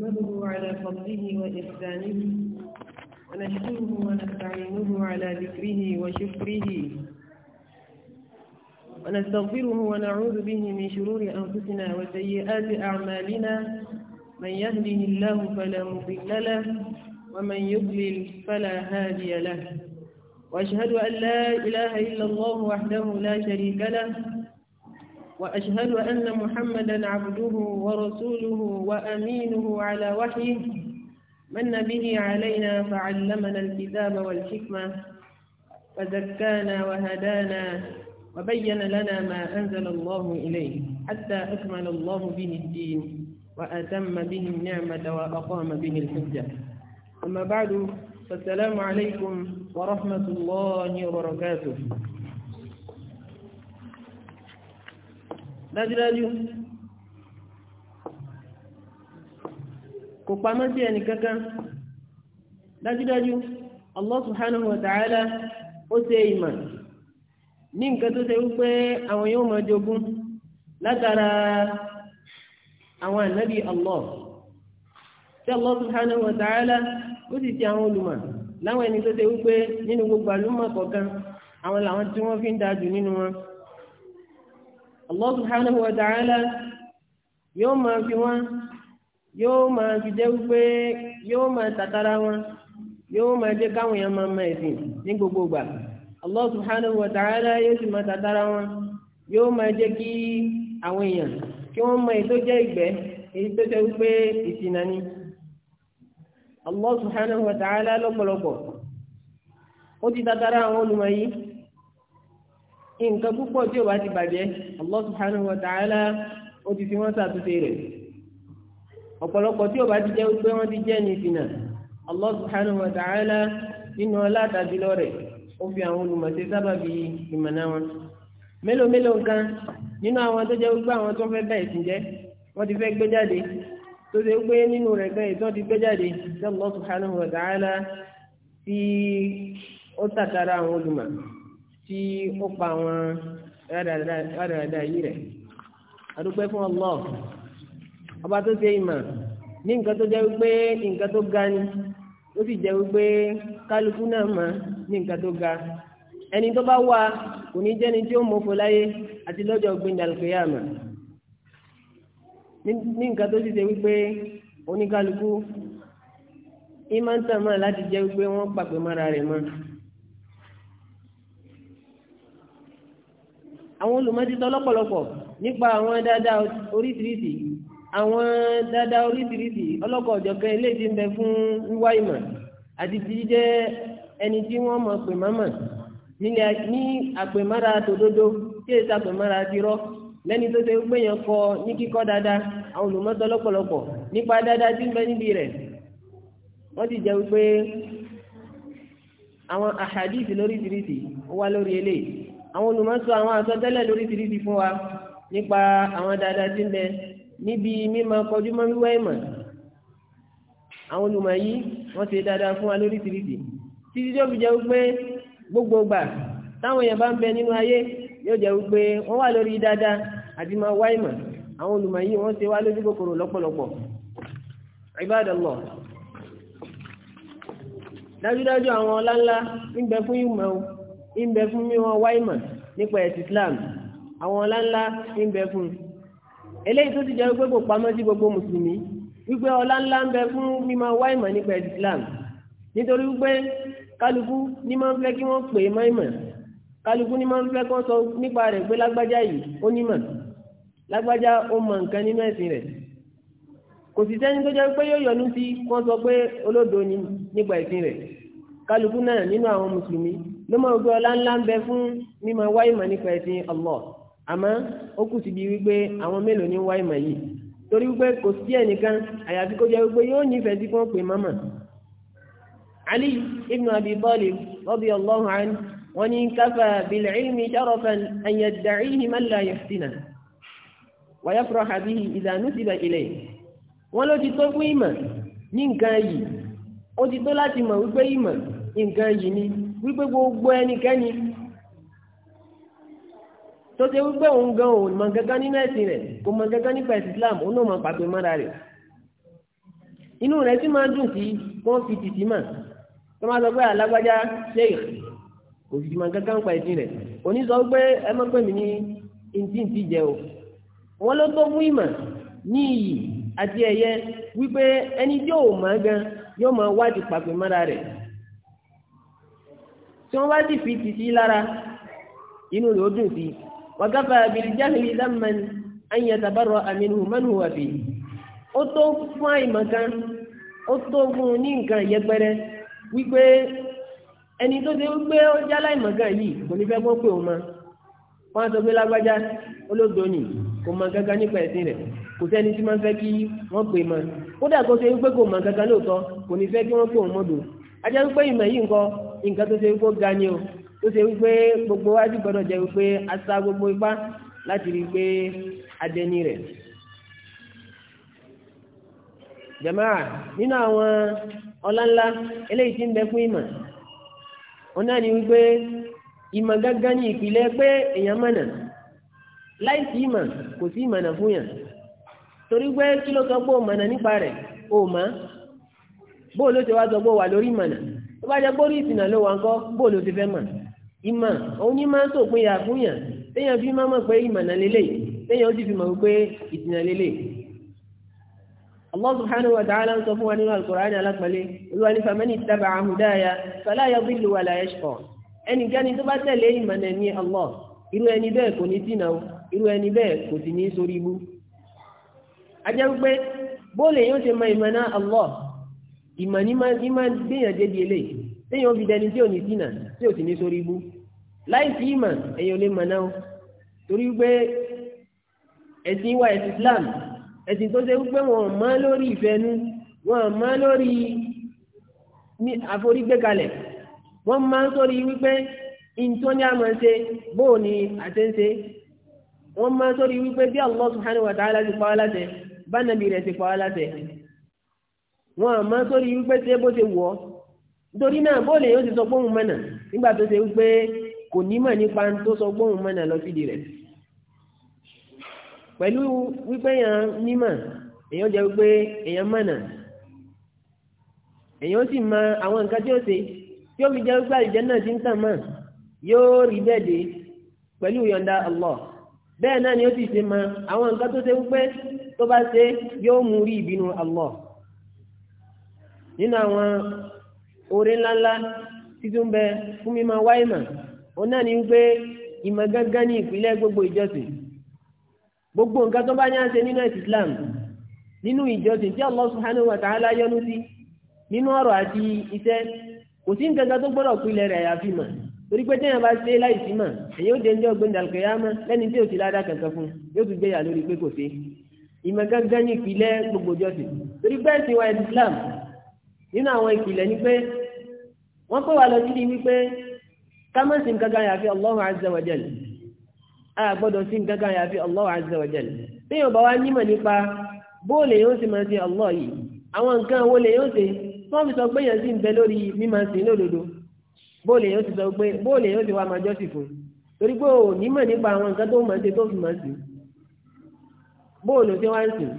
نحمده على فضله وإحسانه ونشكره ونستعينه على ذكره وشكره ونستغفره ونعوذ به من شرور أنفسنا وسيئات أعمالنا من يهده الله فلا مضل له ومن يضلل فلا هادي له وأشهد أن لا إله إلا الله وحده لا شريك له وأشهد أن محمدا عبده ورسوله وأمينه على وحيه من به علينا فعلمنا الكتاب والحكمة فزكانا وهدانا وبين لنا ما أنزل الله إليه حتى أكمل الله به الدين وأتم به النعمة وأقام به الحجة أما بعد فالسلام عليكم ورحمة الله وبركاته dájúdájú kò pamọ́ sí ẹni kankan dájúdájú Allah wa ta'ala ó Se ìmọ̀ ní nǹkan tó ṣe wípé àwọn yóò máa jogún látara àwọn ànábì tí Allah wa ta'ala ó sì ti àwọn olùmọ̀ láwọn ẹni tó ṣe wípé nínú gbogbo àlùmọ̀ kọ̀ọ̀kan àwọn làwọn tí wọ́n fi ń dájú nínú wọn. Allah subhanahu wa ta'ala yóò máa fi wọ́n yóò máa fi jẹ́ wípé yóò máa tàtàrà wọn yóò máa jẹ́ káwọn èèyàn máa ma ẹ̀sìn ní gbogbo gbà Allah subhanahu wa ta'ala yóò sì máa tàtàrà wọn yóò máa jẹ́ kí àwọn èèyàn kí wọ́n mọ èyí jẹ́ ìgbẹ́ èyí tó jẹ́ wípé ni Allah subhanahu wa ta'ala lọ́pọ̀lọpọ̀ ó ti tàtàrà àwọn olùmọ̀ yìí. nǹkan púpọ̀ tí ó bá ti bàjẹ́ Allah subhanahu wa ta'ala ó ti fi wọ́n ṣàtúnṣe rẹ̀ ọ̀pọ̀lọpọ̀ tí bá ti jẹ́ pé wọ́n ti jẹ́ ní ìfìnà Allah ta'ala nínú rẹ̀ ó fi àwọn ìmọ̀nà wọn mélòó mélòó nǹkan nínú àwọn tó jẹ́ gbogbo àwọn tó fẹ́ bẹ́ẹ̀ sìn jẹ́ wọ́n ti fẹ́ gbé jáde tó ṣe gbé nínú rẹ̀ gan Allah ta'ala tí ó pa àwọn rádaràdà yìí rẹ̀ adúpẹ́ fún Allah ọba tó ṣe ìmọ̀ ní nǹkan tó jẹ́ wípé nǹkan tó ga ni ó sì jẹ́ wípé kálukú náà mọ̀ ní nǹkan tó ga ẹni tó bá wà kò ní jẹ́ni tí ó mọ̀fọ́ láyé àti lọ́jọ́ gbìndàlùkẹ́yàmọ̀ ní nǹkan tó sì ṣe wípé oníkálukú ìmọ̀ ń tàn mọ́ láti jẹ́ wípé wọ́n pàpẹ́ mọ́ra rẹ̀ mọ́. àwọn olùmọ́títọ́ lọ́pọ̀lọpọ̀ nípa àwọn dáadáa oríṣiríṣi àwọn dáadáa oríṣiríṣi ọlọ́kọ̀ ọ̀jọ̀kan ilé ti ń bẹ fún wíwá ìmọ̀ àti ti jẹ́ ẹni tí wọ́n mọ̀ pè mọ́mọ̀ nílẹ̀ ní àpèmọ́ra tòdodo tí èsì àpèmọ́ra ti rọ́ lẹ́ni tó ṣe gbé yẹn kọ ní kíkọ́ dáadáa àwọn olùmọ́tọ́ lọ́pọ̀lọpọ̀ nípa dáadáa tí ń bẹ níbi rẹ̀ wọ́n ti jẹ́ wípé àwọn àhàdíìsì lóríṣiríṣi wá lórí eléyìí àwọn olùmọ̀sọ àwọn àsọtẹ́lẹ̀ lórí fìdíìdì fún wa nípa àwọn dáadáa tí ń bẹ níbi mímọ kọjú mọ́ wíwá ìmọ̀ àwọn olùmọ̀ yìí wọ́n ṣe dáadáa fún wa lórí fìdíìdì títí tó fi jẹ́ wípé gbogbo gbà táwọn èèyàn bá ń bẹ nínú ayé yóò jẹ́ wípé wọ́n wà lórí dáadáa àti máa wá ìmọ̀ àwọn olùmọ̀ yìí wọ́n ṣe wá lójú kòkòrò lọ́pọ̀lọpọ̀ ibadallah dájúdájú àwọn ọláńlá ń bẹ fún ìmọ̀ ń bẹ fún mímọ̀ wáìmọ̀ nípa ẹ̀sìn Islam àwọn ọláńlá ń bẹ fún eléyìí tó ti jẹ́ pé kò pamọ́ sí gbogbo mùsùlùmí wípé ọláńlá ń bẹ fún mímọ̀ wáìmọ̀ nípa ẹ̀sìn Islam nítorí wípé kálukú ní máa ń fẹ́ kí wọ́n pè é mọ́ìmọ̀ kálukú ní máa ń fẹ́ kí wọ́n sọ nípa rẹ̀ pé lágbájá yìí ó nímọ̀ lágbájá ó mọ nǹkan nínú ẹ̀sìn rẹ̀ kò sì sẹ́ni tó jẹ́ pé yóò yọnu sí wọ́n sọ pé olódo ni nípa ẹ̀sìn rẹ̀ kálukú náà nínú àwọn mùsùlùmí lọ́mọ ogun ọlá ńlá ń bẹ fún mímọ wáyé mọ̀ nípa ẹ̀sìn Allah àmọ́ ó kù síbi wípé àwọn mélòó ní wáyé mọ̀ yìí torí wípé kò sí ẹnìkan àyàfi kó jẹ́ wípé yóò nífẹ̀ẹ́ sí fún pé mọ́mọ́. Ali ibn Abi Talib radiyallahu anhu wọn ní kafa bil ilmi sharafan an yadda'ihi man la yahsina wa yafraha bihi idha nusiba wípé gbogbo ẹnikẹ́ni tó ṣe wípé òun gan ò mọ gẹ́gẹ́ nínú ẹ̀sìn rẹ̀ kò gẹ́gẹ́ nípa Islam ọ náà ma pàpẹ mọ́ra rẹ̀ inú rẹ̀ sì máa dùn sí kó fi tìtì mà tó máa sọ pé alágbájá sheikh kò fi mọ gẹ́gẹ́ nípa ẹ̀sìn rẹ̀ òní sọ pé ẹ ní jẹ o wọ́n ló tó ìmọ̀ ní iyì àti tí wọ́n bá sì fi tì sí lára inú rẹ̀ ó dùn sí i wàgáfà bìrìjáhìlì dámàn mẹ́nu wà fi ó tó fún àìmọ̀kan ó tó fún ní nǹkan yẹpẹrẹ wípé ẹni tó ṣe wípé ó já yìí kò ní fẹ́ òun mọ́ sọ pé lágbájá olóògbé ni kò mọ gángan nípa ẹ̀sìn rẹ̀ kò sẹ́ni tí máa ń fẹ́ kí wọ́n pè mọ́ kódà kó ṣe wípé kò mọ gángan lóòótọ́ kò ní fẹ́ kí wọ́n nǹkan tó ṣe wípé ó ga ni o tó ṣe wípé gbogbo wájú gbọdọ̀ jẹ́ wípé a sa gbogbo ipá láti rí i pé adẹni rẹ̀. jamaa nínú àwọn ọláńlá eléyìí tí ń bẹ fún ìmọ̀ wọn náà ni wípé ìmọ̀ gángan ní ìpìlẹ̀ pé èèyàn mọ̀nà láì sí ìmọ̀ kò sí ìmọ̀nà fún yàn torí pé kí ló sọ pé òmọ̀nà nípa rẹ̀ òmọ̀ bóòlù ó ti sọ pé wà lórí ìmọ̀nà. tó bá jẹ gbórí ìsìnà ló wà ń kọ́ bó ló ti fẹ́ mọ̀ ìmọ̀ òun ní máa ń sòpin fi máa mọ̀ pé ìmọ̀nà lélẹ̀ téèyàn ó wa ta'ala ń sọ fún wa nínú al-Qur'an olúwa ní famani ittaba'a hudaya fala yadhillu tó bá tẹ̀lé ìmọ̀nà ní Allah irú ẹni bẹ́ẹ̀ kò ní irú ẹni bẹ́ẹ̀ kò ní sórí ibú. a ìmọ̀ ní máa ń gbéyàn débi eléyìí téèyàn fi dẹni tí ò ní sínà tí ò sì ní sórí ibú láì sí ìmọ̀ ẹ̀yin lè mọ̀ náà torí pé ẹ̀sìn wa ẹ̀sìn Islam ẹ̀sìn tó ṣe wípé wọn mọ̀ lórí ìfẹ́nu wọn mọ̀ lórí àforígbékalẹ̀ wọ́n máa ń sórí wípé ìtọ́ ní àmọ́ ṣe bóò ni àtẹ́ńṣe wọ́n máa ń sórí wípé bí Allah subhanahu wa ta'ala ti pa wá láṣẹ bá nàbí rẹ̀ ti pa wá láṣẹ wọn àmọ́ sórí wípé ṣe bó ṣe wọ̀ ọ́ nítorí náà bóòlù yóò ti sọ pé òun mọ̀nà nígbà tó ṣe wípé kò ní mọ̀ nípa tó sọ pé òun lọ rẹ̀ pẹ̀lú wípé èèyàn nímọ̀ èèyàn jẹ́ wípé èèyàn mọ̀nà èèyàn sì mọ àwọn nǹkan tí ó ṣe tí ó fi jẹ́ wípé àlùjẹ́ náà ti ń tàn mọ́ pẹ̀lú ìyọ̀ǹda bẹ́ẹ̀ náà ni ó ṣe mọ àwọn nǹkan tó ṣe wípé tó nínú àwọn oore ńláńlá títún bẹ fún mímọ̀ wáyé mà ó náà ní wípé ìmọ̀ gángan ní ìpìlẹ̀ gbogbo ìjọsìn gbogbo nǹkan tó bá ní à nínú ẹ̀sìn Islam nínú ìjọsìn tí Allah subhanahu wa ta'ala yọ́nú sí nínú ọ̀rọ̀ àti iṣẹ́ kò sí nǹkan kan tó gbọ́dọ̀ pilẹ̀ rẹ̀ àyàfi mà torí pé téèyàn bá ṣe láìsí mà èyí ó dé ní ọgbẹ́ni àlùkẹ́yàmá lẹ́ni tí ò ti ládàá kankan fún yóò tún gbéyà lórí pé kò sí ìmọ̀ gángan ní ìpìlẹ̀ gbogbo ìjọsìn torí bẹ́ẹ̀ Islam nínú àwọn ìpìlẹ̀ ni pé wọ́n pọ̀ wà lọ sí wípé kámọ́sí nǹkan kan yàfi Allahu azza wa a gbọ́dọ̀ sí nǹkan yàfi Allahu azza wa jal bí yóò bá wá nímọ̀ nípa bóòlù yóò sì máa ṣe Allah yìí àwọn nǹkan wo lè yóò ṣe wọ́n fi sọ pé yẹn sì ń bẹ lórí mímọ sí lódodo bóòlù yóò sì sọ pé bóòlù yóò sì wá máa jọ́sì fún torí pé ò nímọ̀ nípa àwọn nǹkan tó mọ̀ ṣe tó fi mọ̀ sí bóòlù tí wọ́n ń sìn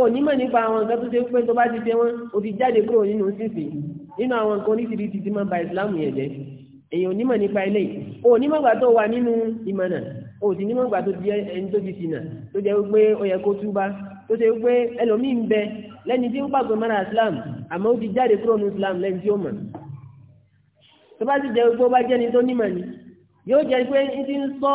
o nímọ̀ nípa àwọn nǹkan tó ṣe pé tó bá ti ṣe wọ́n o ti jáde kúrò nínú sísìn nínú àwọn nǹkan oníṣiríṣi tí máa ba ìsìláàmù yẹn jẹ́ èyàn onímọ̀ nípa ilé o nímọ̀ gbà tó wà nínú ìmọ̀nà o sì nímọ̀ gbà tó jẹ́ ẹni tó ti ṣìnà tó jẹ́ wípé ó yẹ kó túbá tó ṣe wípé ẹlòmíín bẹ lẹ́ni tí ó pàgọ́ mọ́ra islam àmọ́ ó ti jáde kúrò ní islam lẹ́ni tí ó mọ̀ tó bá sì jẹ́ wípé ó bá jẹ́ni tó nímọ̀ ni yóò jẹ́ pé ń ti ń sọ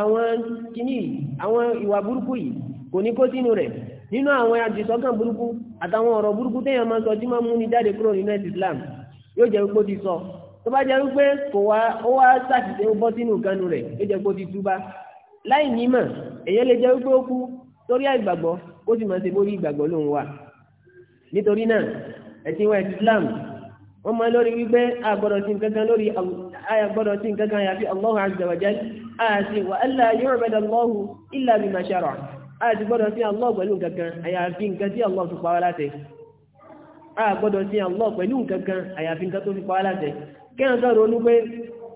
àwọn kìíní àwọn ìwà burúkú yìí kò ní kó sínú rẹ̀ nínú àwọn àdìsọ́kàn burúkú àtàwọn ọ̀rọ̀ burúkú téèyàn máa sọ tí máa mú ni jáde kúrò nínú ẹ̀sìn Islam yóò jẹ́ wípé ó ti sọ tó bá jẹ́ wípé kò wá ó wá sàṣìṣe ó bọ́ sínú ìkanu rẹ̀ yóò jẹ́ pé ó ti túbá láì nímọ̀ èyàn lè jẹ́ wípé ó kú torí àìgbàgbọ́ ó sì máa ṣe bórí ìgbàgbọ́ lòun wà nítorí náà ẹ̀sìn wa Islam wọ́n máa lórí wípé àgbọ̀dọ̀ sí nǹkan kan lórí àgbọ̀dọ̀ sí nǹkan kan àyàfi Allahu azza wa jalla àti wa alla yu'bada Allahu illa bima shara'a àti gbọ́dọ̀ sí Allah pẹ̀lú nǹkankan àyàfi nǹkan tí Allah fi pa wá láṣẹ a gbọ́dọ̀ sí Allah pẹ̀lú nǹkankan àyàfi nǹkan tó fi pa wá láṣẹ kẹ́hàn kan ronú pé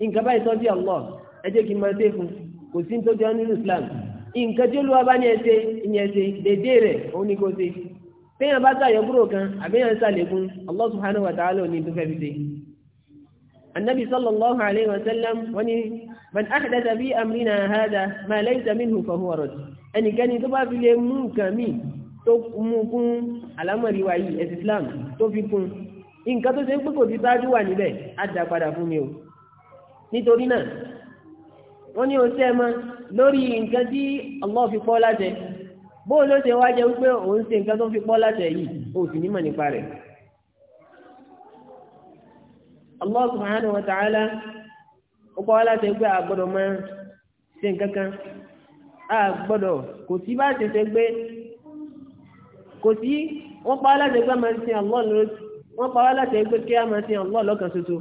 nǹkan báyìí sọ́dí Allah ẹ jẹ́ kí n máa tẹ́fun kò sí tó jẹ́ nínú Islam nǹkan tí Olúwa bá ní ẹsẹ̀ ìyẹn ẹsẹ̀ dédé rẹ̀ òun ni kò ṣe téèyàn bá sàyọ kúrò kan àbíyàn sàlékún Allah subhanahu wa ta'ala ní tó fẹ́ fi man ahdatha bi amrina hadha ma laysa minhu fa huwa rad ẹnikẹ́ni tó bá fi lè mú nǹkan mi tó mú kún àlámọ̀rí wa yìí ẹ̀sìn Islam tó fi kún nǹkan tó ṣe pé kò ti ṣáájú wà níbẹ̀ á dá padà fún mi o nítorí náà wọ́n ní oṣù ẹ̀mọ́ lórí nǹkan tí Allah fi pọ́ láṣẹ bóun ló ṣe wá jẹ wípé òun ṣe nǹkan tó fi pọ́ láṣẹ yìí o sì nímọ̀ nípa rẹ̀ Allah subhanahu wa ta'ala ó pa wá láti pé àgbọ́dọ̀ máa ṣe nǹkan kan àgbọ́dọ̀ kò sí bá ṣe ṣe gbé kò sí wọ́n pa wá láti pé máa ṣe Allah lórí wọ́n pa wá láti pé kí á máa ṣe Allah lọ́kàn ṣoṣo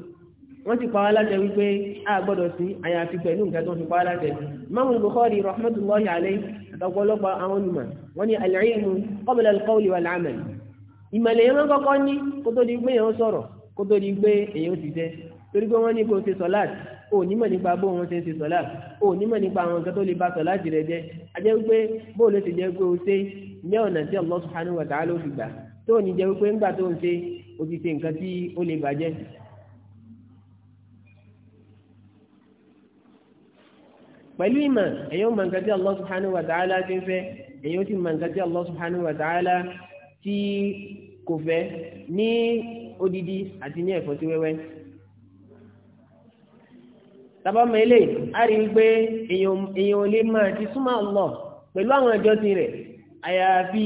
wọ́n ti pa wá láti wípé àgbọ́dọ̀ sí àyàfi pẹ̀lú nǹkan tó fi pa wá láti Imam Bukhari rahmatullahi alayhi àtọ̀pọ̀lọpọ̀ àwọn olùmọ̀ wọ́n ní al-ilmu qabla al-qawli wal-amal ìmọ̀lẹ̀ yẹn ní kó di pé èèyàn sọ̀rọ̀ kó di pé èèyàn ti jẹ́ torí pé wọ́n ní kó ṣe sọ̀láàtì onímọ̀ nípa bó wọn ṣe ń ṣe sọ́lá onímọ̀ nípa àwọn nǹkan tó lè ba sọ́lá jìrẹ jẹ́ ajẹ́ wípé bó ló ti jẹ́ pé o ṣe ní ọ̀nà tí Allah subhanahu wa ta'ala fi gbà tó ní jẹ́ wípé ńgbà tó ń ṣe o ti ṣe nǹkan tí ó lè bàjẹ́. pẹ̀lú ìmọ̀ ẹ̀yọ́ mọ̀ nǹkan tí Allah subhanahu wa ta'ala ti ń fẹ́ ẹ̀yọ́ sì mọ̀ nǹkan tí Allah subhanahu wa ta'ala tí kò fẹ́ ní odidi àti ní ẹ̀fọ́ sí wẹ́wẹ́ sábà mọ eléyìí a rí i pé èèyàn ò lè máa ti súnmọ́ Allah pẹ̀lú àwọn ìjọsìn rẹ̀ àyàfi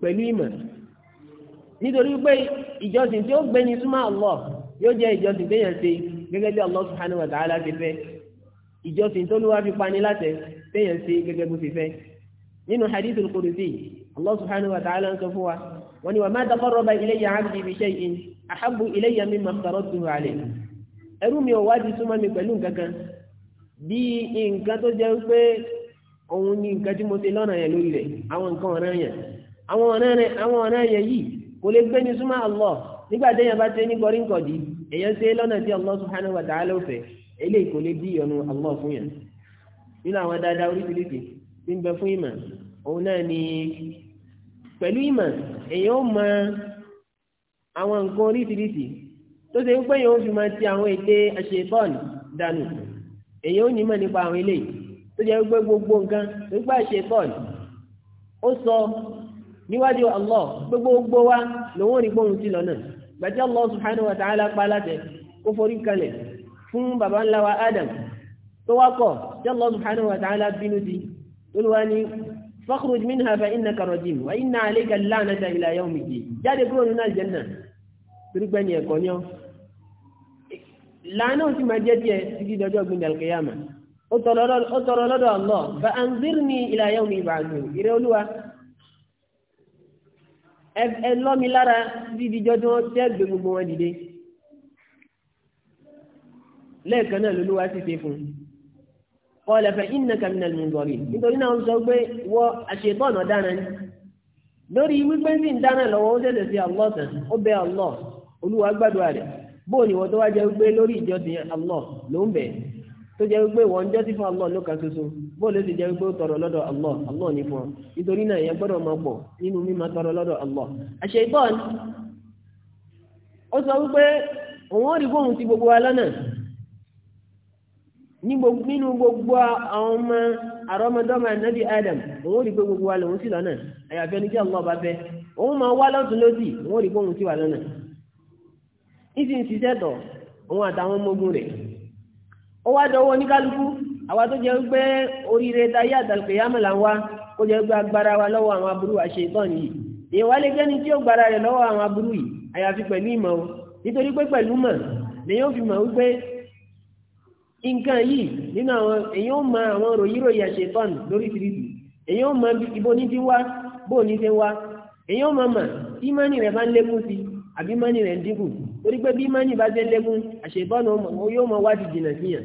pẹ̀lú ìmọ̀ nítorí pé ìjọsìn tí ó gbẹni súnmọ́ Allah yóò jẹ́ ìjọsìn téèyàn ṣe gẹ́gẹ́ bí Allah subhanahu wa ta'ala ti fẹ́ ìjọsìn tó lówá fi pani láti téèyàn ṣe gẹ́gẹ́ bó ti fẹ́ nínú hadithul qudusi Allah subhanahu wa ta'ala ń sọ fún wa wọ́n ní wa ma taqarraba ilayya 'abdi bi shay'in ahabbu ilayya mimma iftaradtuhu alayhi ẹrú mi ò ti súnmọ́ mi pẹ̀lú nǹkan kan bí nǹkan tó jẹ́ pé òun ni nǹkan tí mo ṣe lọ́nà yẹn lórí rẹ̀ àwọn nǹkan ọ̀ràn yẹn àwọn ọ̀ràn yẹn yìí kò lè gbé ní súnmọ́ Allah nígbà téèyàn bá ṣe ní gọríǹkọ̀dí èèyàn ṣe lọ́nà tí Allah subhanahu wa ta'ala ó eléyìí kò lè fún yẹn nínú àwọn dáadáa oríṣiríṣi tí ń bẹ fún ìmọ̀ òun náà ni pẹ̀lú ìmọ̀ èèyàn tó ṣe ń pé yóò fi máa ti àwọn ète àṣetọ́ọ̀nù dànù èyí ò ní mọ̀ nípa àwọn eléyìí tó jẹ́ pé gbogbo nǹkan nípa àṣetọ́ọ̀nù ó sọ níwájú Allah gbogbo wa lòun ò ní gbóhùn sí lọ́nà gbàtí Allah subhanahu wa ta'ala pa láti kó forí kalẹ̀ fún baba ńlá wa Adam tó wá kọ̀ tí Allah subhanahu wa ta'ala bínú sí olúwa ni fakhruj minha fa innaka rajim wa inna alayka torí pé ní ẹ̀kọ́ yán lánà ó sì máa jẹ́ díẹ̀ títí dọjọ́ gbin dàlùkìyàmà ó tọrọ lọ́dọ̀ Allah bá a ń zírí ní ila yawmi ìbàdàn ìrẹ́ olúwa ẹ lọ́mi lára títí díjọ́ tí wọ́n tẹ́ gbé gbogbo wọn dìde lẹ́ẹ̀kan náà lolúwa sì ṣe fún un qala fa innaka minal munzarin nítorí náà ń sọ pé wọ àṣetọ́nà dáná lórí wípé sì ń dáná lọ́wọ́ ó tẹ̀lé sí Allah ó bẹ Allah olúwa gbàdúrà rẹ̀ bóò ni wọ́n tó wá jẹ́ wípé lórí ìjọsìn Allah ló ń bẹ̀ tó jẹ́ wípé wọ́n ń jọ́sìn fún Allah ló kan ṣoṣo bóò ló sì wípé ó tọrọ lọ́dọ̀ Allah Allah ni fún ọ nítorí náà ìyẹn gbọ́dọ̀ máa pọ̀ nínú mímọ̀ tọrọ lọ́dọ̀ Allah àṣeyìbọn ó sọ wípé òun ó rí fóun ti gbogbo wa lọ́nà nínú gbogbo àwọn ọmọ àrọ́mọdọ́mọ ànábì Adam òun ó rí pé gbogbo wa lòun sì lọ́nà àyàfẹ́ ní kí Allah bá fẹ́ òun máa wá lọ́tún lósì òun ó rí fóun sì wà lọ́nà ìsì ń ṣiṣẹ́ tọ̀ òun àtàwọn ọmọ ogun rẹ̀ ó wá dọwọ́ oníkálukú àwa tó jẹ́ pé oríire táyé àtàlùkìyàmù là ń wá kó jẹ́ pé agbára wa lọ́wọ́ àwọn aburú àṣetán yìí èyí wá lè jẹ́ni tí ó gbára rẹ̀ lọ́wọ́ àwọn aburú yìí àyàfi pẹ̀lú ìmọ̀ o nítorí pé pẹ̀lú mọ̀ lèyìn ó fi mọ̀ wípé nǹkan yìí nínú àwọn èyí ó mọ àwọn ròyìnròyìn àṣetán lórí tìrìtì èyí ó mọ ibo ní ti wá bó ní ti wá èyí ó mọ mọ̀ tí mọ́nì rẹ̀ bá ń lékún sí àbí mọ́nì rẹ̀ ń dínkù torí pé bí mọ́nì bá jẹ́ lékún àṣetọ́nù yóò mọ wá ti jìnà sí yàn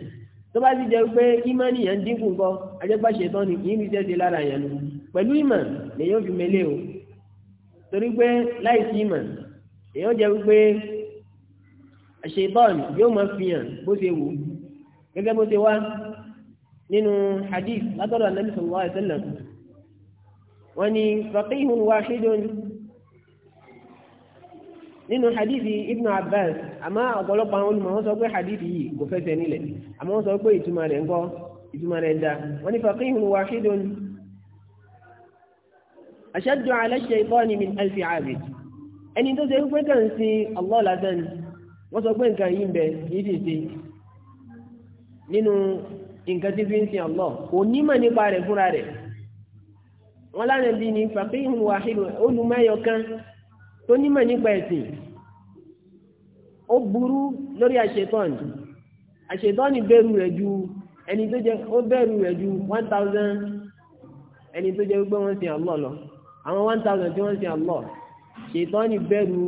tó bá ti jẹ́ pé kí mọ́nì yẹn dínkù kọ́ ajẹ́pá ṣetọ́nù kì í fi tẹ́sẹ̀ lára yẹn nu pẹ̀lú ìmọ̀ lèyàn fi mẹ́lẹ̀ o torí pé láì sí ìmọ̀ èyàn jẹ́ pé àṣetọ́nù yóò mọ fi hàn bó ṣe wù gẹ́gẹ́ bó ṣe wá nínú hadith látọ̀dọ̀ anábìsọ̀ wọ́n ní faqihun wahidun nínú hadithi ibn abbas àmọ́ ọ̀pọ̀lọpọ̀ àwọn olùmọ̀ wọ́n sọ pé hadithi yìí kò fẹsẹ̀ nílẹ̀ àmọ́ wọ́n sọ pé ìtumọ̀ rẹ̀ ńkọ́ ìtumọ̀ rẹ̀ dá wọ́n ní faqihun wahidun ashaddu ala shaytani min alfi abid ẹni tó ṣe pé kàn sí allah lásán wọ́n sọ pé nǹkan yìí ń bẹ kì í ṣe nínú nǹkan tí fi ń sin allah kò nímọ̀ nípa rẹ̀ fúnra rẹ̀ wọ́n lánàá bí ní faqihun wahidun olùmọ̀ ẹyọ kan tó nímọ̀ nípa ẹ̀sìn ó burú lórí àṣetọ́ni àṣetọ́ni bẹ̀rù rẹ̀ ju ẹni tó jẹ́ ó rẹ̀ ju one ẹni tó jẹ́ gbé wọ́n sin Allah lọ àwọn one tí wọ́n sin ni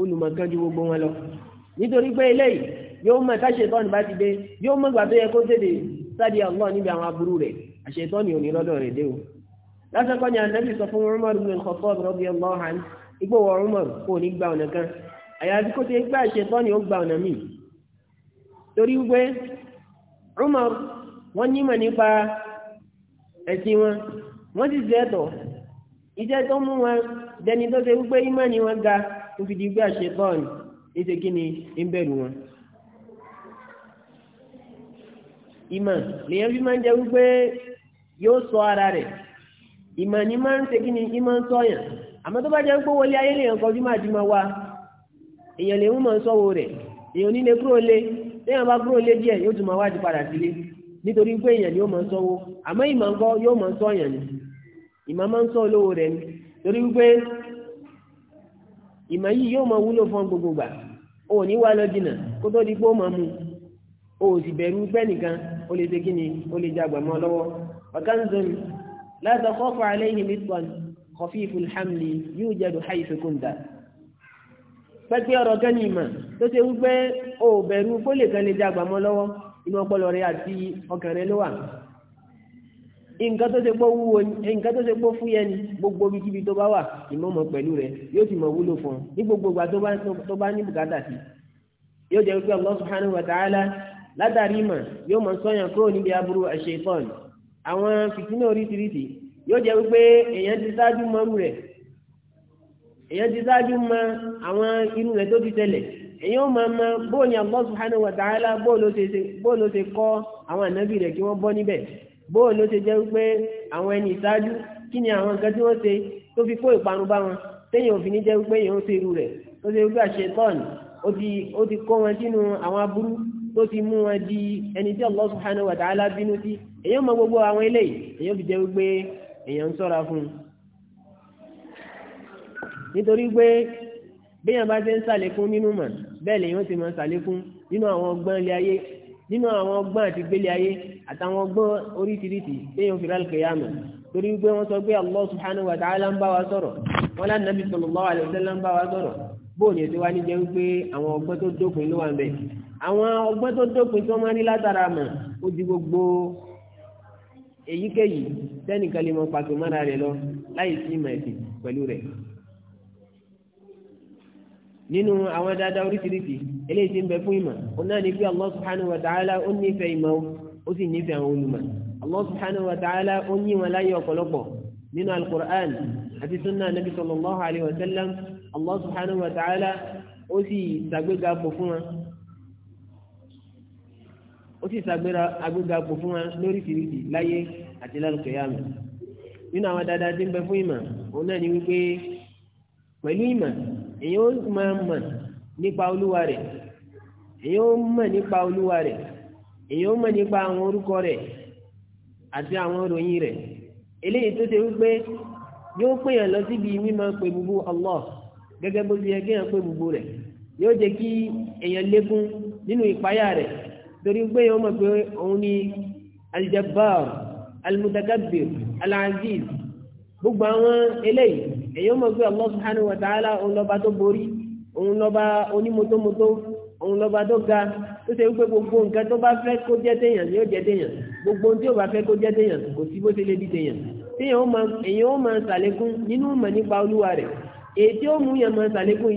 olùmọ̀kan ju gbogbo wọn lọ nítorí pé eléyìí yóò mọ̀ tá ṣetọ́ni bá ti dé yóò mọ̀ gbà tó yẹ kó tètè sáàdì Allah níbi àwọn aburú rẹ̀ àṣetọ́ni ò ní rẹ̀ dé o ìgbòho ọ̀run mọ̀ kò ní gba ọ̀nà kan àyàfi kó ṣe gbà ṣe tọ́ ni ó gba ọ̀nà míì torí wípé wọ́n nímọ̀ nípa ẹ̀sìn wọn wọ́n sì ṣe iṣẹ́ tó mú wọn dẹni tó ṣe wípé ga ó fi di gbà ṣe tọ́ ni ìṣe kí ni ń bẹ̀rù wọn. ìmọ̀ sọ ara rẹ̀ ìmọ̀ ni máa ń ṣe kí àmọ́ tó bá jẹ́ ń pé wọlé ayé lèèyàn kọjú máa di máa wá èèyàn lè mú mọ̀ sọ́wọ́ rẹ̀ èèyàn nílé kúrò lé téèyàn bá kúrò lé díẹ̀ yóò tún máa wá di padà sílé nítorí pé èèyàn ni ó mọ̀ sọ́wọ́ àmọ́ ìmọ̀ ńkọ́ yóò mọ̀ sọ́ èèyàn ni ìmọ̀ máa ń sọ olówó rẹ̀ ni torí wípé ìmọ̀ yìí yóò mọ̀ wúlò fún gbogbo gbà o ní wá lọ dìnà kó tó di pé ó mọ̀ mu kọfífù hamli yóò jẹ́dù haifu kúnta pẹ́pẹ́ ọ̀rọ̀ gẹ́nìmọ̀ tó ṣe wípé o bẹ̀rù kó lè kan lè jágbà mọ́ lọ́wọ́ inú ọpọlọ rẹ àti ọkàn rẹ ló wà nǹkan tó ṣe pọ́ wúwo nǹkan tó ṣe pọ́ fúyẹ́ ni gbogbo ibikíbi tó bá wà ìmọ̀mọ̀ pẹ̀lú rẹ yóò ti mọ̀ wúlò fún ọ ní gbogbo ìgbà tó bá ní bùkátà sí yóò jẹ́ wípé Allah subhanahu wa ta'ala látàrí ìmọ̀ yóò mọ̀ sọ́yàn kúrò níbi aburú àṣẹ ìtọ́ni àwọn fìtínà oríṣiríṣi yóò jẹ́ wípé èèyàn ti ṣáájú mọ irú rẹ̀ èèyàn ti ṣáájú mọ àwọn irú rẹ̀ tó ti tẹ̀lẹ̀ èèyàn ó máa bóò ni Allah subhanahu wa ta'ala bóò ló ṣe kọ́ àwọn ànábì rẹ̀ kí wọ́n bọ́ níbẹ̀ bóò ló ṣe jẹ́ wípé àwọn ẹni ìṣáájú kí ni àwọn nǹkan tí wọ́n ṣe tó fi kó ìparun bá wọn téèyàn òfin ní jẹ́ wípé èèyàn ó ṣe irú rẹ̀ tó ṣe wípé àṣẹ tọ́ọ̀nù ó ti kó wọn sínú àwọn aburú tó ti mú wọn di ẹni tí Allah subhanahu wa ta'ala bínú sí èyàn mọ gbogbo àwọn eléyìí èyàn fi jẹ́ wípé èèyàn ń sọ́ra fún un nítorí pé béèyàn bá ti ń sàlékún nínú mọ̀ bẹ́ẹ̀ lèèyàn ti mọ̀ sàlékún nínú àwọn ọgbọ́n ilé ayé nínú àwọn ọgbọ́n àti gbélé ayé àtàwọn ọgbọ́n oríṣiríṣi béèyàn fi rálùkẹ́ yá mọ̀ torí pé wọ́n sọ pé Allah subhanahu wa ta'ala ń bá wa sọ̀rọ̀ wọn láti nàbí sallallahu alaihi wasallam ń bá wa sọ̀rọ̀ bóòlù ètò wa ní jẹ́ wípé àwọn ọgbọ́n tó dópin ló wà ń bẹ̀ àwọn ọgbọ́n tó dópin tí máa ń rí látara mọ̀ ó di gbogbo èyíkéyìí tẹ́nìkan lè mọ pàtó mọ́ra rẹ̀ lọ láì sí ìmọ̀ ẹ̀sìn pẹ̀lú rẹ̀ nínú àwọn dáadáa oríṣiríṣi eléyìí tí ń bẹ fún ìmọ̀ òun náà ní bí Allah subhanahu wa ta'ala ó nífẹ̀ẹ́ ìmọ̀ ó sì nífẹ̀ẹ́ àwọn olùmọ̀ Allah subhanahu wa ta'ala ó ní wọn láyé ọ̀pọ̀lọpọ̀ nínú al àti sunna nabi sallallahu alayhi wa sallam Allah subhanahu wa ta'ala ó sì dàgbéga pọ̀ fún wọn ó sì ṣàgbéra agbéga pò fún wa lóríṣiríṣi láyé àti lálùkọ yá mi nínú àwọn dáadáa tí ń bẹ fún ìmọ̀ òun náà ni wípé pẹ̀lú ìmọ̀ èyí ó máa mọ̀ nípa olúwa rẹ̀ èyí ó mọ̀ nípa olúwa rẹ̀ èyí ó mọ̀ nípa àwọn orúkọ rẹ̀ àti àwọn ìròyìn rẹ̀ eléyìí tó ṣe wípé yóò pèèyàn lọ síbi mímọ̀ pé búbú Allah gẹ́gẹ́ bó torí gbé yẹn wọ́n mọ̀ pé òun ni aljabbar almutakabbir alaziz gbogbo àwọn eléyìí èyàn mọ̀ pé Allah subhanahu wa ta'ala òun lọ́ba tó borí òun lọ́ba onímọ́tómọ́tó òun lọ́ba tó ga tó ṣe wípé gbogbo nǹkan tó bá fẹ́ kó jẹ́ téèyàn yóò jẹ́ téèyàn gbogbo ohun tí ò bá fẹ́ kó jẹ́ téèyàn kò sí bó ṣe lè di téèyàn téèyàn ó máa èyàn ó máa ṣàlékún nínú mọ̀ nípa olúwa rẹ̀ èyí tí ó mú yẹn máa ṣàlékún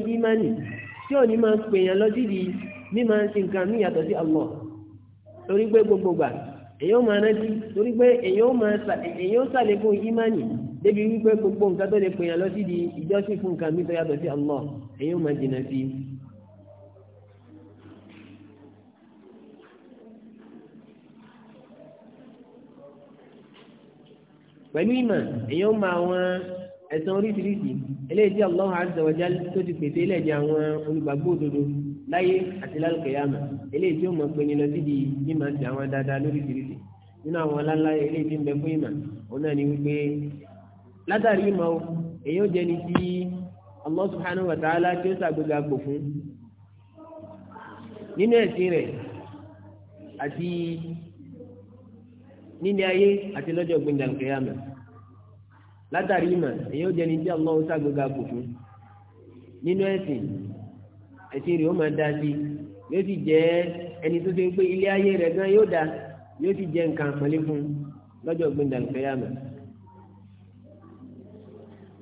torí pé gbogbogbà èyàn máa rántí torí pé èyàn máa èyàn sàlékún ìmánì débi wípé gbogbo nǹkan tó lè pè yàn lọ sí di ìjọsìn fún nǹkan mi tó yàtọ̀ sí Allah èyàn máa jìnnà sí i. pẹ̀lú ìmọ̀ èyàn máa wọn ẹ̀sán oríṣiríṣi eléyìí tí Allah azza wa jalla tó ti pèsè ilẹ̀jẹ̀ àwọn olùgbàgbọ́ òdodo láyé àti lálùkẹ́yàmà eléyìí tí ó mọ̀ pé ní lọ sí di mímọ̀ sí àwọn dáadáa lóríṣiríṣi nínú àwọn aláǹlá eléyìí tí ń bẹ fún ìmọ̀ òun náà ni wípé látàrí ìmọ̀ o èyí ó jẹni tí Allah subhanahu wa ta'ala tí ó ṣàgbéga gbò fún nínú ẹ̀sìn rẹ̀ àti nílé ayé àti lọ́jọ́ gbẹ̀ndàlùkẹ́yàmà látàrí ìmọ̀ èyí ó jẹni tí Allah ṣàgbéga kò fún nínú ẹ̀sìn ẹ̀sìn rẹ̀ ó máa da sí yóò sì jẹ́ ẹni tó ṣe pé ilé ayé rẹ̀ gan yóò da yóò sì jẹ́ nǹkan àpọ́nlé fún lọ́jọ́ gbẹ̀ndà lùfẹ́yàmẹ̀.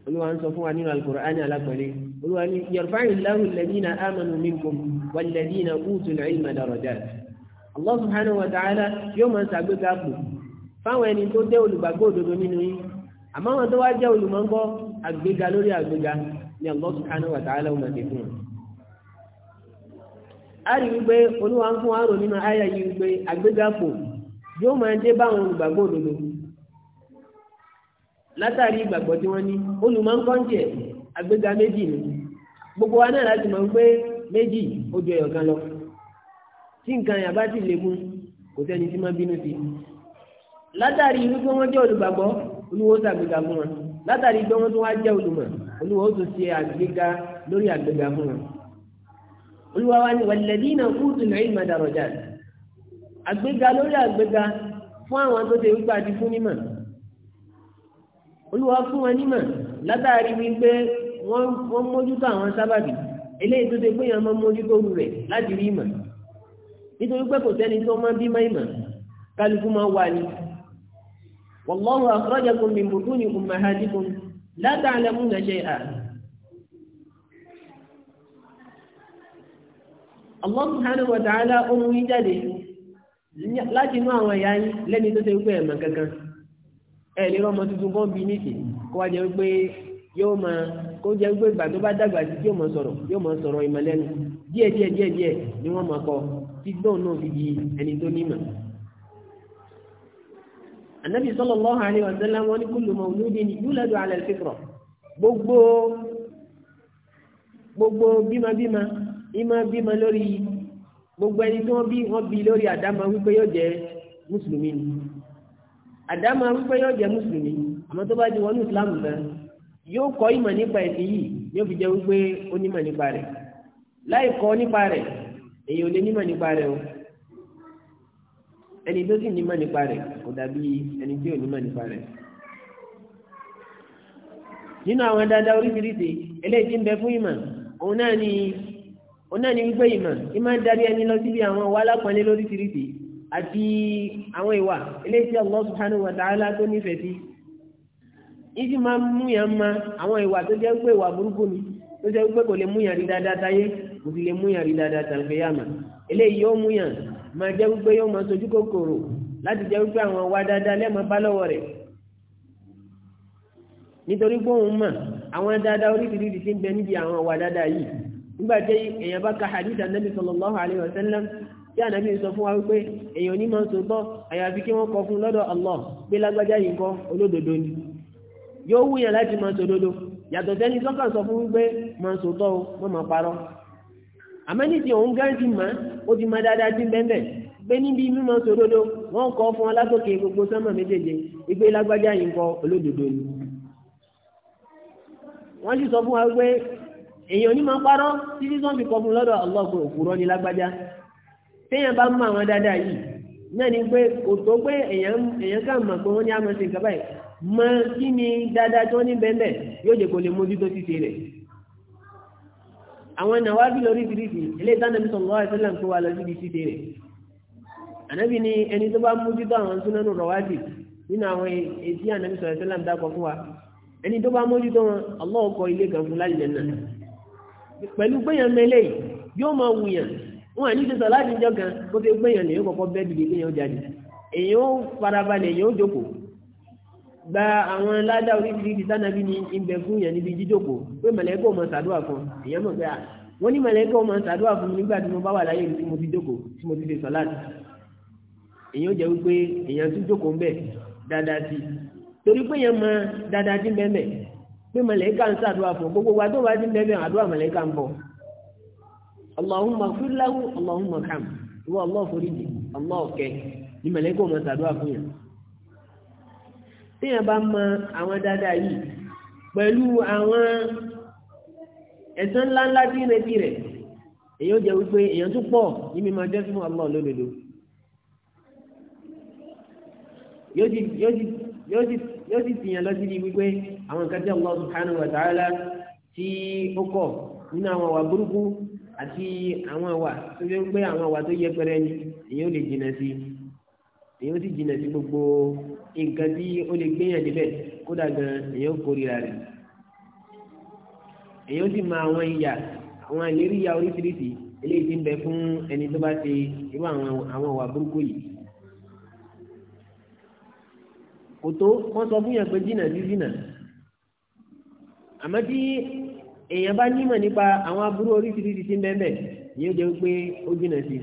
olúwa ń sọ fún wa nínú Al-Qur'ani alápẹ̀lẹ́ olúwa ní yarfa'illahu alladhina amanu minkum walladhina utul ilma darajat Allah subhanahu wa ta'ala yóò máa ṣàgbéga kù fáwọn ẹni tó jẹ́ olùgbàgbọ́ òdodo nínú yín àmọ́ àwọn tó wá jẹ́ olùmọ̀ńgọ́ àgbéga lórí àgbéga ni Allah subhanahu wa ta'ala wọn ti fún a rí wípé olúwa ń fún wa rò nínú àyà yìí wípé àgbéga pò yóò máa dé bá àwọn olùgbàgbọ́ òdodo látàrí ìgbàgbọ́ tí wọ́n ní ń jẹ́ àgbéga gbogbo wa náà láti mọ̀ wípé méjì ó ẹ̀yọ̀ kan lọ tí nǹkan yàrá ti lè mú kò sẹ́ni tí bínú sí olúwo sàgbéga fún wọn látàrí pé wọ́n tún wá jẹ́ olùmọ̀ olúwo ó tún ṣe àgbéga lórí àgbéga fún wọn. olúwa wa ni walladhina utul ilma darajat àgbéga lórí àgbéga fún àwọn tó ṣe wípé àti fún nímọ̀ olúwa fún wọn nímọ̀ látàrí wípé wọ́n mójútó àwọn sábàbí eléyìí tó ṣe pé èèyàn máa mójútó oru rẹ̀ láti rí ìmọ̀ nítorí pé kò sẹ́ni tó máa bímọ ìmọ̀ kálukú máa wà ní والله أخرجكم من بطون أمهاتكم لا تعلمون شيئا Allah subhanahu wa ta'ala ó mú ìjáde láti inú àwọn ẹ̀yà yìí lẹ́ni tó ṣe wípé ẹ̀mọ̀ kankan ẹ̀ lè rọmọ tuntun bọ́ bí nìkì kó wá jẹ́ wípé yóò mọ kó jẹ́ wípé ìgbà tó bá dàgbà sí yóò mọ sọ̀rọ̀ yóò mọ sọ̀rọ̀ ìmọ̀lẹ́nu díẹ̀ díẹ̀ díẹ̀ díẹ̀ ni wọ́n mọ̀ kọ tí gbóhùn náà fi di ẹni tó nímọ̀ النبي صلى الله عليه وسلم وان كل kullu mawludin yuladu ala al-fitra gbogbo gbogbo bímabíma ìmọ bímọ lórí gbogbo ẹni tí wọn bí wọn bí lórí àdámà wípé yóò jẹ mùsùlùmí ni àdámà wípé yóò jẹ mùsùlùmí àmọ́ tó bá di wọnú islam gan yóò kọ́ ìmọ̀ nípa ẹ̀sìn yìí yóò fi jẹ́ wípé ó nímọ̀ nípa rẹ̀ láì kọ́ nípa rẹ̀ èèyàn ò lè nímọ̀ nípa rẹ̀ o ẹni tó sì nímọ̀ nípa rẹ̀ kò dàbí ẹni tí ò nímọ̀ nípa rẹ̀ nínú àwọn dáadáa oríṣiríṣi eléyìí tí ń bẹ fún ìmọ̀ òun náà ni òun náà ni wípé ìmọ̀ ìmọ̀ darí ẹni lọ síbi àwọn ìwà alápọ̀nlé lóríṣiríṣi àti àwọn ìwà eléyìí tí Allah subhanahu wa ta'ala tó nífẹ̀ẹ́ sí ìsì máa mú yàn ma àwọn ìwà tó jẹ́ pé ìwà burúkú ni tó jẹ́ pé kò lè mú yàn rí dáadáa táyé kò sì lè mú yàn rí dáadáa tàǹfẹ̀yàmà eléyìí yóò mú yàn ma je wípé yóò ma sojú kòkòrò lati je wípé awon wa le ma bá lọ́wọ́ rẹ̀ nítorí pé òun mọ̀ àwọn dáadáa oríṣiríṣi ti ń bẹ níbi àwọn wa dáadáa yìí nígbà tí èèyàn bá ka hadith anabi sallallahu alayhi wa sallam tí ànábì sọ fún ma wípé èèyàn ní máa ń sòtọ́ àyàfi kí wọ́n kọ fún lọ́dọ̀ Allah pé lágbájá yìí kọ́ olódodo ni àmẹ́nìtì òun gán ti mọ́ ó ti mọ́ dáadáa tí bẹ́ẹ̀ pé níbi mímọ́ sòdodo wọ́n kọ́ fún alátókè gbogbo sánmà méjèèjì ìgbé lágbájá yìí kọ olódodo ni wọ́n sì sọ fún wa pé èèyàn onímọ̀ parọ́ títí tó ń fi kọ fún lọ́dọ̀ ọlọ́gbọ̀n òkúrọ́ ní lágbájá téèyàn bá mọ àwọn dáadáa yìí náà ni pé kò tó pé èèyàn kà mọ̀ pé wọ́n ní àmọ́ sí nǹkan báyìí mọ kí ni dáadáa tó ní bẹ́ẹ̀ bẹ́ẹ̀ yóò àwọn nàwábí lórí ìdíríṣì ilé ìtànàbí sọ̀rọ̀ àìsílẹ̀ tó wà lórí ìdíṣì tèrè ànábì ni ẹni tó bá mójútó àwọn súnánù rọwájì nínú àwọn etí ànábì sọ̀rọ̀ àìsílẹ̀ dákọ̀ fún wa ẹni tó bá mójútó wọn Allah kọ́ ilé kan fún láti lẹ́nà pẹ̀lú gbẹ̀yàn mẹ́lẹ̀ yóò máa wùyàn wọn àní ti sọ láti jọ kan kó gba àwọn ládá oríṣiríṣi sánàbí ní ibẹ̀ fún yẹn níbi jíjòkó pé mọ̀lẹ́kọ̀ mọ̀ sàdúrà fún èèyàn mọ̀ pé à wọ́n ní mọ̀lẹ́kọ̀ mọ̀ sàdúrà fún mi nígbà tí mo bá wà láyé tí mo ti jòkó tí mo ti ṣe sọ̀láàtì èèyàn jẹ́ wípé èèyàn tún jòkó ń bẹ̀ dáadáa sí torí pé èèyàn mọ dáadáa sí bẹ́ẹ̀ pé mọ̀lẹ́kà ń sàdúrà fún gbogbo wa tó bá ti bẹ́ẹ̀ ni mọ̀lẹ́kọ̀ mọ̀ sàdúrà fún téèyàn bá mọ àwọn dada yìí pẹ̀lú àwọn ẹ̀san ńláńlá tí ń retí rẹ̀ èyàn jẹ́ wípé èyàn tún pọ̀ ní mímọ jẹ́ fún Allah lódodo yóò ti yóò ti ti yóò ti tìyàn lọ sí àwọn nǹkan tí wa ta'ala tí ó kọ̀ nínú àwọn buruku, burúkú àti àwọn àwà tó fi ń ni èyàn lè i. èyàn ti jìnnà sí gbogbo nǹkan tí ó lè gbéyàn níbẹ̀ kódà gan èyàn kórìíra rẹ̀ èyàn ti mọ àwọn ìyà àwọn ìlérí ìyà oríṣiríṣi eléyìí ti ń bẹ fún ẹni tó bá ṣe irú àwọn ìwà burúkú yìí. kò tó wọ́n sọ fún yàn pé jìnnà sí jìnnà àmọ́ tí bá nímọ̀ nípa àwọn aburú oríṣiríṣi ti ń bẹ́ẹ̀ bẹ́ẹ̀ ni ó jẹ́ pé ó jìnnà sí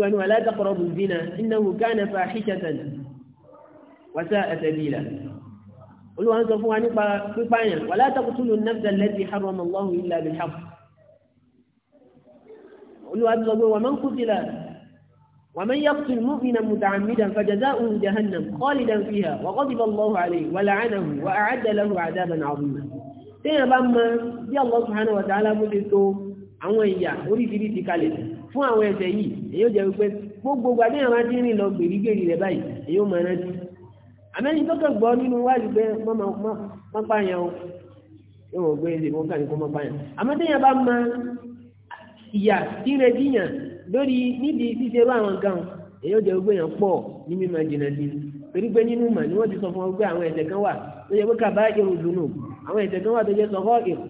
قل ولا تقربوا الزنا انه كان فاحشه وساء سبيلا قل وان تفوانوا ولا تقتلوا النفس التي حرم الله الا بالحق قل وان ومن قتل ومن يقتل مؤمنا متعمدا فجزاؤه جهنم خالدا فيها وغضب الله عليه ولعنه واعد له عذابا عظيما تيابا يا الله سبحانه وتعالى بوديتو awon iya ori fili ti kale fún àwọn ẹsẹ̀ yìí èyí ó jẹ́ wípé gbogbo gbàdé àwọn adé rìn lọ gbèrígbèrí rẹ̀ báyìí èyí ó máa rántí àmẹ́yìn tó kàn gbọ́ nínú wájú pé má pààyàn o yóò wọ́n gbé ilé wọn kàn ní kó má pààyàn àmọ́tẹ́yìn bá ma ìyà tí díyàn lórí nídìí ṣíṣe bá àwọn gan èyí ó jẹ́ wípé yàn pọ̀ ní mímọ jìnnà sí torí pé nínú mà ni wọ́n ti sọ fún ọ pé àwọn ẹ̀ṣẹ̀ kan wà tó yẹ pé kàbá ìrù dùnú àwọn ẹ̀ṣẹ̀ kan wà tó yẹ sọ họ́ ìrù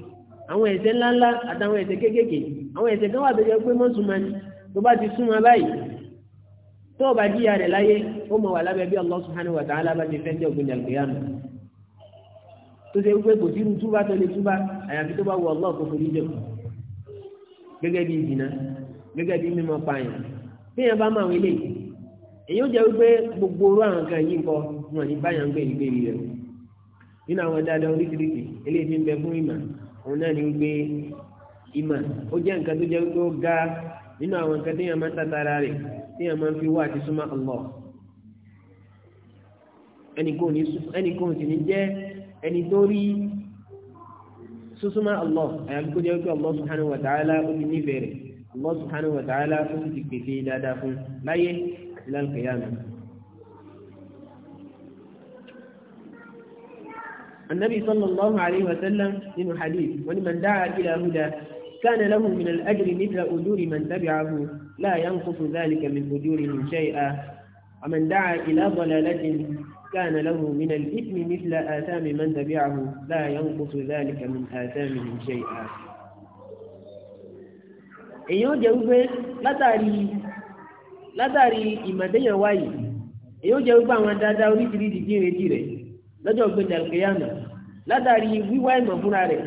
àwọn ẹ̀ṣẹ̀ ńláńlá àtàwọn ẹ̀ṣẹ̀ kéékèèké àwọn ẹ̀ṣẹ̀ kan wà tó jẹ́ pé mọ́sùnmọ́ ni tó bá ti súnmọ́ báyìí tó o bá jíyà rẹ̀ láyé ó mọ̀ wà lábẹ́ bí Allah subhanahu wa ta'ala bá ti fẹ́ jẹ́ ògbìn àgbéyàmù tó ṣe wípé kò sí irú túbá tó lè túbá àyàfi tó bá wọ Allah kò forí ìmọ̀ ó jẹ́ nǹkan tó jẹ́ tó ga nínú àwọn nǹkan téèyàn máa ń tàtàrà rẹ̀ téèyàn máa ń fi wá àti súnmọ́ Allah ẹnìkan ò sì ní jẹ́ ẹni tó rí súnmọ́ Allah àyàfi kó jẹ́ pé Allah subhanahu wa ta'ala ó ti nífẹ̀ẹ́ rẹ̀ Allah subhanahu wa ta'ala ó sì ti pèsè dáadáa fún láyé àti lálùkẹ́yàmù. النبي صلى الله عليه وسلم من حديث ولمن دعا إلى هدى كان له من الأجر مثل أجور من تبعه لا ينقص ذلك من أجورهم شيئا ومن دعا إلى ضلالة كان له من الإثم مثل آثام من تبعه لا ينقص ذلك من آثامهم شيئا èyàn jẹ́ wípé látàrí látàrí ìmọ̀déyàn wáyé èyàn jẹ́ wípé àwọn dáadáa oríṣiríṣi jí retí rẹ̀ lọ́jọ́ gbẹ̀dẹ̀ àlùkìyàmà látàrí wíwá ìmọ̀ fúnra rẹ̀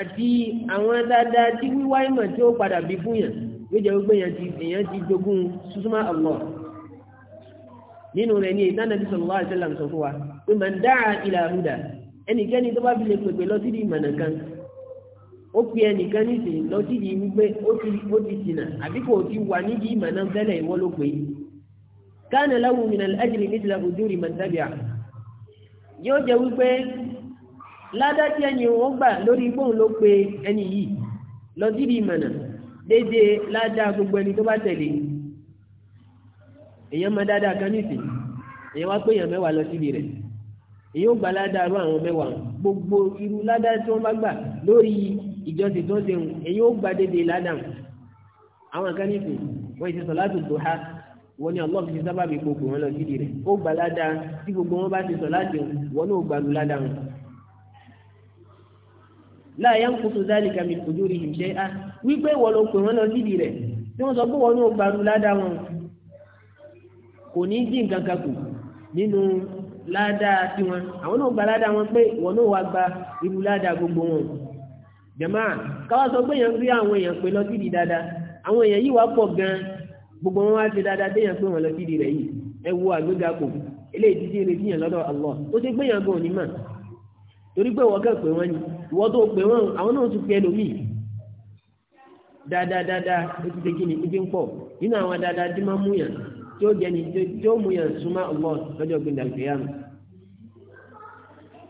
àti àwọn dáadáa tí wíwá ìmọ̀ tí ó padà bí fún yàn yóò jẹ́ gbogbo èèyàn ti èèyàn ti jogún súnmọ́ Allah nínú rẹ̀ ní ìtàn Nabi sallallahu alaihi wasallam sọ fún wa pé man da'a ila huda ẹnikẹ́ni tó bá fi lè pèpè lọ di ìmọ̀nà kan ó pe ẹnìkan nísìnyí lọ sí di wípé ó ti ó ti ṣìnà àbí kò ti wà nídìí ìmọ̀nà tẹ́lẹ̀ ìwọ́ yóò jẹ́ wípé ládá tí ẹni wọn gbà lórí gbóhùn ló pe ẹni yìí lọ sí ibi ìmọ̀nà déédéé ládá gbogbo ẹni tó bá tẹ̀lé èèyàn máa dáadáa kan nìsín èèyàn wá pé èèyàn mẹ́wàá lọ síbi rẹ̀ èèyàn ó gba ládá ru àwọn mẹ́wàá gbogbo irú ládá tí wọ́n bá gbà lórí ìjọsìn tó ń ṣe hùn èèyàn ó gba déédéé ládá hùn àwọn kan nìsín wọ́n ti sọ láti tó ha wọ́n ní ọlọ́ọ̀fù ti sábàbí gbogbo wọn lọ síbi rẹ̀ ó gba ládá tí gbogbo wọn bá ti sọ láti hùn wọ́n náà gbàlú ládá hùn láàyè ń kótó dáàlì kàmí ojú rí ìṣe á wípé wọ́n ló pè wọ́n lọ síbi rẹ̀ tí wọ́n sọ pé wọ́n ní ó gbarú ládàá wọn kò ní dín nǹkan kan kù nínú ládàá tiwọn àwọn náà gba ládàá wọn pé wọ́n náà wá gba irú ládàá gbogbo wọn jẹ̀má káwá sọ pé èèyàn rí àwọn èèyàn pé lọ síbi dáadáa àwọn èèyàn yìí wá pọ̀ gan gbogbo wọn wá ti dáadáa déèyàn pé wọ́n lọ síbi rẹ̀ yìí ẹ wo àgbégakò eléyìí Allah ó ti gbéyàn gan torí pé wọ́n kàn pé wọ́n ni ìwọ́n tó pé wọ́n àwọn náà tún pé ẹlòmíì dáadáa ó ti dégí ni ó ti ń pọ̀ nínú àwọn dáadáa tí máa mú yàn tí ó jẹ́ ni tí ó mú yàn súnmọ́ ọgbọ́n lọ́jọ́ gbẹ̀ndà ìfẹ́yàmù.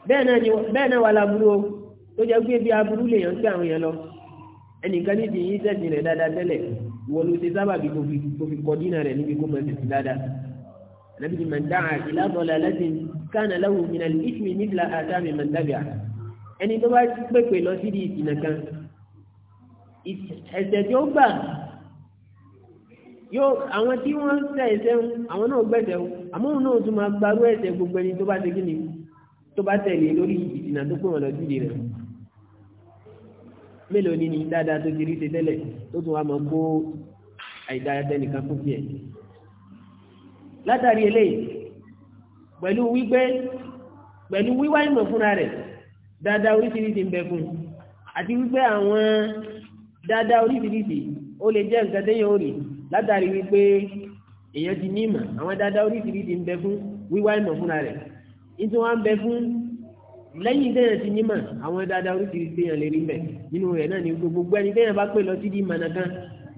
bẹ́ẹ̀ náà wà láburú o tó jẹ́ pé bí aburú lè yàn sí àwọn yẹn lọ ẹnìkan nídìí yín tẹ̀sìn rẹ̀ dáadáa tẹ́lẹ̀ wọ́n ló ti sábà kò fi kọ́ dínà rẹ̀ níbi kó mọ̀ نبي من man da'a ila dalalatin kana lahu min al-ithmi mithla athami man tabi'a ẹni tó bá pèpè lọ sí di ìsìnà kan ẹ̀ṣẹ̀ tí ó gbà yóò àwọn tí wọ́n ń ṣẹ̀ ẹ̀ṣẹ̀ ń àwọn náà gbẹ̀ṣẹ̀ ń àmọ́ òun náà tún máa gbarú ẹ̀ṣẹ̀ gbogbo ẹni tó bá ṣe kí tó bá tẹ̀lé lórí ìsìnà tó pè wọ́n lọ sí di mélòó ni ni dáadáa tó ti rí ṣe tẹ́lẹ̀ tó tún wá mọ̀ kó àìdáadáa nìkan fún fi látàrí eléyìí pẹ̀lú wípé pẹ̀lú wíwá ìmọ̀ fúnra rẹ̀ dáadáa oríṣiríṣi ń bẹ fún un àti wípé àwọn dáadáa oríṣiríṣi ó lè jẹ́ nǹkan téèyàn ò rí látàrí wípé èèyàn ti ní ìmọ̀ àwọn dáadáa oríṣiríṣi ń bẹ fún wíwá ìmọ̀ fúnra rẹ̀ nítorí wọn ń bẹ fún lẹ́yìn téèyàn ti ní ìmọ̀ àwọn dáadáa oríṣiríṣi téèyàn lè rí mbẹ̀ nínú rẹ̀ náà ni gbogbo ẹni téèyàn bá pè lọ sí di ìmọ̀ nìkan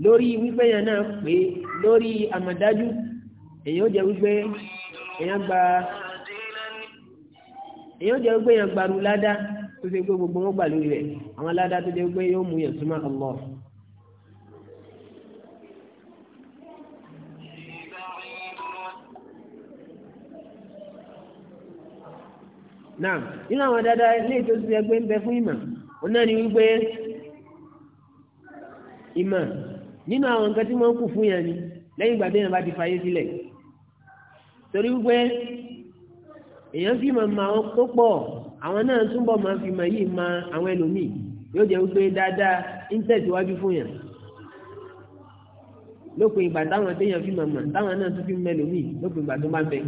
lórí wípé yẹn náà pé lórí àmọ̀dájú èyí ó jẹ́ wípé èyàn gba èyí ó jẹ́ wípé èyàn gbaru ládá tó ṣe pé gbogbo wọn gbà lórí rẹ̀ àwọn ládá tó ṣe pé yóò mú yàn súnmọ́ Allah. náà nínú àwọn dáadáa ilé tó ti ẹgbẹ́ ń bẹ fún ìmọ̀ òun náà ni wípé ìmọ̀ nínú àwọn nǹkan tí wọ́n kù fún yẹn ni lẹ́yìn ìgbà téèyàn bá ti fàyè sílẹ̀ torí wípé èèyàn fi mọ̀ mọ̀ àwọn tó pọ̀ àwọn náà túnbọ̀ máa fi mọ̀ yìí mọ àwọn ẹlòmíì yóò jẹ́ wípé dáadáa ń tẹ̀síwájú fún yàn lópin ìgbà táwọn téèyàn fi mọ̀ mọ̀ táwọn náà tún fi mọ̀ ẹlòmíì lópin ìgbà tó bá bẹ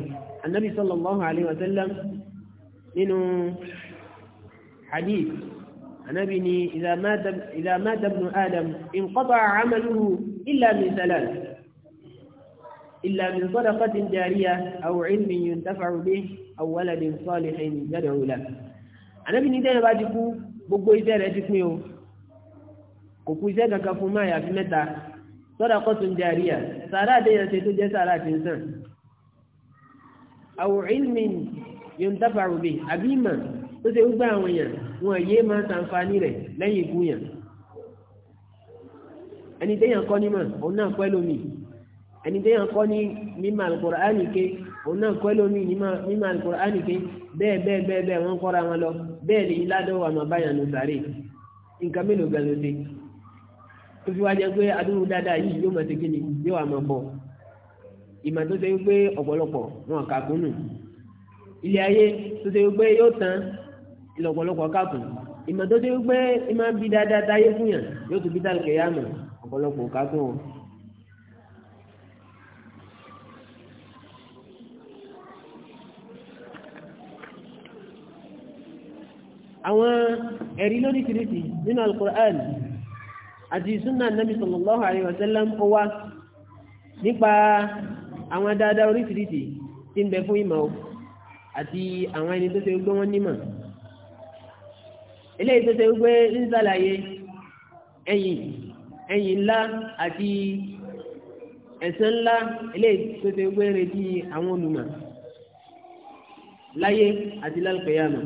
anabi sallallahu alaihi wasallam nínú hadith anabi ni idha adam inqata'a amaluhu illa min إلا من صدقة جارية أو علم ينتفع به أو ولد صالح يدعو له Ànábì ní tẹ́lẹ̀ bá ti kú gbogbo iṣẹ́ rẹ̀ ti pín o kò kú iṣẹ́ kankan fún máa yàfi mẹ́ta sadaqatun jariyah sàárà àdéyàn ṣe tó jẹ́ sàárà àti nsàn aw ilmin yuntafa'u bihi àbí ìmọ̀ tó ṣe gbogbo àwọn èèyàn wọn yé máa ń sàǹfààní rẹ̀ lẹ́yìn ikú yàn ẹni tẹ́yàn kọ́ nímọ̀ òun náà pẹ́ lómi ẹni tẹ́ yàn kọ́ ní mímọ̀ alukur'ani ké òun náà kọ́ lómi mímọ̀ alukur'ani ké bẹ́ẹ̀ bẹ́ẹ̀ bẹ́ẹ̀ bẹ́ẹ̀ wọ́n kọ́ra wọn lọ bẹ́ẹ̀ lè ládọ́wọ́ àmọ́ báyàn ló sáré nǹkan mélòó gan ló dé tó fi wá jẹ́ pé adúrú dáadáa yìí yóò máa ṣe kí ni yóò àmọ́ bọ̀ ìmọ̀ tó ṣe wípé ọ̀pọ̀lọpọ̀ wọn kà kúnnù ilé ayé tó ṣe wípé yóò tán ìlọ̀pọ̀lọpọ̀ káàkùn ìmọ̀ tó ṣe wípé ìmọ̀ bí dáadáa táyé fún yàn yóò tún bí dálùkẹ́ yá mọ̀ ọ̀pọ̀lọpọ̀ káàkùn àwọn ẹ̀rí lóríṣiríṣi nínú al-Qur'an àti sunna nabi sallallahu alayhi wa sallam ó wá nípa àwọn dáadáa oríṣiríṣi tí ń bẹ fún ìmọ̀ àti àwọn ẹni tó ṣe gbé wọn nímọ̀ eléyìí tó ṣe gbé ń sàlàyé ẹ̀yìn ẹ̀yìn ńlá àti ẹ̀san ńlá eléyìí tó ṣe gbé retí àwọn olùmọ̀ láyé àti lálùkẹ́yàmọ̀.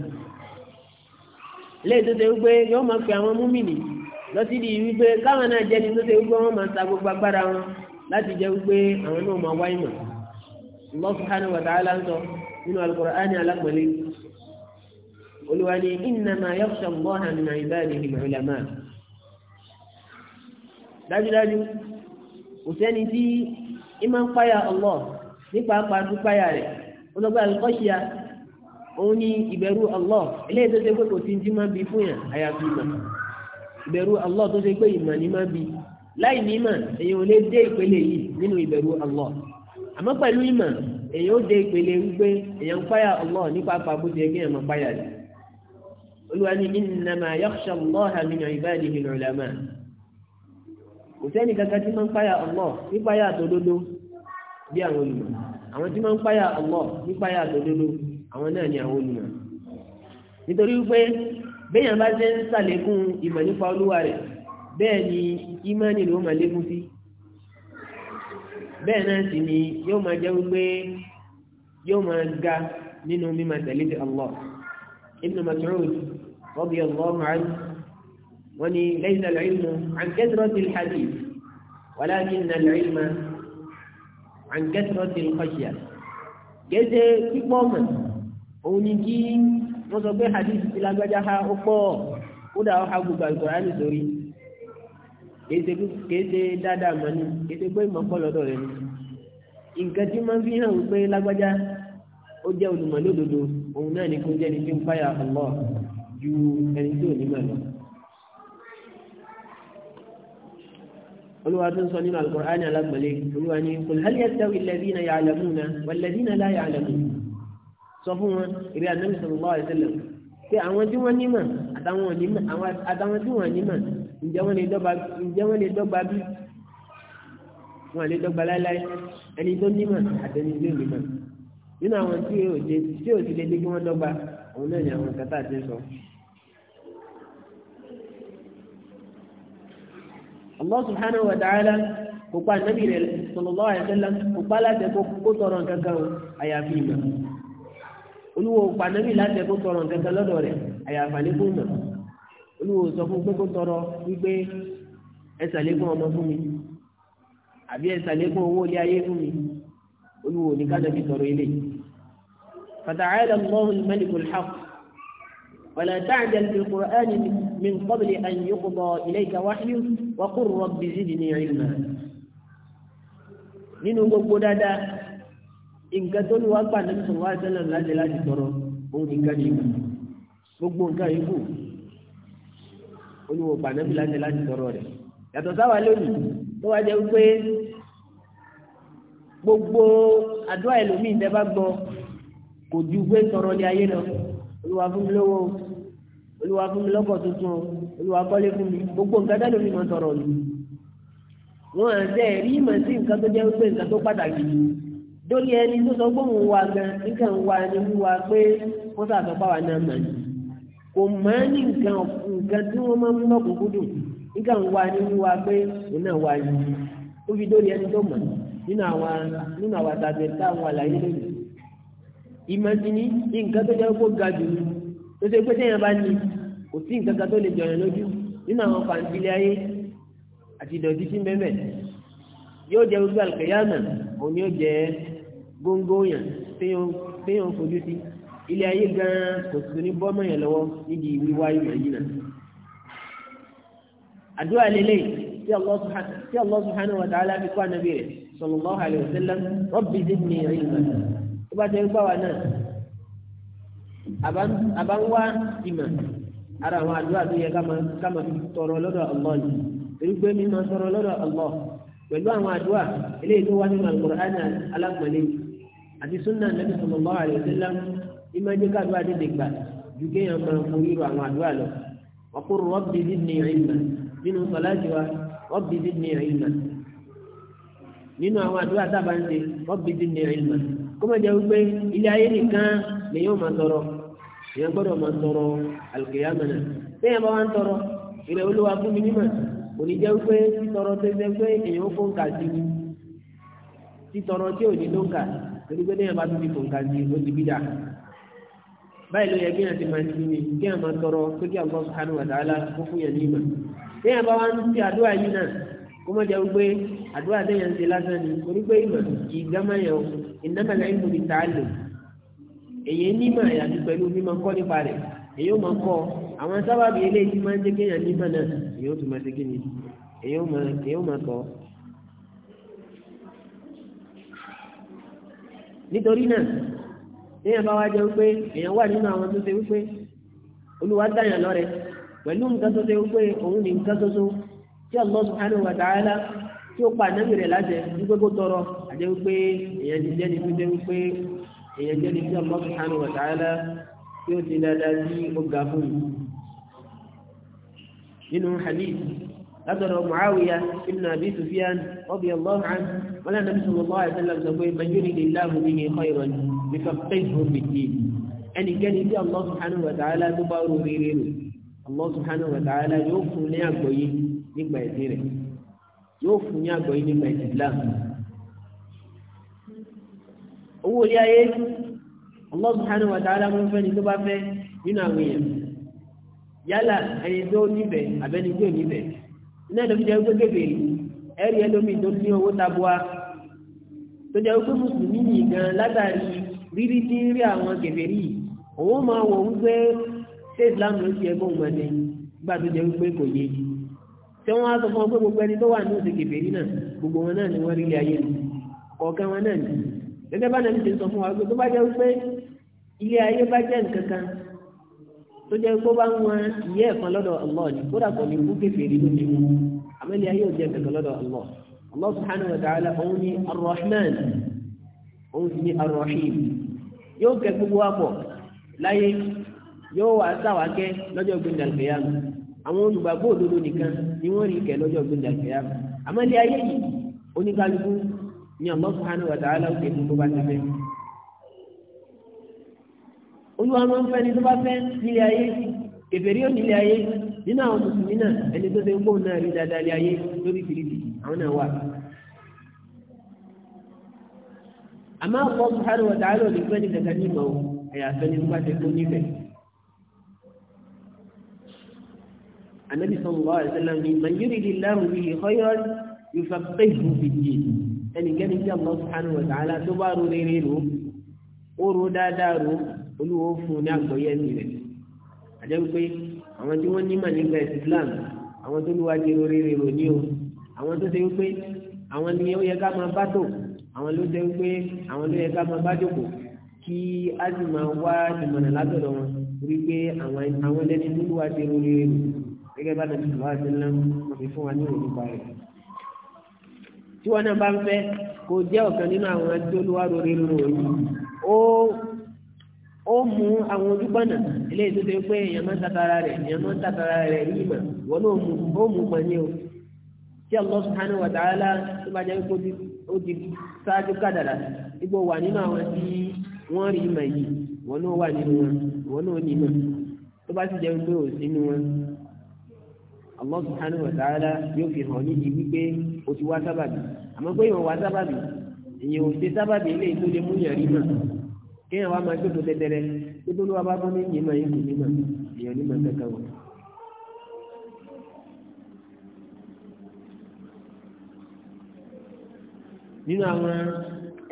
lẹ́yìn tó ṣe wípé yóò máa fi àwọn múmìnì lọ sí di wípé káwọn náà jẹ́ni tó ṣe wípé wọ́n máa sa gbogbo agbára wọn láti jẹ́ wípé àwọn náà máa wáyé mọ̀ Allah subhanahu wa ta'ala ń sọ nínú ni qurani alápẹ̀lẹ́ Olúwa ní innama yakhsha Allaha min ibadihi al-ulama dájúdájú kò tí ìmọ̀ ń páyà nípa rẹ̀ òun ni ìbẹ̀rù Allah eléyìí tó ṣe ti máa bi fún yàn àyàfi ìmọ̀ ìbẹ̀rù Allah tó ṣe pé ìmọ̀ ni máa bi láì ní ìmọ̀ èyàn ò lè dé ìpele yìí nínú ìbẹ̀rù Allah àmọ́ pẹ̀lú ìmọ̀ èyàn ó dé ìpele wípé èyàn ń fáyà Allah nípa pàbó ti ẹgbẹ́ ẹ̀mọ́ fáyà rẹ̀ olúwa ni kò sẹ́ni kankan tí máa ń fáyà Allah nípa bí àwọn olùmọ̀ àwọn tí àwọn náà ni àwọn olùmọ̀ nítorí wípé béèyàn bá ṣe ń ṣàlékún ìmọ̀ nípa olúwa rẹ̀ bẹ́ẹ̀ ni ìmánì ló máa lékún sí bẹ́ẹ̀ náà sì ni yóò máa jẹ́ wípé yóò máa ga nínú mímọ̀ tẹ̀lé ti Allah Ibn Mas'ud radiyallahu anhu wọ́n ní laysa al-ilmu an kathrati al-hadith walakinna al-ilma an kathrati al-khashya gẹ́gẹ́ pípọ́ mọ̀ òun ni kí wọ́n sọ pé hadith ti lágbájá ha ó pọ̀ ó dà ọ́ ha gbogbo àgbọ̀rá nìtorí kìí ṣe dáadáa mọ́ ni kìí ṣe pé ìmọ̀ pọ̀ lọ́dọ̀ rẹ̀ ni nǹkan tí máa ń fi hàn wípé lágbájá ó jẹ́ olùmọ̀ lódodo òun náà ni kó jẹ́ ni tí ń ju ẹni tí ò ní mọ̀ lọ. olúwa tó ń sọ nínú Al-Qur'ani alágbèlé olúwa ní kul hal yastawi alladhina ya'lamuna wal ladhina sọ fún wọn èrè ànábì sallallahu alaihi wasallam pé àwọn tí wọ́n nímọ̀ àtàwọn onímọ̀ àtàwọn tí wọ́n nímọ̀ ǹjẹ́ wọ́n lè dọ́gba ǹjẹ́ wọ́n lè dọ́gba bí wọ́n lè dọ́gba láéláé ẹni tó nímọ̀ àtẹni tó nímọ̀ nínú àwọn tí yóò ṣe tí yóò ti lè dé kí wọ́n dọ́gba òun náà ni àwọn kàtà ti sọ. Allah subhanahu wa ta'ala kò pa ànábì rẹ̀ sallallahu alaihi wasallam kò pa láti ẹ̀kọ́ kó tọrọ nǹkan kan àyàfi ìmọ̀ olúwo pàdánù láti ẹkọ tọrọ nǹkan lọ́dọ̀ rẹ̀ àyàfà ní fún mọ̀ olúwo sọ fún pé kó tọrọ wípé ẹsàlékún ọmọ fún mi àbí ẹsàlékún owó ilé ayé fún mi olúwo ní kádàbí tọrọ ilé fata'ala Allahu al-maliku al-haq wala ta'jal bil-Qur'ani min qabli an yuqda ilayka wahyuhu wa qur rabbi zidni ilma nínú gbogbo dáadáa nǹkan tó ní wá gbà ní sọ̀rọ̀ wá tẹ́lẹ̀ láti láti tọrọ òun nìkan ní ìgbà gbogbo nǹkan yìí kù olùwò gbàdébí láti láti tọrọ rẹ̀ yàtọ̀ sáwà lónìí tó wá jẹ́ pé gbogbo àdúrà ẹlòmíì tẹ́ bá gbọ́ kò ju pé tọrọ ní ayé lọ olúwa fún mi lówó olúwa fún mi lọ́kọ̀ tuntun olúwa kọ́lé fún mi gbogbo nǹkan tẹ́lẹ̀ mi mọ̀ tọrọ ni wọn à ń tẹ́ ẹ̀rí ìmọ̀ sí nǹkan tó jẹ́ pé nǹkan tó pàtàkì lórí ẹni tó sọ gbóhùn wa gan nígbà wa ni mú wa pé wọ́n sàtọ̀ báwa náà mọ̀ ní kò mọ́ ní nǹkan tí wọ́n máa ń mú lọ́kùnkúndùn nígbà wa ni mú pé òun náà ó fi lórí ẹni tó mọ̀ nínú àwọn nínú àwọn àtàgbẹ̀ àlàyé lónìí ní nǹkan tó jẹ́ kó ga jù tó ṣe pé téèyàn bá ní kò sí nǹkan kan tó lè jọyàn lójú nínú àwọn ayé àti ìdọ̀tí sí mẹ́mẹ́ yóò gbóngbó yàn téèyàn fojú sí ilé ayé gan kò sí ní bọ́mọ̀ yẹn lọ́wọ́ níbi wíwá yìí àdúrà lélẹ̀ tí Allah subhanahu wa ta'ala fi kọ́ ànábì rẹ̀ sallallahu alaihi wasallam rabbi zidni ilma tó bá tẹ́ ń gbà náà àbá ìmọ̀ ara àwọn àdúrà tó yẹ fi tọrọ lọ́dọ̀ mi máa tọrọ lọ́dọ̀ pẹ̀lú àwọn àdúrà eléyìí tó wá nínú àti súnà nàbí sallallahu alaihi wasallam ìmọ̀ ẹjẹ́ ká àdúrà dédé gbà ju kéèyàn máa forí ro àwọn àdúrà lọ wa qur rabbi zidni ilma nínú sọláàtì wa rabbi zidni ilma nínú àwọn àdúrà tábà ń ṣe rabbi zidni ilma kó wípé ilé ayé nìkan lèyìn ò máa èèyàn gbọ́dọ̀ máa tọrọ al-qiyamah náà bá wá tọrọ ìrẹ̀ olúwa fún mi nímọ̀ kò ní wípé títọrọ tó pé èèyàn ó fóǹkà sí títọrọ tí ò torí pé lẹ́yìn bá tún ti fòǹkà di ó ti bídà báyìí ló yẹ kí èèyàn ti máa ti ní kí èèyàn máa tọrọ pé kí àwọn sùkánù wàtàlá kó fún yẹn ní ìmọ̀ lẹ́yìn bá wá ń ti àdúrà yìí náà kó má jẹ́ wípé àdúrà lẹ́yìn ti lásán ni torí pé ìmọ̀ kì í gámà yẹn o ìnámàlà ìmọ̀ ti tà á lò èyí nímọ̀ àyàfi pẹ̀lú mímọ̀ kọ́ nípa rẹ̀ èyí ó máa kọ́ àwọn sábàbí eléyìí máa ń jẹ́ kéèyàn nímọ̀ náà èyí ó tún máa ṣe kí nítorí náà èèyàn bá wá jẹ́ wípé èèyàn wà nínú àwọn tó ṣe wípé olúwa dáyàn lọ́rẹ pẹ̀lú nǹkan tó ṣe wípé òun ní nǹkan tó tó tí Allah subhanahu wa ta'ala tí ó pa ànábì rẹ̀ lájẹ wípé kó tọrọ àjẹ́ wípé èèyàn ti jẹ́ ni tó wípé èèyàn jẹ́ ni tí Allah subhanahu wa ta'ala tí ó ti dáadáa sí ó ga fún mi nínú hadith látọ̀dọ̀ Muawiya ibn Abi Sufyan radiyallahu anhu wọn lẹ́nu bí sallallahu alaihi wasallam sọ pé mẹjọ́rì lè láàbù ní ẹ̀kọ́ ìrọ̀lẹ́ ní fàfẹ́ ìfòmìtì ẹnikẹ́ni tí Allah subhanahu wa ta'ala tó bá rú rere rò Allah subhanahu wa ta'ala yóò fún ní àgbọ́yé nígbà ẹ̀sìn rẹ̀ yóò fún ní àgbọ́yé nígbà ẹ̀sìn Islam owó orí ayé Allah subhanahu wa ta'ala mọ́ fẹ́ni tó bá fẹ́ nínú àwọn èèyàn yálà ẹni tó níbẹ̀ àbẹ́ni tó níbẹ̀ iná ìlú jẹ́ wípé kébèrè ẹ̀rí ẹlòmí tó ní owó tabua tó jẹ́ wípé mùsùlùmí yìí gan látàrí rírí tí ń rí àwọn kébèrè òun máa wọ̀ wípé ṣé Islam ló ti ẹgbọ́n mọ́ ni gbà tó jẹ́ wípé kò yé tí wọ́n á sọ fún ọ pé gbogbo ẹni tó wà ní òsè kébèrè náà gbogbo wọn náà ni wọ́n rí ayé ni kọ̀ọ̀kan wọn náà ni gẹ́gẹ́ bá nàbí ṣe sọ fún wa pé tó bá jẹ́ wípé ilé ayé bá jẹ́ nǹkan kan tó jẹ́ kó bá ń wọn ìyẹ́ ẹ̀kan lọ́dọ̀ Allah ni kódà kò ní kú kéfèèrè ló ti mú àmẹ́lẹ́ ayé òjẹ́ kẹ̀kẹ́ lọ́dọ̀ Allah Allah subhanahu wa ta'ala òun ni arrahman òun sì ni arrahim yóò kẹ́ gbogbo wa pọ̀ láyé yóò wá sáwàkẹ́ lọ́jọ́ gbẹ̀ndàgbẹ̀yà àwọn olùgbàgbọ́ òdodo nìkan ni wọ́n rí kẹ́ olúwa máa ń fẹ́ ni tó bá fẹ́ nílé ayé ìbẹ̀rí ò nílé ayé nínú àwọn mùsùlùmí náà ẹni tó ṣe ń gbóhùn náà rí dáadáa lé ayé lórí fìrìbì àwọn náà wà. àmọ́ ọ̀pọ̀ buhari wọ̀ tààrà ò ní fẹ́ ní kankan ní ìmọ̀ ẹ̀yà fẹ́ ni wọ́n ṣe nífẹ̀ẹ́. anabi sallallahu alaihi wasallam ni man yuridillahu bihi khayran yufaqqihhu fid-din ẹnikẹ́ni tí Allah olúwo fún un ní àgbọ́yé ẹ̀sìn rẹ̀ àjẹ́ wípé àwọn tí wọ́n nímọ̀ nípa ẹ̀sìn Islam àwọn tó lùwà di oríire rò ní o àwọn tó ṣe wípé àwọn ni ó yẹ ká máa bá tò àwọn ló ṣe wípé àwọn ló yẹ ká máa bá jòkó kí á sì máa wá ìmọ̀nà látọ̀dọ̀ wọn wípé àwọn ẹlẹ́ni tó lùwà di oríire rò gẹ́gẹ́ bá dàbí ìlú àṣẹlá wọn fi fún wa ní òní tí wọn náà bá ń fẹ́ kó jẹ́ ọ̀kan nínú àwọn tó lùwà rò rí rò yìí ó mú àwọn ojúbọ̀nà eléyìí tó ṣe pé èèyàn máa ń takara rẹ̀ èèyàn máa ń takara rẹ̀ rí mà wọ́n náà mú ó mú pọ̀ ní o tí Allah subhanahu wa ta'ala tó bá jẹ́ pé ó ti ṣáájú kádàrà ipò wà nínú àwọn tí wọ́n rí mà yìí wọ́n náà wà nínú wọn wọ́n náà ní mà tó bá sì jẹ́ pé ò sínú wọn Allah subhanahu wa ta'ala yóò fi hàn níbi wípé o ti wá sábàbí àmọ́ pé ìwọ̀n wá sábàbí èèyàn ò ṣe sábàbí eléyìí tó lè kéèyàn wá máa gbẹdọ dẹdẹrẹ gbẹdọ ló wá bá bọ ní yìí máa yìí kò ní mà èèyàn ní mà kankan wọn. nínú àwọn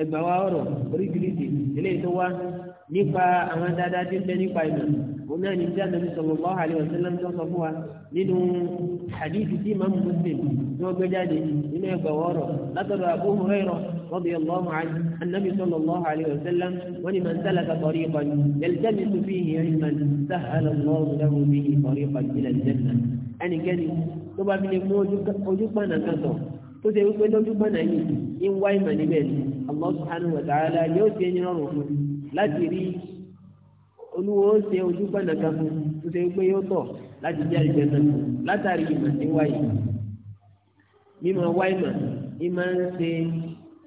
ẹgbàá wa ọ̀rọ̀ oríṣiríṣi eléyìí tó wá nípa àwọn dáadáa tí ń bẹ nípa ìmọ̀ oní ẹni tí anabi sallallahu alaihi wasallam tó sọ fún wa nínú hadithi tí imaamu muslim tí wọn gbé jáde nínú ẹgbà wọrọ látọ̀dọ̀ abu hurairah radiyallahu anhu anabi sallallahu alaihi wasallam wọn ni man salaka tariqan yaltamisu fihi ilman sahhala Allahu lahu bihi tariqan ila al-jannah ẹnikẹ́ni tó bá fi lè mú ojú pàànà kan tọ̀ tó ṣe wípé lójú pàànà yìí ń wá ìmọ̀ ni Allah subhanahu wa ta'ala yóò ṣe é ní ọrùn fún láti rí olúwo ó ṣe ojú pẹ̀lú kan tó ṣe pé yóò tọ̀ láti jẹ́ ìgbẹ́sẹ̀ látàrí ìmọ̀ tí wáyé mímọ̀ wáyé mọ̀ ìmọ̀ ń ṣe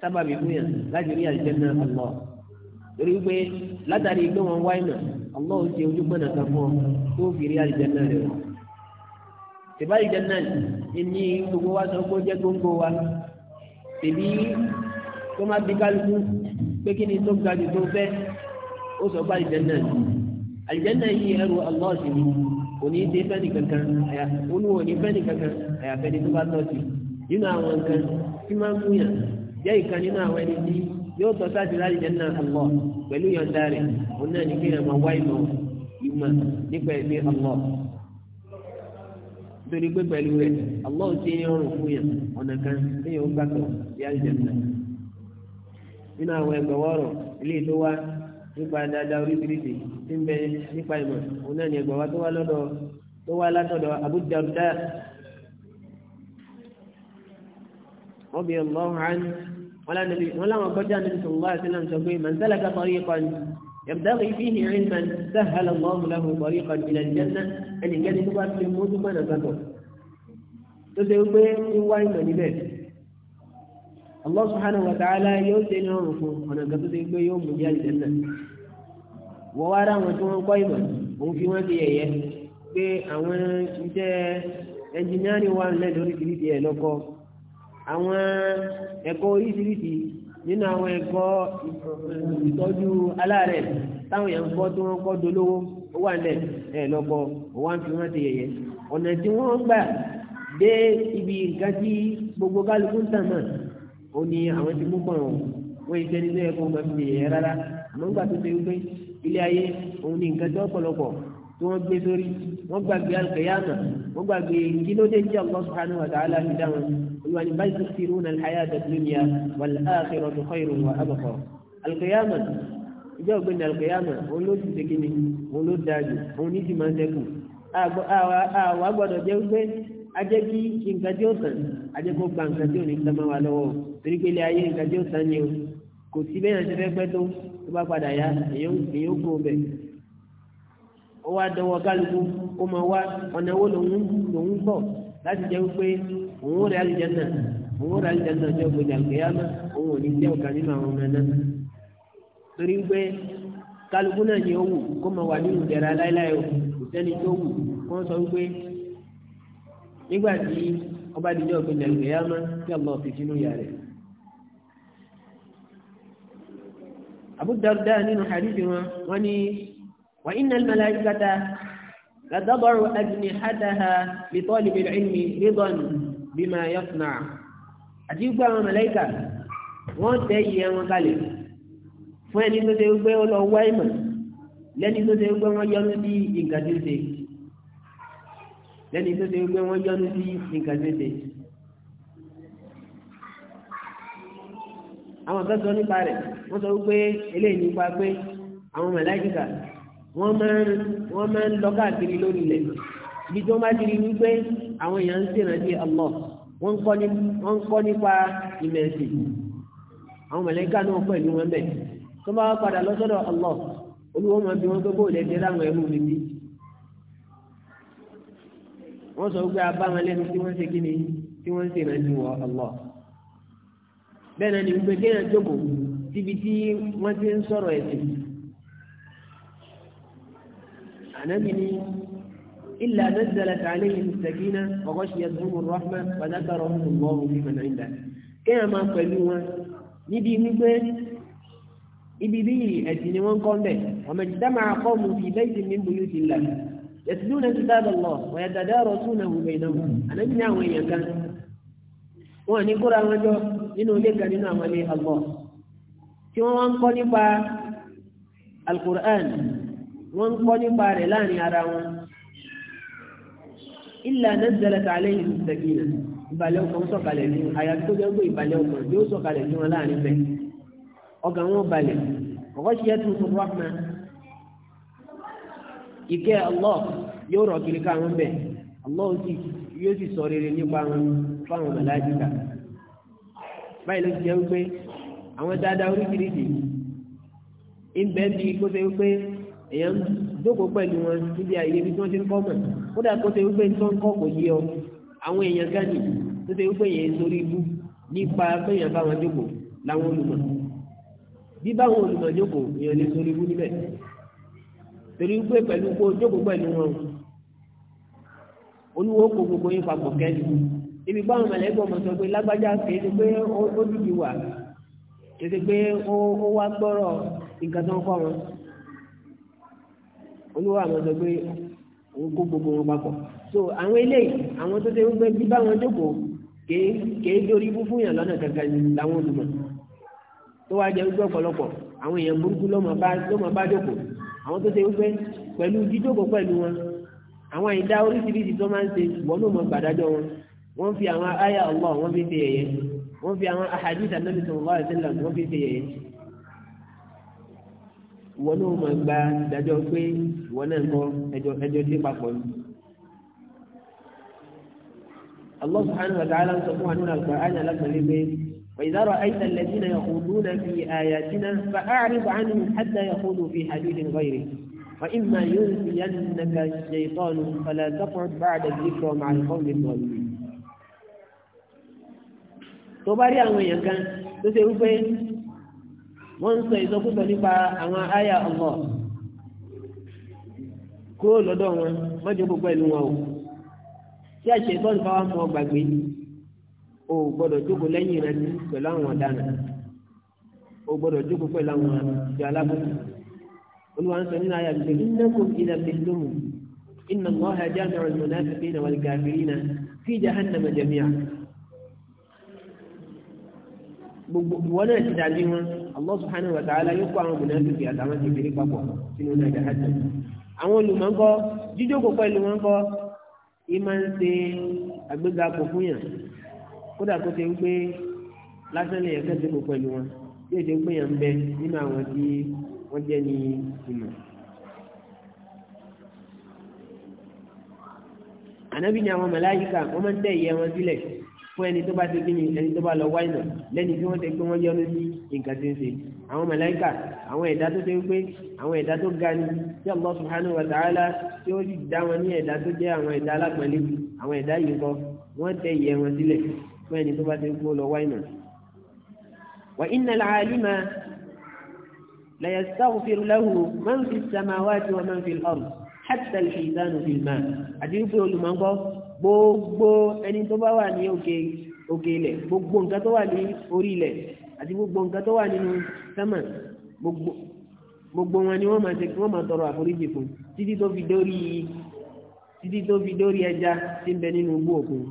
sábàbí fún yàn láti rí àlùjànnà Allah torí pé látàrí pé wọ́n wáyé mọ̀ Allah ó ṣe ojú pẹ̀lú kan fún ọ tó fi rí àlùjànnà rẹ̀ wọ̀ tìbá àlùjànnà ní gbogbo wa sọ pé ó jẹ́ góńgó wa tèmi tó má bí kálukú pé kí ni tó ga jù tó fẹ́ ó sọ pé àlùjànnà àlìjẹ́nà yìí ẹrù ọlọ́ọ̀sì ni kò ní dé fẹ́ni kankan olú ò ní fẹ́ni kankan àyàfẹ́ni tó bá tọ́sí nínú àwọn nǹkan tí máa ń múyàn jẹ́ ìkan nínú àwọn ẹni tí yóò tọ́ sáà ti láàlìjẹ́nà ọlọ́ pẹ̀lú yọ̀ǹda rẹ̀ òun náà ní kí ẹ̀ máa wá ìmọ̀ ìmọ̀ nípa ẹ̀mí ọlọ́ torí pé pẹ̀lú rẹ̀ ọlọ́ọ̀ ti ní ọrùn fún yàn ọ̀nà kan tí yóò gbàgbọ́ bí àlìjẹ́nà nínú àwọn ẹgbẹ̀wọ́rọ̀ ilé nípa dáadáa oríṣiríṣi tí ń bẹ nípa ìmọ̀ òun náà ní ẹgbàá wa tó wá lọ́dọ̀ tó wá látọ̀dọ̀ Abu Darda ọbẹ̀ ọlọ́run wọn láwọn gbọ́dọ̀ níbi sọ̀rọ̀ wá sí náà sọ pé man salaka tariqan yabtaghi fihi ilman sahhala Allahu lahu tariqan ila al-janna ẹnìkẹ́ni tó bá fi mójú mọ́nà gbàgbọ́ tó ṣe wípé ń ìmọ̀ níbẹ̀ Allah subhanahu wa ta'ala yóò ṣe ní ọrùn fún ọ̀nà kan tó ṣe gbé yóò mú jáde lẹ́nà wọ́n wá ráwọn tí wọ́n kọ́ ìmọ̀ òun fi wọ́n ṣe yẹ̀yẹ́ pé àwọn iṣẹ́ ẹnjìnírì wà nílẹ̀ lóríṣiríṣi ẹ̀ lọ́kọ́ àwọn ẹ̀kọ́ oríṣiríṣi nínú àwọn ẹ̀kọ́ ìtọ́jú aláàrẹ̀ táwọn èèyàn kọ́ tí wọ́n kọ́ dolówó wà nílẹ̀ ẹ̀ lọ́kọ́ ó fi wọ́n yẹ̀yẹ́ ibi nǹkan tí gbogbo kálukú ń tàn ó ní àwọn ti mú pọ̀n wọ́n iṣẹ́ nínú ẹ̀kọ́ máa fi yẹ̀yẹ́ rárá àmọ́ gbà tó ṣe wípé ilé ayé òun ní nǹkan tó ọ̀pọ̀lọpọ̀ tí wọ́n gbé sórí wọ́n gbàgbé alùkẹ́yàmà wọ́n gbàgbé kílódé tí Allah subhanahu wa ta'ala fi dáhùn olùwà ní báyìí ti rún alhaya dàdúnyà wal ní ti máa ń dẹ́kù ajẹ́ kí nǹkan tí ó tàn ajẹ́ kó gba nǹkan tí ò ní tán máa wà lọ́wọ́ torí pé ilé ayé nǹkan tí ó tàn ni o kò sí bẹ́ẹ̀ àti fẹ́ pẹ́ tó tó bá padà yá èyí ó kó o bẹ̀. ó wá dọwọ́ kálukú kó máa wá ọ̀nà wo lòun lòun bọ̀ láti jẹ́ pé òun ó rẹ̀ àlùjánnà òun ó rẹ̀ àlùjánnà ọjọ́ ògbóni àlùkìyámà òun ò ní jẹ́ ọ̀kan nínú àwọn ọmọ náà torí pé kálukú náà ni ó wù kó máa wà nínú ìdẹ̀ra láíláí o kò sẹ́ni tó wù kó sọ wípé nígbà tí ọba dìjọ́ ọ̀gbìn ẹ̀gbẹ̀yàmá tí Allah fi sínú ìyá rẹ̀ Abu Darda nínú hadithi wọn wọ́n ní wa malaikata لتضع أجنحتها لطالب العلم رضا بما يصنع àdígbà àwọn mẹ̀lẹ́kà wọ́n tẹ́ iye wọn kalẹ̀ fún ẹni tó ṣe gbé ó ìmọ̀ lẹ́ni tó ṣe gbé lẹ́ni tó ṣe pé wọ́n yọ́nú sí nǹkan tètè àwọn kan sọ nípa rẹ̀ wọ́n sọ wípé eléyìí nípa pé àwọn màláíkà wọ́n máa ń wọ́n máa ń lọ káàkiri lórí ilẹ̀ ibi tí wọ́n bá ti rí wípé àwọn èèyàn ń ṣèrántí Allah wọ́n ń kọ́ nípa ìmẹ̀sì àwọn màláíkà náà pẹ̀lú wọn bẹ̀ tó bá padà lọ sọ́dọ̀ Allah olúwọ́n máa bí wọ́n tó bóòlù ẹ̀jẹ̀ láwọn ẹrú mi bíi wọ́n sọ wípé abáwọn lẹ́nu tí wọ́n ń ṣe kí ni tí wọ́n ń ṣe ìrántí wọ ọlọ́ bẹ́ẹ̀ náà ni wípé kéèyàn jókòó síbi tí wọ́n ti ń sọ̀rọ̀ ẹ̀sìn ànábì ni ilà nazalat alayhim sakina wa ghashiyatuhum rahma wa dhakarahum Allahu fiman indah kéèyàn máa pẹ̀lú wọn níbi wípé ibi ń kọ́ ń bẹ̀ ọmọ ìdámà يتلون كتاب الله ويتدارسونه بينهم أنا ابن عوين كان وأن يقول أمجو إنه لك لنا ولي الله كما وانقل با القرآن وانقل با رلاني أراهم إلا نزلت عليهم السكينة ìbàlẹ̀ ọkàn sọ̀kalẹ̀ ní àyà tó jẹ́ pé ìbàlẹ̀ ọkàn yóò sọ̀kalẹ̀ ní wọn láàrin bẹ́ẹ̀ ọkàn wọn balẹ̀ ọkọ̀ ṣiyẹ́ tuntun rahman ìkẹ́ Allah yóò rọ̀ kiri káwọn bẹ̀ Allah yóò sì sọ rere nípa wọn fáwọn màláíkà báyìí ló ti jẹ́ wípé àwọn dáadáa oríṣiríṣi ìbẹ́ bí kó ṣe wípé èèyàn jókòó pẹ̀lú wọn níbi àyè ibi tí wọ́n ti ń kọ́ mọ̀ kódà kó ṣe wípé tó ń kọ́ kò yé ọ àwọn èèyàn gánì tó ṣe wípé èèyàn sórí ibú nípa péèyàn bá wọn jókòó láwọn olùmọ̀ bí báwọn olùmọ̀ jókòó èèyàn lè sórí ibú níbẹ̀ torí gbé pẹ̀lú kó jókòó pẹ̀lú wọn olúwo kó gbogbo yín papọ̀ kẹ́lí ibi báwọn mẹ̀lẹ́gbẹ́ ọmọ sọ pé lágbájá kìí ṣe pé ó dùdú wà kìí ṣe pé ó wá gbọ́rọ̀ nǹkan tó ń kọ́ wọn olúwo àwọn sọ pé òun kó gbogbo wọn papọ̀ so àwọn eléyìí àwọn tó ṣe ń gbé bí báwọn jókòó kìí kìí dórí ibú fún yàn lọ́nà kankan làwọn olùmọ̀ tó wá jẹ́ gbọ́ ọ̀pọ̀lọpọ̀ àwọn èèyàn burúkú ló máa bá jókòó àwọn tó ṣe wípé pẹ̀lú jíjókòó pẹ̀lú wọn àwọn ìdá oríṣiríṣi tó máa ń ṣe wọ́n ló mọ gbàdájọ́ wọn wọ́n fi àwọn àyà Allah wọ́n fi ṣe yẹ̀yẹ́ wọ́n fi àwọn ahadith Ànábì sallallahu alaihi wasallam wọ́n fi ṣe yẹ̀yẹ́ wọ́n ló mọ gba pé wọ́n náà kọ́ ẹjọ́ tí papọ̀ ni. Allah subhanahu wa ta'ala ń sọ fún wa nínú وإذا رأيت الذين يخوضون في آياتنا فأعرض عنهم حتى يخوضوا في حديث غيره وإما ينسينك الشيطان فلا تقعد بعد الذكر مع القوم الظالمين tó bá rí àwọn èèyàn kan tó ṣe wípé wọ́n ń sọ ìsọkúsọ nípa àwọn àyà ọ̀pọ̀ kúrò lọ́dọ̀ wọn mọ́jọ́ gbogbo ìlú wọn o tí àṣẹ ìtọ́jú bá wà mọ́ gbàgbé o gbọ́dọ̀ jókòó lẹ́yìn rẹ pẹ̀lú àwọn ọ̀daràn o gbọ́dọ̀ jókòó pẹ̀lú àwọn ìjọ alábòsí olúwa ń sọ nínú ayé àti ìṣèlú nínú ìlà pẹ̀lúmù iná mọ́ ajá mẹ́rin mọ́nà àti ìnà wàlí gàfìrí náà fi jahannama jami'a gbogbo ìwọ náà ti dàbí wọn Allah subhanahu wa ta'ala yóò kó àwọn mùnàfíkì àtàwọn kékeré papọ̀ sínú náà jahannama àwọn olùmọ̀ńkọ́ jíjókòó pẹ̀lú wọn kọ́ ìmọ̀ ń ṣe àgbéga fún yàn kódà kó ṣe wípé lásán lè yẹn kẹ́sìkò pẹ̀lú wọn yóò ṣe pé yẹn ń bẹ nínú àwọn tí wọ́n jẹ́ ní ìmọ̀. ànábì ni àwọn màláíkà wọ́n máa ń tẹ̀ ìyẹ́ wọn sílẹ̀ fún ẹni tó bá ti kí ni ẹni tó bá lọ wáyé nà lẹ́ni tí wọ́n ti pé wọ́n yọ́nú sí nǹkan tí ń ṣe àwọn màláíkà àwọn ẹ̀dá tó ṣe wípé àwọn ẹ̀dá tó ga ni tí Allah subhanahu wa ta'ala tí ó sì dá wọn ní ẹ̀dá tó jẹ́ àwọn ẹ̀dá alápẹ̀lẹ́ àwọn ẹ̀dá yìí kọ wọ́n tẹ̀ ìyẹ́ wọn sílẹ̀ fún ẹni tó bá ti gbó lọ wáìnà. wà iná làálímà lẹ́yìn sáwùfìrì lẹ́hù máa ń fi sàmáwá tí wọ́n máa ń fi ọ̀rù hàtà lè fi ìdánù fi mà àti wípé olùmọ̀gbọ́ gbogbo ẹni tó bá wà ní òkè òkè ilẹ̀ gbogbo nǹkan tó wà ní orí ilẹ̀ àti gbogbo nǹkan tó wà nínú sẹ́mà gbogbo gbogbo wọn ni wọ́n máa ṣe kí wọ́n máa tọrọ àforíjì fún títí tó fi dórí títí tó fi dórí ẹja tí ń bẹ nínú igbó òkun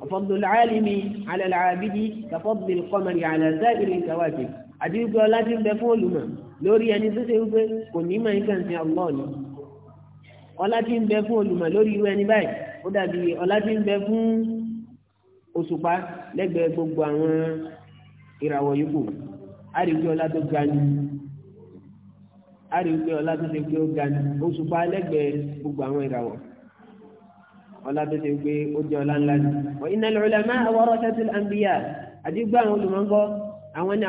وفضل العالم على العابد كفضل القمر على سائر الكواكب àdínkù ọlájú ń bẹ fún olùmọ̀ lórí ẹni tó ṣe wípé kò ní mọ̀ nǹkan sí Allah ni ọlájú ń bẹ fún olùmọ̀ lórí irú ẹni báyìí ó dàbí ọlájú ń bẹ fún òṣùpá lẹ́gbẹ̀ẹ́ gbogbo àwọn ìràwọ̀ yòókù àríwí ọlá tó ga ni àríwí ọlá tó ṣe pé ó ga ni òṣùpá lẹ́gbẹ̀ẹ́ gbogbo àwọn ìràwọ̀ ọlá tó ṣe pé ó jẹ́ ọlá ńlá ni. wa innal ulama warasatul anbiya àdìgbò àwọn olùmọ̀ngọ́ àwọn ni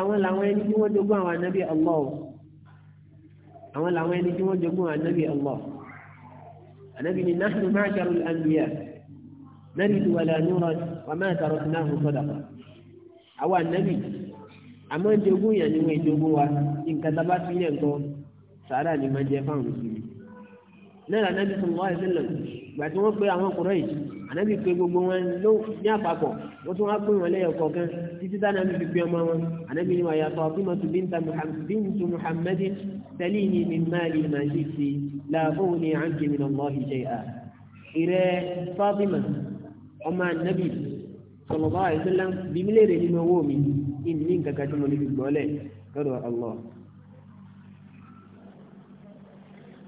àwọn làwọn ẹni tí wọ́n jogún àwọn ànábì Allah àwọn làwọn ẹni tí wọ́n jogún ànábì Allah ànábì ni nahnu ma'sharul anbiya narithu wala nurad wa ma taraknahu sadaqa àwọn ànábì àmọ́ jogún yẹn ni wọ́n jogún wa nǹkan tá fi yẹn kọ́ sàárà ni máa jẹ fáwọn mùsùlùmí náà ànábì sallallahu alaihi wasallam ìgbà tí wọ́n pe àwọn ọkùnrin yìí ànábì pe gbogbo wọn ló ní àpapọ̀ wọ́n tún wá pè wọn lẹ́yọ̀ kọ̀ọ̀kan títí tánábì fi pe ọmọ wọn ànábì ni wàyà Fatimatu bintu Muhammadin salini min mali ma shi'ti la ughni anki min Allahi shay'a ìrẹ́ Fatima ọmọ ànábì sallallahu alaihi wasallam bímílẹ̀ rẹ̀ nínú owó mi ìní nǹkan kan tí mo lè fi gbọ́ lẹ̀ lọ́dọ̀ Allah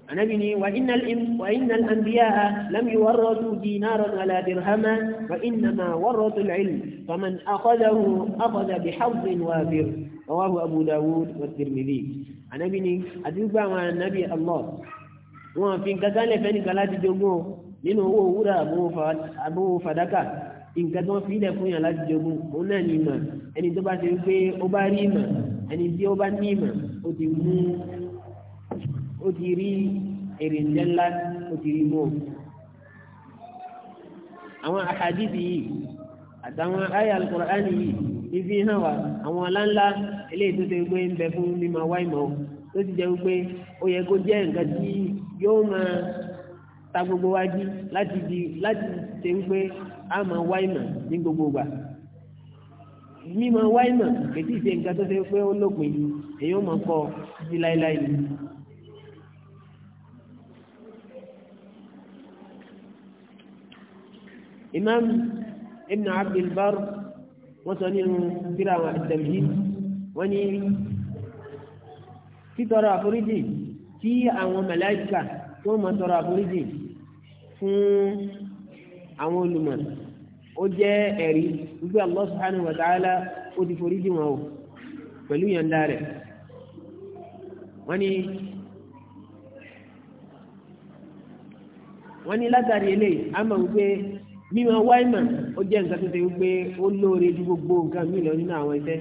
anabi ni wa innal im wa innal anbiya lam yuwarratu dinaran ala dirhama wa innama warratu al-ilm faman akhadahu akhadha bi hazzin wafir rawahu abu dawud wa tirmidhi anabi ni adigba wa anabi allah wọn fi nǹkan kan lè fẹ́ nìkan láti jogún o nínú owó wúrà àbówó fàdákà nǹkan fi ilẹ̀ fún yàn láti jogún òun náà ní ìmọ̀ ẹni tó bá ti rí pé ó bá rí ìmọ̀ ẹni tí ó bá ní ti mú ó ti rí èrè ńlẹ́ ńlá ó ti rí mú o. àwọn àhàdìsì yìí àtàwọn àyà alukur'ani yìí ibi hàn wá àwọn aláǹlá eléyìí tó ṣe gbé ń bẹ fún mímọ wáìmọ tó ti jẹ́ pé ó yẹ kó jẹ́ nǹkan tí yóò máa ta gbogbo wa jí láti di láti ṣe wípé a máa wá ní gbogbo gbà mímọ wá ìmọ̀ kìí ṣe nǹkan tó ṣe pé ó lópin èyí ó máa kọ sí láéláé ni imam ibn abdul bar wọ́n sọ nínú síra àwọn àtẹ̀mí wọ́n ní títọrọ àforíjì tí àwọn màláíkà tó mọ̀ tọrọ àforíjì fún àwọn olùmọ̀ ó jẹ́ ẹ̀rí wípé Allah subhanahu wa ta'ala ó ti foríjì wọn o pẹ̀lú yọ̀ǹda rẹ̀ wọ́n ní látàrí eléyìí a mọ̀ wípé mímọ wáìmọ̀ ó jẹ́ nǹkan tó ṣe wípé ó lóore ju gbogbo nǹkan míì lọ nínú àwọn iṣẹ́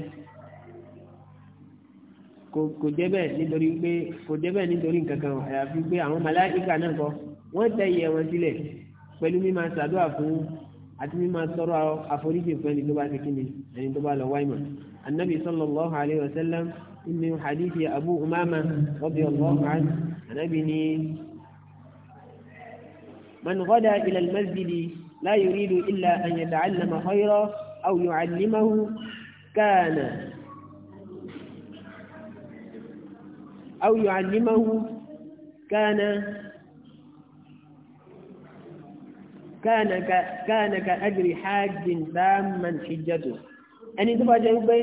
kò jẹ́ bẹ́ẹ̀ nítorí pé kò jẹ́ bẹ́ẹ̀ nítorí nǹkan kan àyàfi pé àwọn màláíkà náà kọ wọ́n tẹ iye wọn sílẹ̀ pẹ̀lú mímọ ṣàdúrà fún àti mímọ sọ̀rọ̀ àforíjì fún ẹni tó bá ṣe kí ni ẹni tó bá lọ wáìmọ̀ annabi sallallahu alayhi wa sallam inú hadithi abu umama radiyallahu anhu annabi ni man ghada ila لا يريد إلا أن يتعلم خيرا أو يعلمه كان أو يعلمه كان كان كان كأجر حاج تاما حجته ẹni tó bá jẹ́ wípé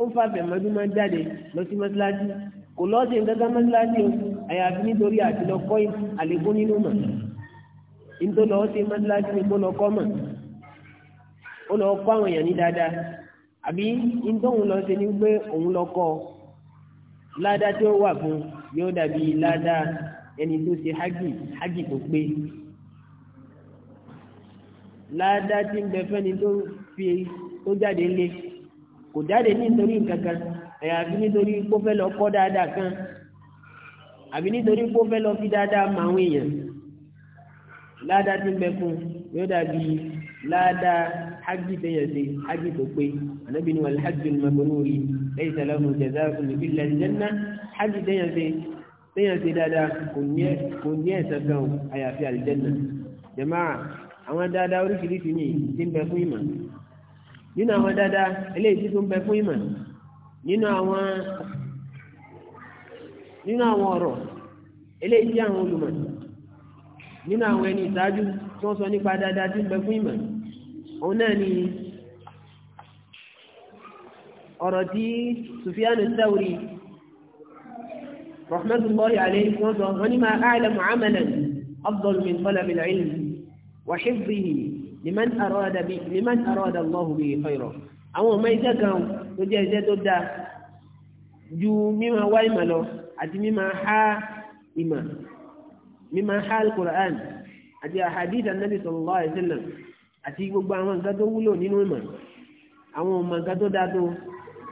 ó fàfẹ́ mọ́júmọ́ jáde lọ sí mọ́síláṣí kò lọ́ọ́ sí nǹkan kan mọ́síláṣí àyàfi nítorí àti lọ kọ́ àlékún nínú mọ̀ nítorí lọ́wọ́ ṣe mọ́tíláṣí ni kó lọ kọ́ mọ̀ ó lọ kọ́ àwọn èèyàn ní dáadáa àbí nítorí lọ ṣe ni pé òun lọ kọ́ ládá tí ó wà fún yóò dàbí ládá ẹni tó ṣe hágì hágì tó pé ládá tí ń bẹ fẹ́ni tó fi tó jáde lé kò jáde nítorí nǹkan kan àyàfi nítorí kó fẹ́ lọ kọ́ dáadáa kan àbí nítorí kó fẹ́ lọ fi dáadáa mọ àwọn èèyàn ládàá tí ń bẹ fún yóò dàbí ládàá hajj tẹ̀yẹ̀ sí hajj tó pé ànábì ní wal hajjul mabrur laysa lahu jazaa'un illa al-janna hajj tẹ̀yẹ̀ sí tẹ̀yẹ̀ sí dáadáa kò ní ẹ̀sẹ̀ kan àyàfi àlìjẹ́nà jàmáà àwọn dáadáa oríṣiríṣi ní ti ń bẹ fún ìmọ̀ nínú àwọn dáadáa eléyìí tó ń bẹ fún ìmọ̀ nínú àwọn nínú àwọn ọ̀rọ̀ eléyìí àwọn olùmọ̀ nínú àwọn ẹni ìṣáájú tí wọ́n sọ nípa dáadáa tí ń bẹ fún ìmọ̀ òun náà ni ọ̀rọ̀ tí Sufyanu Thawri rahmatullahi alayhi wọ́n sọ wọ́n ní ma a'lamu 'amalan afdal min talabil ilm wa hifdhihi liman arada bi liman ìmọ̀ mímọ hal quran àti ahadith anabi sallallahu alayhi wa sallam àti gbogbo àwọn nǹkan tó wúlò nínú ìmọ̀ àwọn ọmọ nǹkan tó dáa tó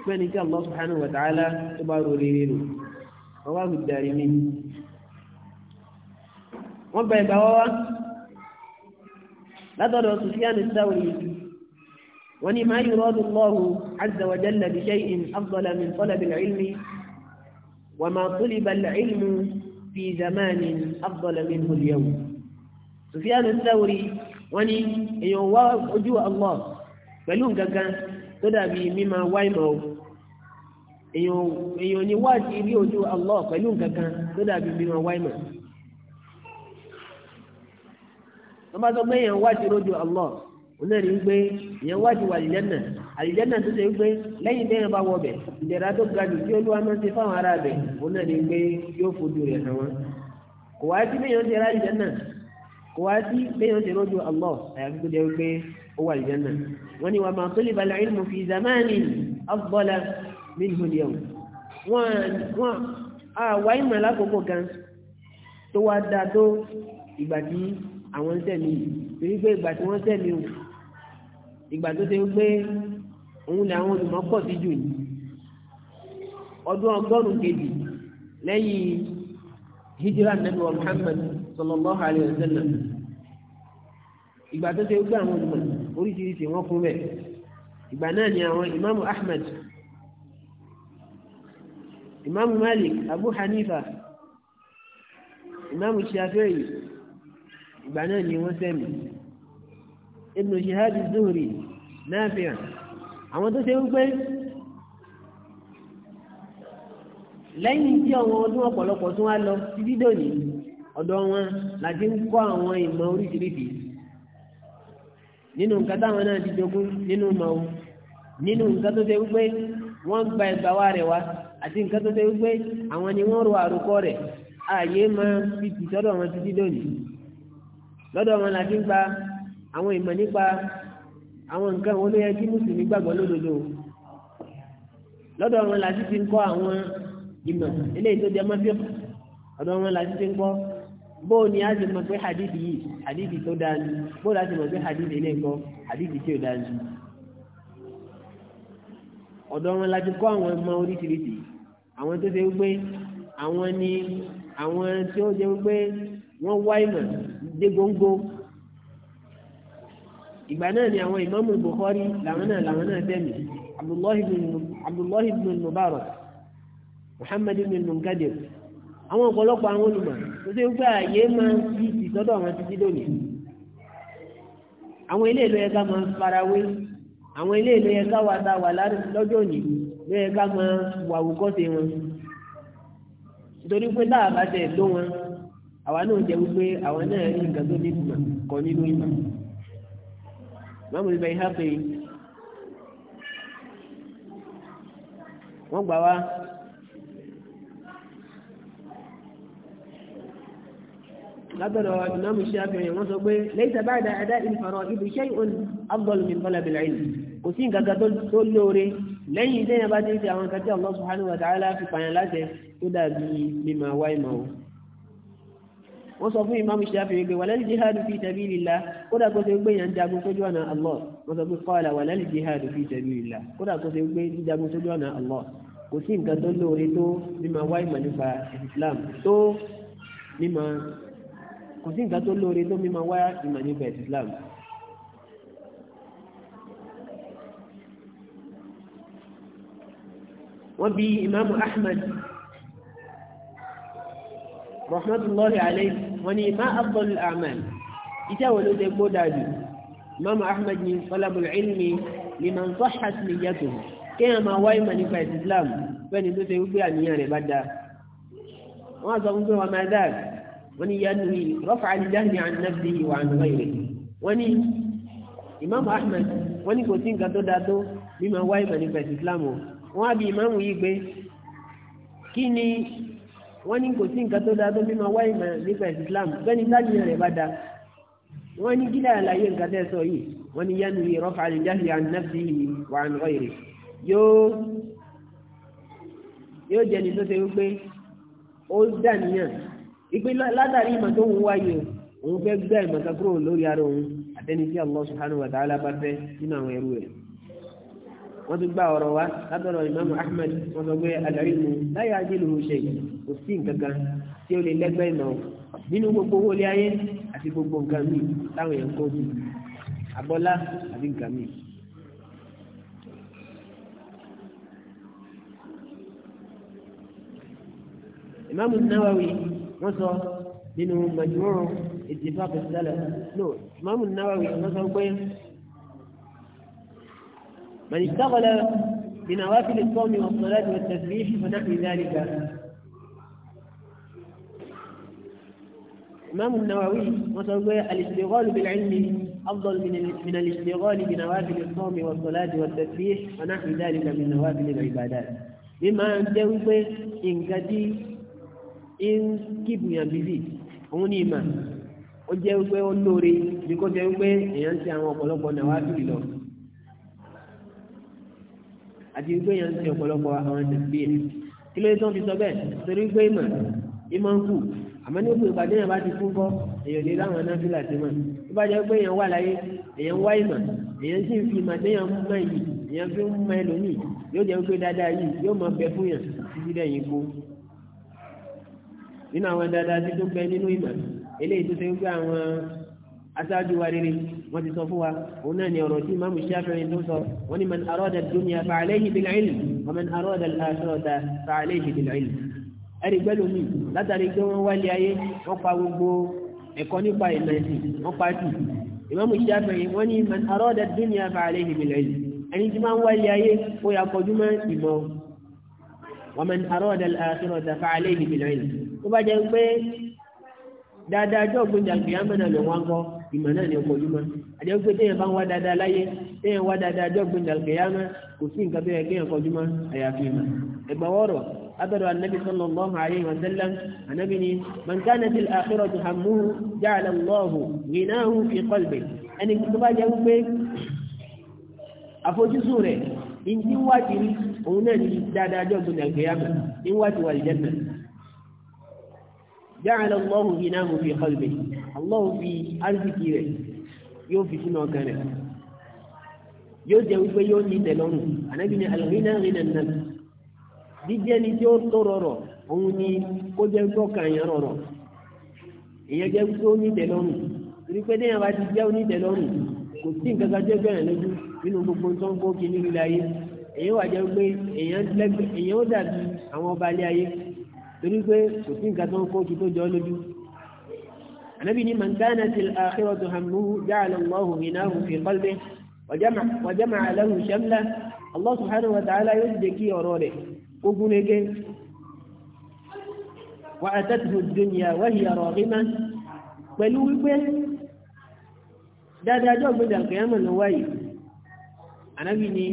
fẹ́ni tí allah subhanahu wa ta'ala tó bá rò rere nù wọ́n wá gbùdàrí mi wọ́n gba ìgbà wọ́wá látọ̀dọ̀ sufyan as-sawri wọ́n ní máa yuradu allahu azza wa jalla bi shay'in afdala min talab al-ilmi wa ma tuliba في زمان أفضل منه اليوم سفيان الثوري وني يوا وجوه الله بلون غغا تدا بي مما وايمو eyan eyan ni wá ti rí ojú Allah pẹ̀lú nǹkan kan tó dàbí bí wọn wá ìmọ̀ wọn bá sọ pé èèyàn wá ti rójú Allah òun náà ní pé èèyàn wá ti wà lẹ́nà àlìjẹ́nà tó ṣe wípé lẹ́yìn bẹ́ẹ̀ bá wọ bẹ̀ ìdẹ̀ra tó ga jù tí olúwa máa ń ṣe fáwọn ará bẹ̀ òun náà ni pé yóò fojú rẹ̀ hàn wọ́n. kò wá sí bẹ́yàn ṣe ráàlìjẹ́nà kò wá sí bẹ́yàn ṣe rójú Allah àyàfi tó jẹ́ wípé ó wà àlìjẹ́nà. wọ́n ní wà máa tó lè balẹ̀ ilmu fi zamani afdala minhu al-yawm. wọ́n àwa ìmọ̀ lákòókò kan tó wá dáa tó ìgbà tí àwọn ń tẹ̀lé torí ìgbà tó ṣe wípé òun ni àwọn olùmọ́pọ̀ sí jù ní ọdún ọgọ́rùn-ún kejì lẹ́yìn hijira nabi wa muhammad sallallahu alayhi wa sallam ìgbà tó ṣe gbé àwọn olùmọ̀ oríṣiríṣi wọn kún bẹ́ẹ̀ ìgbà náà ni àwọn ìmáàmù ahmed ìmáàmù malik abu hanifa ìmáàmù shafi'i ìgbà náà ni wọ́n sẹ́mi ibn shihab zuhri nafi'an àwọn tó ṣe ń pé lẹ́yìn tí àwọn ọdún ọ̀pọ̀lọpọ̀ tún wá lọ sí dídòní ọ̀dọ̀ wọn láti ń kọ́ àwọn ìmọ̀ oríṣiríṣi nínú nǹkan táwọn náà ti jogún nínú ìmọ̀ o nínú nǹkan tó ṣe wípé wọ́n gba ẹgbà wa rẹ̀ wá àti nǹkan tó ṣe wípé àwọn ni wọ́n ro àròkọ rẹ̀ títí lọ́dọ̀ wọn láti ń gba àwọn ìmọ̀ àwọn nǹkan wọn ló yẹ kí mùsùlùmí gbàgbọ́ lódodo lọ́dọ̀ wọn làti ti ń kọ́ àwọn ìmọ̀ eléyìí tó jẹ mọ́ fífò ọ̀dọ̀ wọn làti ti ń kọ́ bóò ni a ti mọ̀ pé hadith yìí hadith tó dáa ni bóò láti mọ̀ pé hadith ilé nǹkan hadith tí ò dáa ni ọ̀dọ̀ wọn láti kọ́ àwọn ọmọ oríṣiríṣi àwọn tó ṣe wípé àwọn ni àwọn tí ó ṣe wípé wọ́n wá ìmọ̀ dé góńgó ìgbà náà ni àwọn ìmámù Bukhari làwọn náà làwọn náà tẹ̀mí Abdullahi ibn Mubarak Muhammad ibn Munkadir àwọn ọ̀pọ̀lọpọ̀ àwọn olùmọ̀ tó ṣe ń gbà yé máa ń fi ìsọ́dọ̀ àwọn títí lónìí àwọn ilé ìlú ẹ̀ka máa ń farawé àwọn ilé ìlú wọn nítorí pé láàbàtẹ̀ tó wọn àwa náà jẹ́ wípé àwọn náà rí nǹkan tó ní kọ nínú ìgbà mọ́mú ibẹ̀ ìhà pé wọ́n gbà wá. lábẹ̀rẹ̀ ìmáàmù Ṣáfi'í wọ́n sọ pé laysa ba'da ada'i al-fara'id shay'un afdalu min talabil ilm kò sí nǹkan tó lóore lẹ́yìn ìdẹ́yìn bá ti ń ṣe àwọn nǹkan tí Allah subhanahu wa pààyàn láti tó dàbí mímọ̀ wáìmọ̀ o wọ́n sọ fún imam shafi'i pé wàlẹ́lì jihadu fi sabilillah kódà kó ṣe gbé yàn jagun sójú ọ̀nà allah wọ́n sọ pé qala wàlẹ́lì jihadu fi sabilillah kódà kó ṣe gbé jagun sójú ọ̀nà allah kò sí nǹkan tó lóore tó mímọ wáyé mà nípa islam tó mímọ kò sí nǹkan tó lóore tó mímọ wáyé mà nípa islam. wọ́n bí imam ahmed rahmatullahi alayhi wọ́n ní ma afdal al-a'mal iṣẹ́ wo ló ṣe kó dájú imam ahmed ní talabul ilmi liman sahhat niyyatuhu kéèyàn máa wáyé mọ̀ nípa islam bẹ́ẹ̀ni tó ṣe wípé àníyàn rẹ̀ bá dáa wọ́n sọ wípé wọn máa dáa wọ́n ní yanu yìí rọ́fà alìjáde an nafsihi wa an ghayrihi wọ́n ní imam ahmed wọ́n ní kò sí nǹkan tó dáa tó bí máa wáyé mọ̀ islam o bi imam yìí pé kí wọ́n ní kò sí nǹkan tó dáa tó mímọ wá ìmọ̀ nípa Islam bẹ́ni sáàyè rẹ̀ bá da wọ́n ní gídà àlàyé nǹkan tẹ́ sọ yìí wọ́n ní yánu yìí rọ́fà àlìjáde ànáfì wà ń rọ èrè yóò jẹni tó ṣe wípé ó dàníyàn ìpín látàrí ìmọ̀ tó ń wáyé òun fẹ́ gbẹ́ ìmọ̀ kan kúrò lórí ara òun àtẹni tí Allah subhanahu wa ta'ala bá fẹ́ nínú àwọn ẹrú rẹ̀ wọ́n tún gbá ọ̀rọ̀ wa látọ̀rọ̀ ìmáàmù ahmed wọ́n sọ pé al-ilmu la ya'jiluhu shay kò sí nǹkan kan tí ó lè lẹ́gbẹ́ ìmọ̀ nínú gbogbo owó ilé ayé àti gbogbo nǹkan míì táwọn èèyàn kó sí abọ́lá àti nǹkan míì. ìmáàmù náwáwí wọ́n sọ nínú majmu' ittifaq as-salaf no Nawawi, náwáwí wọ́n sọ pé من اشتغل بنوافل الصوم والصلاة والتسبيح ونحو ذلك الإمام النووي وتوضيح الاشتغال بالعلم أفضل من من الاشتغال بنوافل الصوم والصلاة والتسبيح ونحو ذلك من نوافل العبادات مما ينتهي إن كتي إن كيبيا بيزي òun ما ó jẹ́ wípé ó lóore bí kò jẹ́ wípé èèyàn ti àwọn ọ̀pọ̀lọpọ̀ nàwáfìlì lọ àti wípé yẹn ń ṣe ọ̀pọ̀lọpọ̀ àwọn tẹ̀síbíyà kí ló dé tó ń fi sọ bẹ́ẹ̀ torí pé ìmọ̀ ìmọ̀ ń kù àmọ́ ní òkú ìpàdé yẹn bá ti kú kọ́ èèyàn lè láwọn náà fílà sí mọ̀ tó bá jẹ́ pé èèyàn wà láyé èèyàn wá ìmọ̀ èèyàn sì ń fi ìmọ̀ téèyàn mú mọ́ yìí èèyàn fi ń mọ ẹlòmíì yóò jẹ́ pé dáadáa yìí yóò mọ bẹ fún yàn títí dẹ̀yìn kú. nínú àwọn dáadáa tí tó bẹ nínú ìmọ̀ eléyìí tó ṣe ń gbé àwọn aṣáájú wa rere wọ́n ti sọ fún wa òun náà ni ọ̀rọ̀ tí imaamu Shafi'i tó sọ wọ́n ni man arada dunya fa alayhi bil ilm wa man arada al-akhirata fa alayhi bil ilm. ẹ̀rí gbẹ́lú mi látàrí pé wọ́n wálé ayé wọ́n pa gbogbo ẹ̀kọ́ nípa ìmọ̀ ẹ̀sìn wọ́n pa tù. imaamu Shafi'i wọ́n ni man arada dunya fa alayhi bil ilm ẹni tí máa ń wálé ayé ó yà kọjú mọ́ ìmọ̀ wa man arada al-akhirata fa alayhi bil tó bá jẹ́ pé dáadáa ìmọ̀ náà ni ọkọ̀ ojúmọ́ àjẹ́ pé téèyàn bá ń wá dáadáa láyé téèyàn wá dáadáa jọ́gbìn dàlùkẹ́yàmá kò sí nǹkan tó yẹ kéèyàn kọ ojúmọ́ àyàfi ìmọ̀ ẹgbà wọ́rọ̀ abẹ́rẹ́ anabi sallallahu alayhi wa sallam anabi ni man kana fil akhirati hammuhu ja'ala Allahu ghinahu fi qalbihi ẹni tó bá jẹ́ Allah fi arzikì rẹ̀ yóò fi sínú ọkàn rẹ̀ yóò jẹ́ wípé yóò ní tẹ̀lọ́rùn ànábì ní alìrìnà rìnà náà jíjẹ́ ni tí ó tó rọrọ̀ òun ni kó jẹ́ tó kàyàn rọrọ̀ èyàn jẹ́ wípé ó ní tẹ̀lọ́rùn torí pé déyàn bá ti jẹ́ ó ní tẹ̀lọ́rùn kò sí nǹkan kan jẹ́ bẹ̀rẹ̀ lójú nínú gbogbo tó ń gbókè nínú ilé ayé èyàn wà jẹ́ pé èyàn ó dàbí àwọn ọba ilé ayé torí pé kò sí nǹkan tó ń gbókè tó jọ lójú ànábì ní man kanat al-akhiratu hammuhu ja'ala Allahu ghinahu fi qalbihi wa jama'a lahu shamlahu Allah subhanahu wa ta'ala yóò jẹ́ kí ọ̀rọ̀ rẹ̀ kó gúnrégé wa atathu ad-dunya wa hiya raghimah pẹ̀lú wípé dáadáa jọ gbé dàkẹ́yàmọ̀ lọ wáyé ànábì ní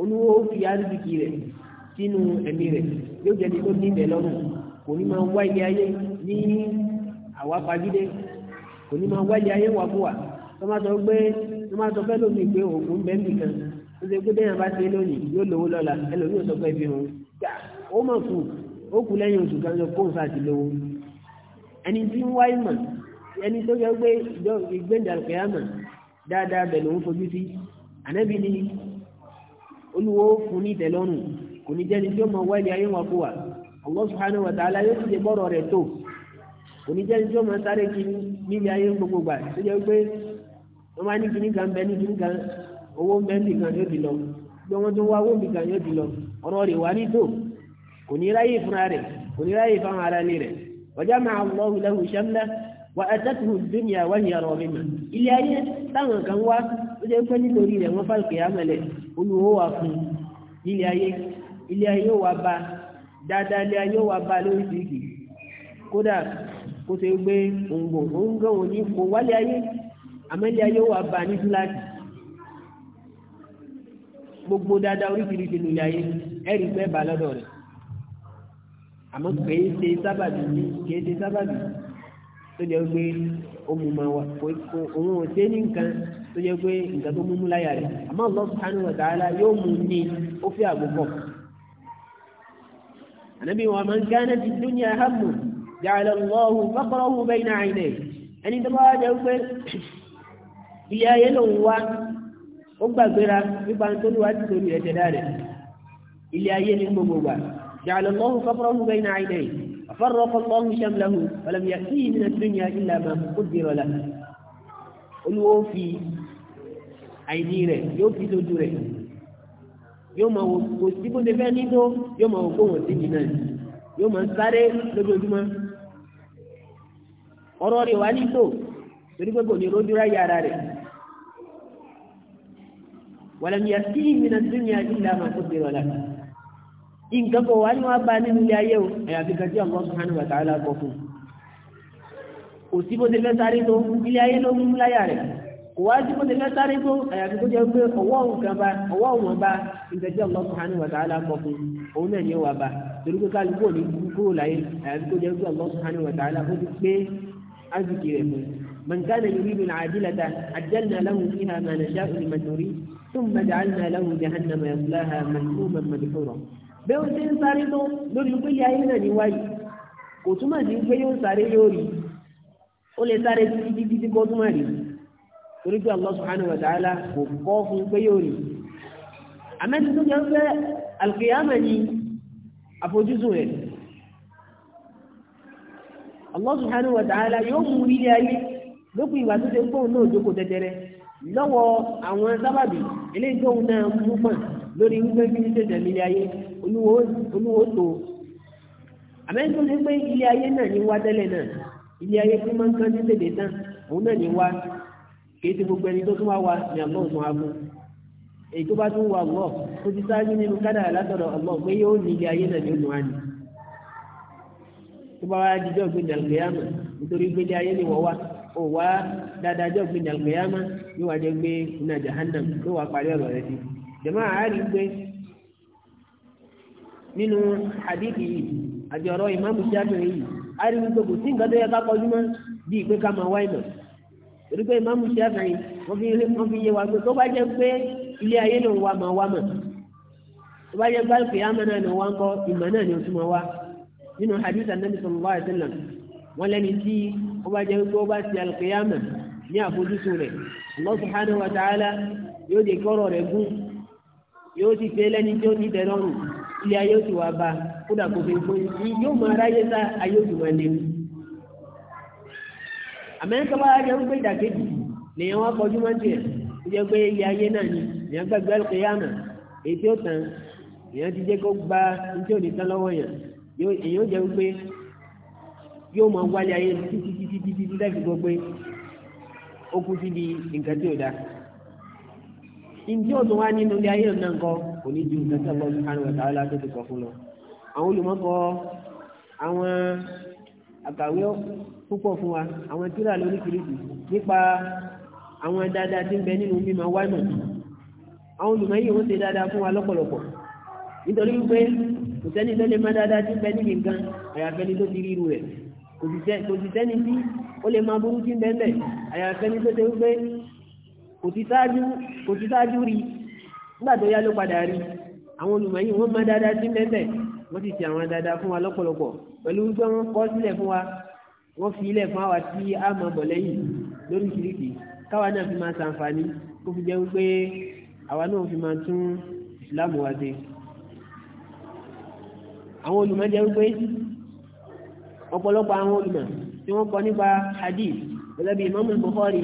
olúwo fi àrídìkì rẹ̀ sínú ẹ̀mí rẹ̀ yóò jẹ́ ní tó ní ìbẹ̀ lọ́rùn kò ní máa wáyé ayé ní àwa fagídé kò ní máa wáyé ayé wa fún wa tó máa sọ pé tó máa sọ fẹ́ lómi pé oògùn bẹ́ẹ̀ nìkan ó ṣe pé déyàn bá ṣe lónìí yóò lówó lọ́la ẹlòmíì sọ pé fi hàn gbà ó mọ̀ kù ó kù lẹ́yìn oṣù kan lọ kóun sáà ti lówó ẹni tí ń wáyé mọ̀ ẹni tó yẹ pé ìgbéǹdàkẹ́yàmọ̀ dáadáa bẹ̀ lòún fojú sí ànábì ni olùwó fún ní ìtẹ̀lọ́rùn kò ní jẹ́ni tí ó mọ wáyé ayé wa fún wa Allah subhanahu wa ta'ala yóò ti ṣe bọ́rọ̀ rẹ̀ tó oníjẹ́ni tí ó máa sáré kiri nílé ayé gbogbo gbà tó jẹ́ pé wọ́n máa ní kíní kan bẹ ní kíní kan owó ń bẹ ní kan yóò di lọ bí wọ́n tó wá owó mi kan yóò di lọ ọ̀rọ̀ rẹ̀ wá nítò kò ní ráyè fúnra rẹ̀ kò ní ráyè fáwọn ará ilé rẹ̀ ọjà máa wọ ìlẹ́hùn ìṣẹ́mlẹ́ wà ẹ̀tẹ́tù dúnìá wà ní ọ̀rọ̀ mímọ́ ilé ayé táwọn kan wá tó jẹ́ pé nítorí rẹ̀ wọ́n fàlùkì àmẹ́lẹ̀ olùwó wà fún ilé ayé ilé ayé wà bá dáadáa ilé ayé wà bá lóríṣiríṣi kódà kó ṣe gbé òǹgò òǹgò òní kò wálé ayé àmẹ́lẹ́ ayé wà bá ní fúláàtì gbogbo dáadáa oríṣiríṣi nílé ayé ẹ̀rí pẹ́ bá lọ́dọ̀ rẹ̀ àmọ́ kìí ṣe sábàbí ní kìí ṣe sábàbí tó jẹ́ pé òmùmọ̀ wà òun ò ṣe ní nǹkan tó jẹ́ pé nǹkan tó múmú láyà rẹ̀ àmọ́ Allah subhanahu wa yóò mú ní ó fi àgùkọ̀ ànábì wọn máa ń gánà ti dúnyà hàmù جعل الله فقره بين عينيه ẹni tó bá wá jẹ́ pé ìyá ayé ló ń wá ó gbàgbéra nípa tó ní wá ti torí ẹ̀ tẹ̀dá rẹ̀ ilé ayé ní gbogbo gbà جعل الله فقره بين عينيه وفرق الله شمله ولم يأتيه من الدنيا إلا ما قدر له olúwo fi àìní rẹ̀ yóò fi lójú rẹ̀ yóò máa wò kò sí bó ṣe fẹ́ ní tó yóò máa wò kó wọ́n sí jìnnà yóò máa sáré lójoojúmọ́ ọ̀rọ̀ rẹ̀ wá nílò torí pé kò ní rojú ráyà ara rẹ̀ wàlàmì àti ìmìnà tó ní àti ìlànà tó bèrè ọ̀la nǹkan kò wá ní wọn bá nínú ilé ayé o àyàfi kan tí Allah subhanahu wa ta'ala kọ fún kò sí bó ti fẹ́ sáré tó ilé ayé ló mú láyà rẹ̀ kò wá sí bó ti fẹ́ sáré tó àyàfi kó jẹ́ pé ọwọ́ nǹkan bá ọwọ́ wọn bá nǹkan tí Allah subhanahu wa ta'ala kọ fún òun náà ni ó wà bá torí pé أذكره من كان يريد العادلة عجلنا له فيها ما نشاء لمن نريد ثم جعلنا له جهنم يصلاها منحوما مدحورا بيون سين ساريتو دور يبيا هنا نواي كوتما دي بيون ساريوري أولي ساري دي دي دي دي كوتما دي تريد الله سبحانه وتعالى بقوف بيوري أما تريد القيامة دي أفو جزوه Allah subhanahu wa ta'ala yóò mú ilé ayé lókùn ìgbà tó ṣe fóun náà jókòó dẹdẹrẹ lọ́wọ́ àwọn sábàbí eléyìí tóun náà mú mọ̀ lórí wípé bí ní tẹ̀sẹ̀ ilé ayé olúwo tó àmẹ́rin tó ṣe pé ilé ayé náà ní wá tẹ́lẹ̀ náà ilé ayé tí máa ń kán ní tètè tán òun náà ní wá kì í ti gbogbo ẹni tó tún wá wá ní àlọ́ òtún wá fún èyí tó bá tún wà wọ́ tó ti sáájú nínú kádàrá látọ̀dọ̀ Allah pé yóò ní ilé ayé náà ní tó bá wá dijọ́ gbẹ̀dẹ̀ àlùkìyàmà nítorí gbẹ̀dẹ̀ ayé ni wọ́n wá ó wá dáadáa jọ́ gbẹ̀dẹ̀ àlùkìyàmà yóò wá jẹ́ gbé iná jahannam ló wá parí ọ̀rọ̀ rẹ̀ sí. jẹ̀mọ́ àárín pé nínú hadith yìí àti ọ̀rọ̀ ìmáàmù Ṣáfi'í yìí àárín pé kò sí nǹkan tó yẹ ká kọjú mọ́ bíi pé ká máa wá ìmọ̀ torí pé ìmáàmù Ṣáfi'í wọ́n fi yé wa pé tó bá jẹ́ pé ilé ayé lòun wá máa wá mọ̀ tó bá jẹ́ pé àlùkìyàmà náà lòun wá ń kọ́ náà ni ó tún máa nínú hadith anabi sallallahu alaihi wasallam wọn lẹni tí ó bá jẹ́ pé ó bá ti alkiyama ní àfojúsùn rẹ̀ Allah subhanahu wa ta'ala yóò di kọ́rọ̀ rẹ̀ gún yóò ti pé lẹ́ni tí ó ti tẹ̀ lọ́rùn ilé ayé ó ti wà bá kódà kò fi gbóyè yóò máa ráyé sá ayé ó ti máa léwu. àmẹ́ríkà bá jẹ́ pé ìdàkejì lèèyàn wá kọjú máa tiẹ̀ ó jẹ́ pé ilé ayé náà ni èèyàn gbàgbé alkiyama èyí tí ó tàn èèyàn ti jẹ́ kó gba ní tí ò ní tán lọ́wọ́ yẹn èyí ó jẹ́ wípé yóò mọ wálé ayé títí títí títí títí láti gbọ́ pé ó kú síbi nǹkan tí ò dáa ìdí ọ̀tún wá nínú ilé ayé náà nǹkan kò ní ju nǹkan tí ọkọ̀ sùkánù wẹ̀ tààlà tó ti kọ̀ fún lọ àwọn olùmọ̀kọ àwọn àkàwé púpọ̀ fún wa àwọn tírà lóríṣiríṣi nípa àwọn dáadáa tí ń bẹ nínú mímọ wáìmọ̀ àwọn olùmọ̀ yìí wọ́n ṣe dáadáa fún wa lọ́pọ̀lọpọ̀ nítorí wípé kò sẹ́ni tó lè má dáadáa tí ń bẹ níbi nǹkan àyàfẹ́ni tó ti ríru rẹ̀ kò sì sẹ́ni tí ó lè máa burú tí ń bẹ́ẹ̀ àyàfẹ́ni tó ti wípé kò ti sáájú rí nígbà tó yá ló padà rí àwọn olùmọ̀ yìí wọ́n má dáadáa tí ń bẹ́ẹ̀ wọ́n ti ṣe àwọn dáadáa fún wa lọ́pọ̀lọpọ̀ pẹ̀lú wípé wọ́n kọ́ sílẹ̀ fún wa wọ́n fi ilẹ̀ fún àwa tí a máa bọ̀ lẹ́yìn lóríṣiríṣi káwa náà fi máa ṣàǹfààní kó fi jẹ́ wípé àwa náà fi máa tún ìsìláàmù wa ṣe àwọn olùmọ̀ jẹ́ wípé ọ̀pọ̀lọpọ̀ àwọn olùmọ̀ tí wọ́n kọ nípa hadith gẹ́gẹ́ bí imam bukhari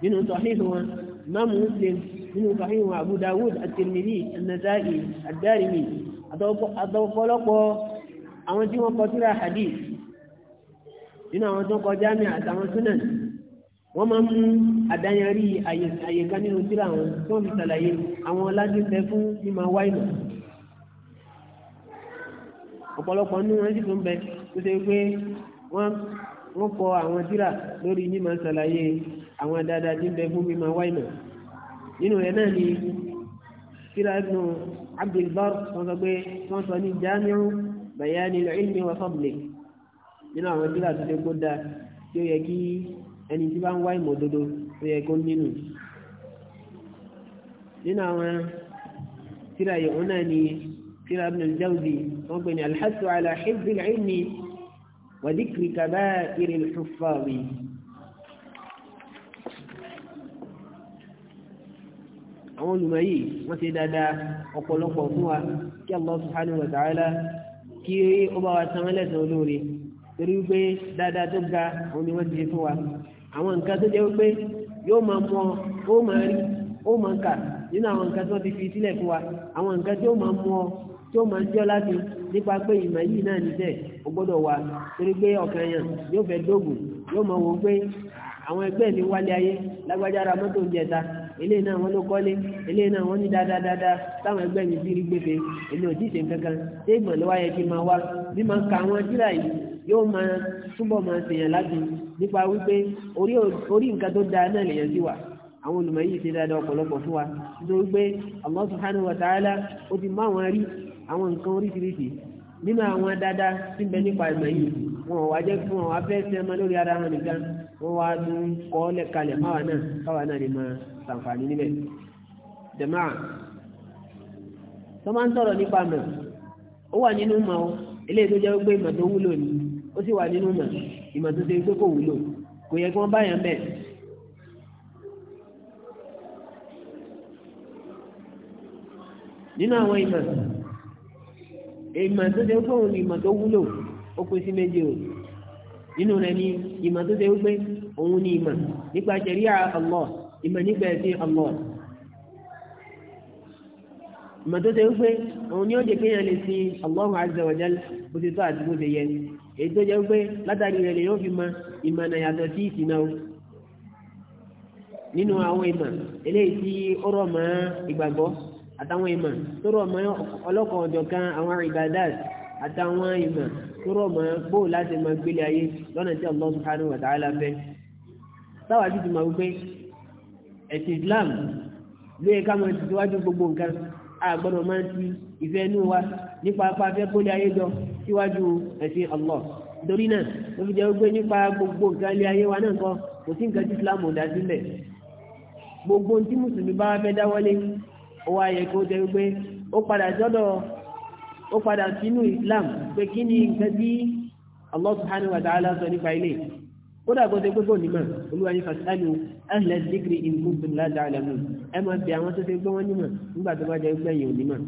nínú sahih wọn imam muslim nínú sahih wọn abu dawud at-tirmidhi Adarimi. nasai ad-darimi àtọ̀pọ̀lọpọ̀ àwọn tí wọ́n kọ tírà hadith nínú àwọn tó kọ jami àtàwọn sunan wọ́n máa ń mú àdáyanrí àyèká nínú tírà wọn tó ń fi àwọn ọlá tí fún mímọ wáìnà ọ̀pọ̀lọpọ̀ nínú wọn sì tún bẹ tó ṣe pé wọ́n wọ́n kọ àwọn tírà lórí mímọ ṣàlàyé àwọn dáadáa tí ń bẹ fún mímọ wáìnà nínú rẹ̀ náà ni tírà ibn abdulbar wọ́n sọ pé wọ́n sọ ní jamiu bayani ilmi wa fadli nínú àwọn tírà tó ṣe kó dáa tí ó yẹ kí ẹni tí bá ń wá ìmọ̀ òdodo ó yẹ kó nínú nínú àwọn tírà yìí òun náà ni tíra Ibn al-Jawzi wọ́n pè ní alhassu ala hibbil ilmi wa dhikri kaba'iri al-huffazi àwọn olùmọ̀ yìí wọ́n ṣe dáadáa ọ̀pọ̀lọpọ̀ fún wa kí Allah subhanahu wa ta'ala kí ó bá wa san ẹlẹ́sìn olóore torí wípé dáadáa tó ga òun ni wọ́n ti fún wa àwọn nǹkan tó jẹ́ wípé yóò máa mọ ó máa rí ó máa kà nínú àwọn nǹkan tó ti fi sílẹ̀ fún wa àwọn nǹkan tí ó máa mọ tí ó máa ń jọ́ láti nípa pé ìmọ̀ yìí náà níṣẹ́ ó gbọ́dọ̀ wà torí pé ọ̀kan yàn yóò fẹ́ dógùn yóò mọ̀ wọ́n pé àwọn ẹgbẹ́ mi wálé ayé lágbájá ra mọ́tò ń jẹta eléyìí náà wọ́n ló kọ́lé eléyìí náà wọ́n ní dáadáa táwọn ẹgbẹ́ mi bírí gbèsè èmi ò tí ì ṣe kankan ṣé ìmọ̀ ló wáyé kí n máa wá bí máa ka àwọn tíra yìí yóò máa túbọ̀ máa ṣèyàn láti nípa wípé orí nǹkan tó dáa náà lèèyàn sí wà àwọn olùmọ̀ yìí ṣe dáadáa ọ̀pọ̀lọpọ̀ fún wa nítorí pé Allah subhanahu wa ó ti máa rí àwọn nǹkan oríṣiríṣi nínú àwọn dáadáa tí ń bẹ nípa ìmọ̀ yìí wọn wá jẹ́ fún wọn afẹ́ sí ọmọ lórí ara wọn nìkan wọn wá tún kọ́ lẹ́kalẹ̀ máwa náà káwa náà lè máa ṣàǹfààní níbẹ̀. jẹ̀máà tó máa ń sọ̀rọ̀ nípa mọ̀ ó wà nínú mọ̀ ọ́ eléyìí tó jẹ́ pé ìmọ̀ tó wúlò ni ó sì wà nínú mọ̀ ìmọ̀ tó ṣe pé kò wúlò kò yẹ kí wọ́n báyàn bẹ̀. nínú àwọn ìmọ̀ ìmọ̀ tó ṣe pé òun ni ìmọ̀ tó wúlò ó pín sí méjì o nínú rẹ̀ ni ìmọ̀ tó ṣe pé òun ni ìmọ̀ nípa ṣẹ̀ríà Allah ìmọ̀ nípa ẹ̀sìn Allah ìmọ̀ tó ṣe pé òun ni ó jẹ́ kéèyàn lè sin Allahu azza wa jalla bó ṣe tó àti bó ṣe yẹ èyí tó jẹ́ pé látàrí rẹ̀ lè yóò fi mọ ìmọ̀ náà yàtọ̀ sí ìsìnà o nínú àwọn ìmọ̀ eléyìí tí ó rọ̀ mọ́ ìgbàgbọ́ àtàwọn ìmọ̀ tó rọ̀ mọ́ ọlọ́kan ọ̀jọ̀ kan àwọn ibadat àtàwọn ìmọ̀ tó rọ̀ mọ́ bóò láti máa gbélé ayé lọ́nà tí Allah subhanahu wa ta'ala fẹ́ sáwà títí máa wípé ẹ̀sìn Islam lóye ká máa ti síwájú gbogbo nǹkan àgbọ̀dọ̀ máa ti ìfẹ́ inú wa nípa afáfẹ́ kólé ayé jọ síwájú ẹ̀sìn Allah torí náà ó fi jẹ́ wípé nípa gbogbo nǹkan ilé ayé wa náà kọ kò sí nǹkan tí Islam ò dá sílẹ̀ gbogbo ohun tí mùsùlùmí bá fẹ́ dáwọ́lé ó wá yẹ kó jẹ́ wípé ó padà jọ́dọ̀ ó padà sínú Islam pé kí ni nǹkan bí Allah subhanahu wa sọ nípa ilé kódà kó jẹ́ pé kò nímọ̀ olúwa ní fasalu in kuntum la ta'lamun ẹ máa bí àwọn tó wọn nímọ̀ nígbà tó bá jẹ́ nímọ̀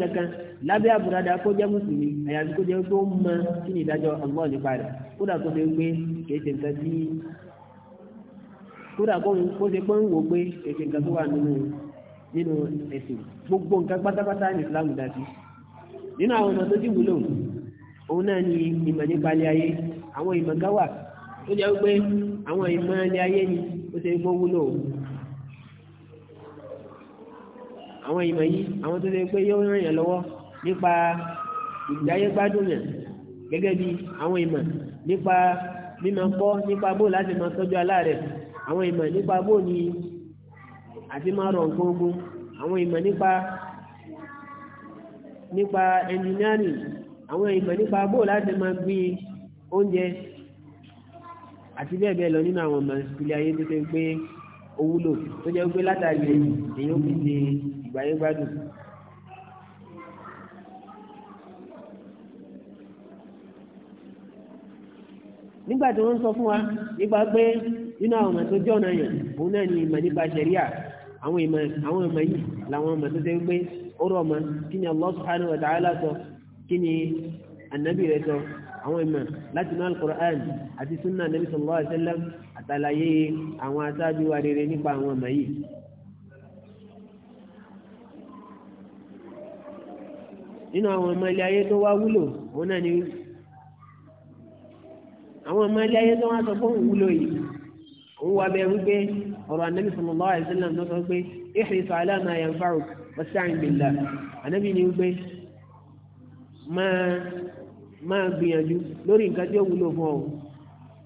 kankan lábẹ́ àbúradà kó jẹ́ mùsùlùmí àyàfi kó jẹ́ ó mọ kí ni ìdájọ́ nípa kódà kó ṣe pé ń wò pé èsì nǹkan tó wà nínú nínú ẹ̀sìn gbogbo nǹkan pátápátá ní Islam dájú nínú àwọn ọ̀nà tó ti wúlò òun náà ni ìmọ̀ nípa ilé ayé àwọn ìmọ̀ kan wà tó jẹ́ pé àwọn ìmọ̀ ilé ayé ni ó ṣe pé ó wúlò àwọn ìmọ̀ yìí àwọn tó ṣe pé yóò ràn yàn lọ́wọ́ nípa ìdáyé gbádùn yàn gẹ́gẹ́ bí àwọn ìmọ̀ nípa mímọ̀ kọ́ nípa bó láti mọ tọ́jú aláàrẹ̀ àwọn ìmọ̀ nípa bó ni àti máa rọ̀ nǹkan ogun àwọn ìmọ̀ nípa nípa engineering àwọn ìmọ̀ nípa bó láti máa gbin oúnjẹ àti bẹ́ẹ̀ bẹ́ẹ̀ lọ nínú àwọn ọmọ ìpìlẹ̀ ayé tó ṣe pé ó wúlò tó jẹ́ pé látàrí èèyàn fi ṣe ìgbáyé gbádùn. nígbà tí wọ́n sọ fún wa nípa pé nínú àwọn ọmọ tó jẹ́ ọ̀nà yẹn òun náà ni ìmọ̀ nípa ṣẹ̀ríà àwọn ìmọ̀ àwọn ìmọ̀ yìí làwọn ọmọ tó jẹ́ pé ó rọ̀ mọ́ kí ni Allah subhanahu wa ta'ala sọ kí ni ànábì rẹ̀ sọ àwọn ìmọ̀ láti náà al àti sunnah nabi sallallahu alayhi wa sallam àtàlàyé àwọn aṣáájú wa rere nípa àwọn ọmọ yìí nínú àwọn ọmọ ilé ayé tó wá wúlò òun náà ni àwọn ọmọ ilé ayé tó wá sọ fún òun wúlò yìí ó wá bẹ wípé ọ̀rọ̀ anabi sallallahu alaihi wasallam ló sọ pé ihris ala ma yanfa'uk wasta'in billah anabi ni wípé máa máa gbìyànjú lórí nǹkan tí ó wúlò fún ọ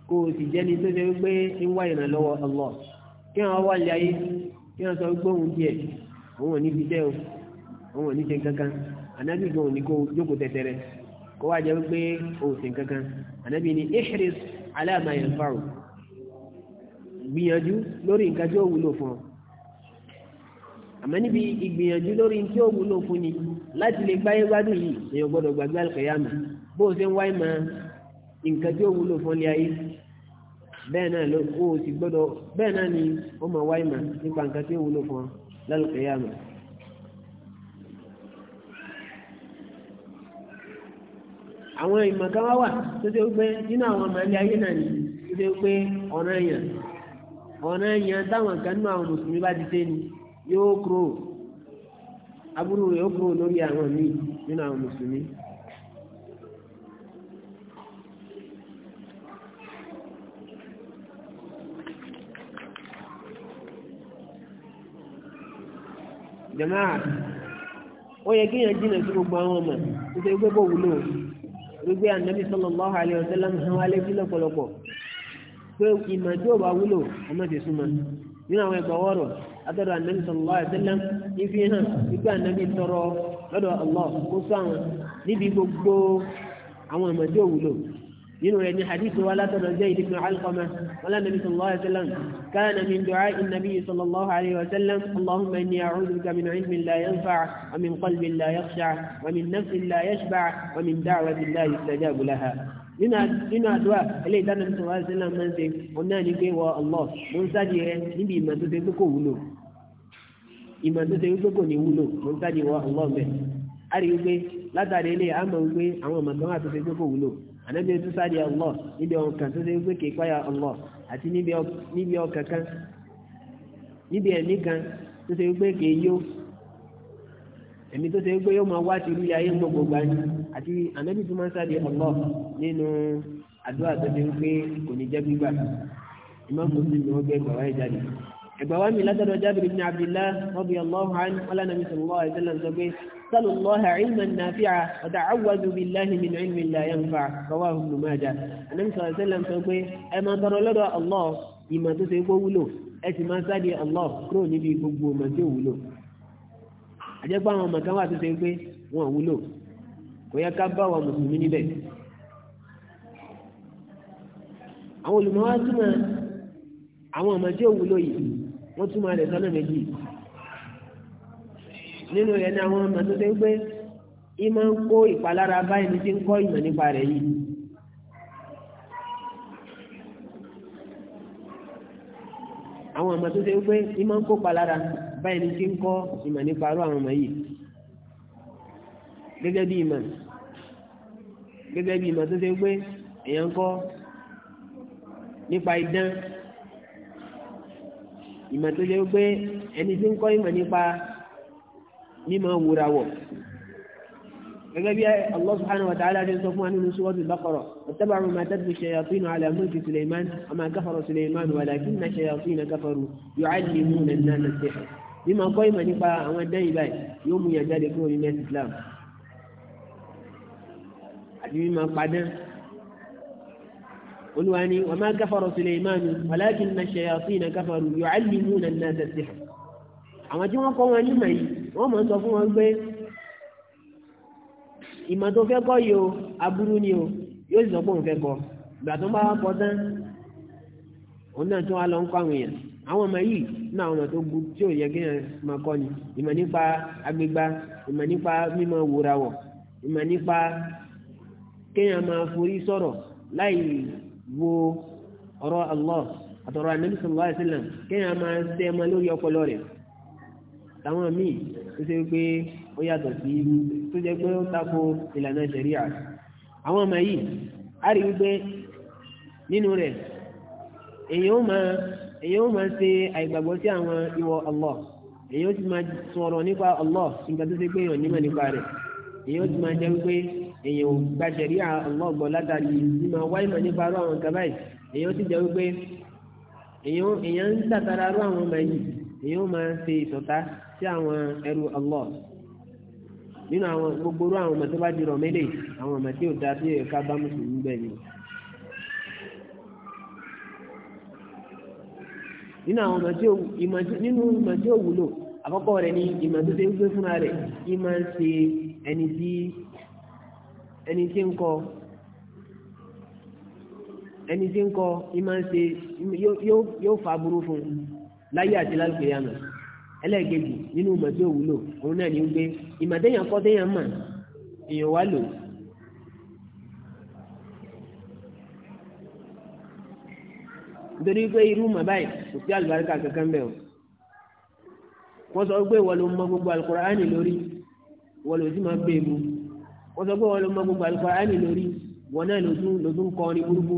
kò sì jẹ́ni tó ṣe wípé ń wá ìrànlọ́wọ́ Allah kí wọ́n wá lé ayé kí wọ́n sọ wípé òun díẹ̀ òun ò ní fi tẹ́ o òun ò ní ṣe kankan anabi gan ò kó jókòó tẹ́tẹ́rẹ́ kó wá jẹ́ wípé òun ṣe kankan anabi ni ihris ala ma yanfa'uk gbìyànjú lórí nǹkan tí ó wúlò fún ọ àmọ́ níbi ìgbìyànjú lórí tí ó wúlò fún ni láti lè gbáyé gbádùn yìí èèyàn gbọ́dọ̀ gbàgbé àlùkìyámà bó o ṣe ń wáyé máa nǹkan tí ó wúlò fún ilé ayé bẹ́ẹ̀ náà ló o sì gbọ́dọ̀ bẹ́ẹ̀ náà ni ó mọ̀ wáyé máa nípa nǹkan tí ó wúlò fún lálùkìyámà. àwọn ìmọ̀ kan wá wà tó ṣe pé nínú àwọn ọmọ ilé ayé náà ni tó ṣe pé ọ̀ràn èèyàn ọ̀nà yẹn táwọn kan nínú àwọn mùsùlùmí bá ti ṣe ni yóò kúrò aburú rẹ̀ ó kúrò lórí àwọn míì nínú àwọn mùsùlùmí. jamaa ó yẹ kéèyàn jìnnà sí gbogbo àwọn ọmọ nítorí pé kò wúlò gbogbo ànábì sallallahu alaihi wálé sí lọ́pọ̀lọpọ̀. pé ìmọ̀ tí ó bá wúlò ọmọ ti súnmọ́ nínú àwọn ẹgbà ọ̀rọ̀ atọ́dọ̀ ànábì sallallahu alaihi wasallam ifi hàn nígbà ànábì tọrọ lọ́dọ̀ Allah kó sáwọn níbi gbogbo àwọn ìmọ̀ tí ó wúlò nínú rẹ̀ ní hadithu wa látọ̀dọ̀ Zayd ibn Alqama wọn lánàbì sallallahu alaihi wasallam kana min du'a'i an-nabi sallallahu alaihi wasallam allahumma inni a'udhu bika min 'ilmin la yanfa' wa min qalbin la yakhsha' wa min nafsin la yashba' wa min da'watin la yustajabu laha nínú àdúrà eléyìí dáná tó wá sí náà máa ń ṣe òun náà ní pé ọlọ mo ń sáàdì rẹ níbi ìmọ̀ tó ṣe wúlò ìmọ̀ tó ṣe ọlọ a rí i pé látàrí eléyìí a mọ̀ wípé àwọn ọmọ kan tó ṣe pé wúlò ànábi tó sáàdì ọlọ níbi ọkàn tó ṣe àti níbi níbi ẹ̀mí kan tó ṣe ẹ̀mí tó ṣe pé yóò máa wá ti rí ayé gbogbo gbà ní àti ànábì tó máa ń sáde ọ̀pọ̀ nínú àdúrà tó ṣe pé kò ní jẹ́ gbígbà ìmọ̀ mùsùlùmí ni wọ́n gbé ẹgbàá wáyé jáde ẹgbàá wá mi látọ̀dọ̀ Jábìr ibn Abdullah radiyallahu anhu qala nabi sallallahu alaihi wasallam sọ pé salu allaha ilman nafi'a wa ta'awwadu billahi min ilmin la yanfa' rawahu ibn majah anabi àjẹpọ̀ àwọn ọmọ kan wà tó ṣe pé wọn ò wúlò kò yẹ ká bá wa mùsùlùmí níbẹ̀ àwọn olùmọ̀ wá túmọ̀ àwọn ọmọ tí ò wúlò yìí wọ́n túmọ̀ rẹ̀ sọ́nà méjì nínú rẹ̀ ní àwọn ọmọ tó ṣe pé ìmọ̀ ń kó ìpalára bá ẹni tí ń kọ́ ìmọ̀ nípa rẹ̀ yìí àwọn ọmọ tó ṣe pé ìmọ̀ ń kó ìpalára báyìí ni kí ń kọ́ ìmọ̀ nípa arú àwọn ọmọ yìí gẹ́gẹ́ bí ìmọ̀ gẹ́gẹ́ bí ìmọ̀ tó ṣe pé èèyàn ń kọ́ nípa idán ìmọ̀ tó ṣe pé ẹni tí ń kọ́ ìmọ̀ nípa mímọ̀ wúrawọ̀ gẹ́gẹ́ bí Allah subhanahu wa ta'ala ṣe sọ fún wa nínú suratul Baqara wattaba'u ma tatlu shayatinu ala mulki Sulaiman wa ma kafara Sulaiman walakinna shayatina kafaru yu'allimuna an-nasa as-sihr bí máa kọ́ ìmọ̀ nípa àwọn ẹ̀dá yìí báyìí yóò mú yàn jáde kúrò nínú ẹ̀sìn Islam àti bí máa padà olùwà ni wàmá káfàrọ̀ Sulaimanu wàlákin na shayatin káfàrù yóò alìmú na náà tẹ̀sí àwọn tí wọ́n kọ́ wọn nímọ̀ yìí wọ́n máa sọ fún wọn pé ìmọ̀ tó fẹ́ kọ́ yìí o aburú ni o yóò sì sọ pé òun fẹ́ kọ́ ìgbà tó ń bá wá kọ́ tán òun náà tún wá lọ ń kọ́ àwọn èèyàn àwọn ọmọ yìí ní àwọn ọmọ tó gbó tí ò yẹ kí ẹ máa kọ́ ni ìmọ̀ nípa agbègbà ìmọ̀ nípa mímọ wòra wọ̀ ìmọ̀ nípa kéèyàn máa forí sọ̀rọ̀ láì wo ọ̀rọ̀ Allah àtọ̀rọ̀ Ànábì sallallahu alaihi wasallam kéèyàn máa tẹ́ ẹ máa lórí ọpọlọ rẹ̀ táwọn míì tó ṣe pé ó yàtọ̀ sí tó jẹ́ pé ó tako ìlànà ṣẹ̀ríà àwọn ọmọ yìí á rí wípé nínú rẹ̀ èèyàn máa èyí ó máa ṣe àìgbàgbọ́ sí àwọn ìwọ Allah èyí ó ti máa sọ̀rọ̀ nípa Allah nígbà tó ṣe pé èèyàn nímọ̀ nípa rẹ̀ èyí ó ti máa jẹ́ wípé èèyàn ò gba ṣẹ̀ríà Allah gbọ́ látàrí ìmọ̀ wáìmọ̀ nípa arú àwọn èyí ó ti jẹ́ wípé èèyàn ń tàtàrà arú àwọn ọmọ yìí èyí ó máa ṣe ìṣọ̀tá sí àwọn nínú àwọn gbogbo àwọn ọmọ tó bá di rọ̀ nínú àwọn ìmọ̀ tí ó wúlò àkọ́kọ́ rẹ̀ ni ìmọ̀ tó ṣe ń gbé fúnra rẹ̀ ìmọ̀ ṣe ẹni tí ẹni tí ń kọ ẹni tí ń kọ ìmọ̀ ṣe yóò fa burú fún láyé àti láti yàmà ẹlẹ́ẹ̀kejì nínú ìmọ̀ tí ó wúlò nítorí pé irú mọ̀ báyìí kò sí àlùbáríkà kankan bẹ́ẹ̀ o wọ́n sọ pé wọ́n ló mọ gbogbo alukur'ani lórí wọ́n ló sì máa gbé e bu wọ́n sọ pé wọ́n ló mọ gbogbo alukur'ani lórí wọ́n náà ló tún ló tún kọrin burúkú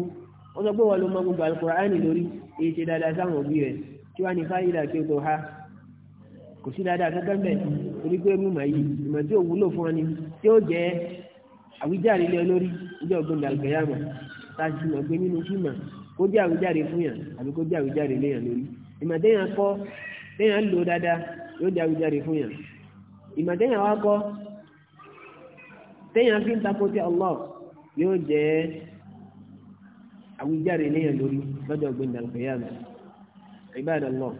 wọ́n sọ pé wọ́n ló mọ gbogbo alukur'ani lórí èyí ṣe dáadáa sáwọn òbí rẹ̀ kí wàá ní fáyidà kí o tó ha kò sí dáadáa kankan bẹ́ẹ̀ kó jẹ́ àwíjàre fún yàn àbí kó jẹ́ àwíjàre léyàn lórí ìmọ̀tẹ́yàn kọ́ téyàn lò dáadáa yóò jẹ́ àwíjàre fún yàn ìmọ̀tẹ́yàn wá kọ́ téyàn fi ń tako tí Allah yóò jẹ́ àwíjàre léyàn lórí lọ́jọ́ gbẹ̀ndàlùkẹ́yàmù Ibadallah.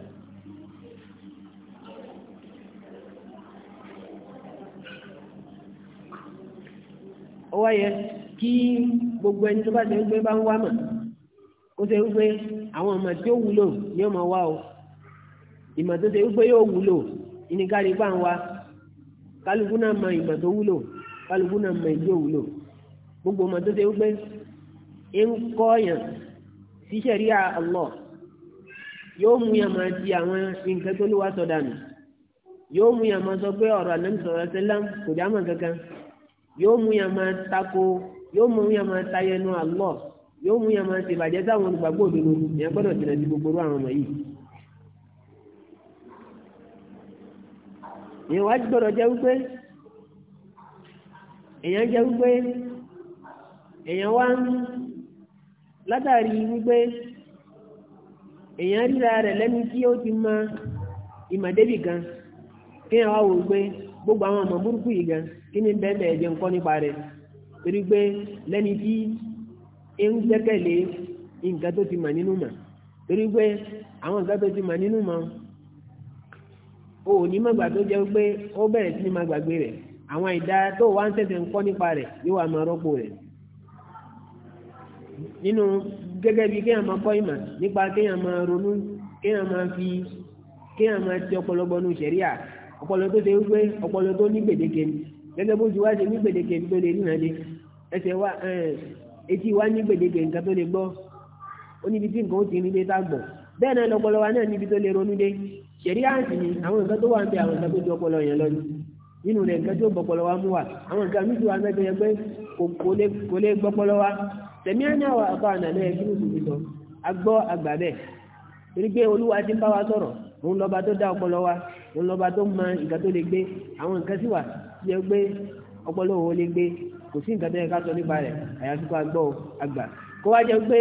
ó wáyé kí gbogbo ẹni tó bá ti ń gbé bá ń wá mọ̀ ó ṣe wípé àwọn ọmọ tí ó wúlò ni ó máa wá o ìmọ̀ tó ṣe wípé yóò wúlò ìníkàrí bá ń wá kálukú náà mọ ìmọ̀ tó wúlò kálukú náà mọ wúlò gbogbo ọmọ tó ṣe wípé ń kọ́ yàn sí ṣẹ̀ríà Allah yóò mú yàn máa di àwọn nǹkan tó lówá sọ dànù yóò mú yàn máa sọ pé ọ̀rọ̀ kò mọ̀ kankan yóò mú yàn máa tako yóò mú yàn máa tayẹnu yóò mú yẹn máa ṣe ìbàjẹ́ táwọn olùgbàgbọ́ òdodo yẹn gbọ́dọ̀ jìnnà sí gbogbo àwọn ọmọ yìí. èèyàn wá gbọ́dọ̀ jẹ́ wípé èèyàn jẹ́ wípé èèyàn wá ń látàrí wípé èèyàn ríra rẹ̀ lẹ́nu tí ó ti mọ ìmọ̀débì gan kéèyàn wá wò pé gbogbo àwọn ọmọ burúkú yìí gan kí ni bẹ́ẹ̀ bẹ́ẹ̀ jẹun kọ́ nípa rẹ̀ torí pé lẹ́ni tí ń gbẹ́kẹ̀lé nǹkan tó ti mà nínú mà torí pé àwọn nǹkan tó ti mà nínú mà o ò ní má gbà tó jẹ́ pé ó bẹ̀rẹ̀ sí ní má gbàgbé rẹ̀ àwọn ìdá tó wá ń tẹ̀sẹ̀ ń kọ́ nípa rẹ̀ yóò wá máa rọ́pò rẹ̀ nínú gẹ́gẹ́ bí kéèyàn máa kọ́ ìmọ̀ nípa kéèyàn máa ronú kéèyàn máa fi kéèyàn máa ti ọpọlọgbọ nu sẹ̀ríà ọpọlọ tó ṣe wípé ọpọlọ tó ní gbèdéke gẹ́gẹ́ bó ti wá ṣe ní gbèdéke tó lè rí ìrànlẹ́ ẹsẹ̀ wa etí wa ní gbèdéke nǹkan tó lè gbọ́ ó níbi tí nǹkan ó ti rí tá gbọ́ bẹ́ẹ̀ náà lọ́pọlọ wa náà níbi tó lè ronú dé ṣẹ̀rí àǹtí ni àwọn nǹkan tó wà ń bẹ àwọn nǹkan tó ju ọpọlọ yẹn lọ nínú rẹ̀ nǹkan tó gbọ́pọlọ wa mú wa àwọn nǹkan mí ti wà mẹ́tọ́ yẹn pé kò lè gbọ́pọlọ wa tẹ̀mí àná àwọn àpá àná lẹ́yìn kí ló sì sọ agbọ́ àgbà bẹ́ẹ̀ torí pé olúwa ti ń bá wa sọ̀rọ̀ òun lọ́ba tó dá ọpọlọ wa òun lọ́ba tó mọ nǹkan tó lè gbé àwọn nǹkan sì wà tí ẹ gbé ọpọlọ òun lè gbé kò sí nǹkan tẹ́yẹ ká sọ nípa rẹ̀ àyàfi kó agbọ́ àgbà kó wá jẹ́ pé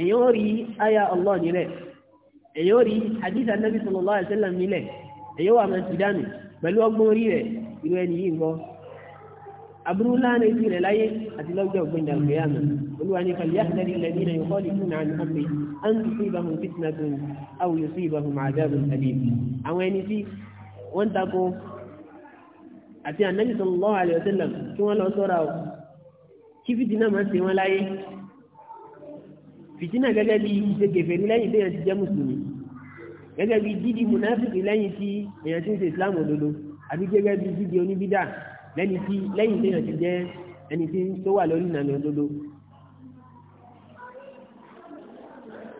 èyàn ó rí àyà Allah nílẹ̀ èyàn ó rí hadith Nabi sallallahu alaihi wasallam nílẹ̀ èyàn wà máa ti dánù pẹ̀lú ọgbọ́n orí rẹ̀ irú ẹni yìí ń bọ́ aburú láàrin ibi rẹ̀ láyé àti lọ́jọ́ ògbìn ìdàgbé àmì olúwa ní kàlíyà lẹ́rí lẹ́rí ilẹ̀ yóò kọ́lì fún àmì ọ̀pẹ an tusibahum fitnatun aw yusibahum adhabun alim àwọn ẹni tí wọ́n tako àti ànábì sallallahu alaihi wasallam kí wọ́n lọ sọ́ra o kí fìtínà máa ṣe wọ́n láyé fìtínà gẹ́gẹ́ bí ìṣe kèfèrí lẹ́yìn tí èèyàn ti jẹ́ mùsùlùmí gẹ́gẹ́ bí dídi mùnáfìkì lẹ́yìn tí èèyàn ti ń ṣe islam òdodo àbí gẹ́gẹ́ bí dídi oníbídà lẹ́yìn tí èèyàn ti jẹ́ ẹni tí tó wà lórí ìlànà òdodo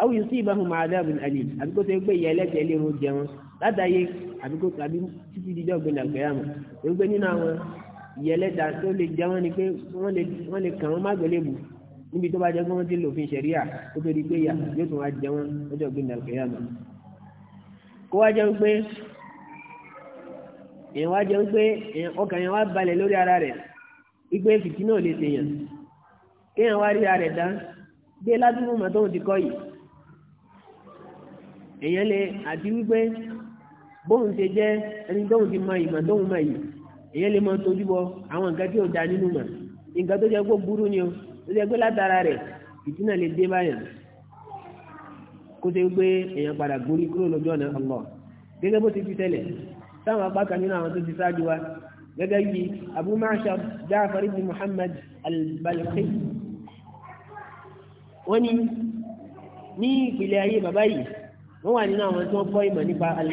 aw yusibahum adhabun alim àbíkó tó gbé àbí kò tàbí títí dídá ọ̀gbìn làgbẹ́ àmọ́ èyí pé nínú àwọn ìyẹlẹ́ta tó lè já wọn ni pé wọ́n lè kàn wọ́n má gbélébù níbi tó bá jẹ́ pé wọ́n ti lòfin ṣẹ̀ríà tó tó di pé yà yóò tún wá jẹ wọ́n lọ́jọ́ ọ̀gbìn làgbẹ́ àmọ́. kó wá jẹ́ pé èèyàn wá jẹ́ pé ọkàn yẹn wá balẹ̀ lórí ara rẹ̀ wípé fìtí náà lè ṣèyàn kéèyàn wá rí ara rẹ̀ dá gbé ládùúgbò mọ́tò ti kọ́ yìí èèyàn lè àti wípé bóun ṣe jẹ́ ẹni tóun ti mọ ìmọ̀ tóun mọ̀ yìí èyàn lè mọ tojú bọ àwọn nǹkan tí ò da nínú mọ̀ nǹkan tó jẹ́ pé burú ni o tó jẹ́ pé látara rẹ̀ ìtúnà lè dé báyàn kó tó gbé èèyàn padà gborí kúrò lójú ọ̀nà ọlọ́ gẹ́gẹ́ bó ti fi tẹ́lẹ̀ táwọn apá kan nínú àwọn tó ti ṣáájú wa gẹ́gẹ́ bí Abu Ma'shar Ja'far ibn Muhammad al-Balqi wọ́n ní ní ìpìlẹ̀ ayé bàbá yìí wọ́n wà nínú àwọn tó gbọ́ ìmọ̀ nípa al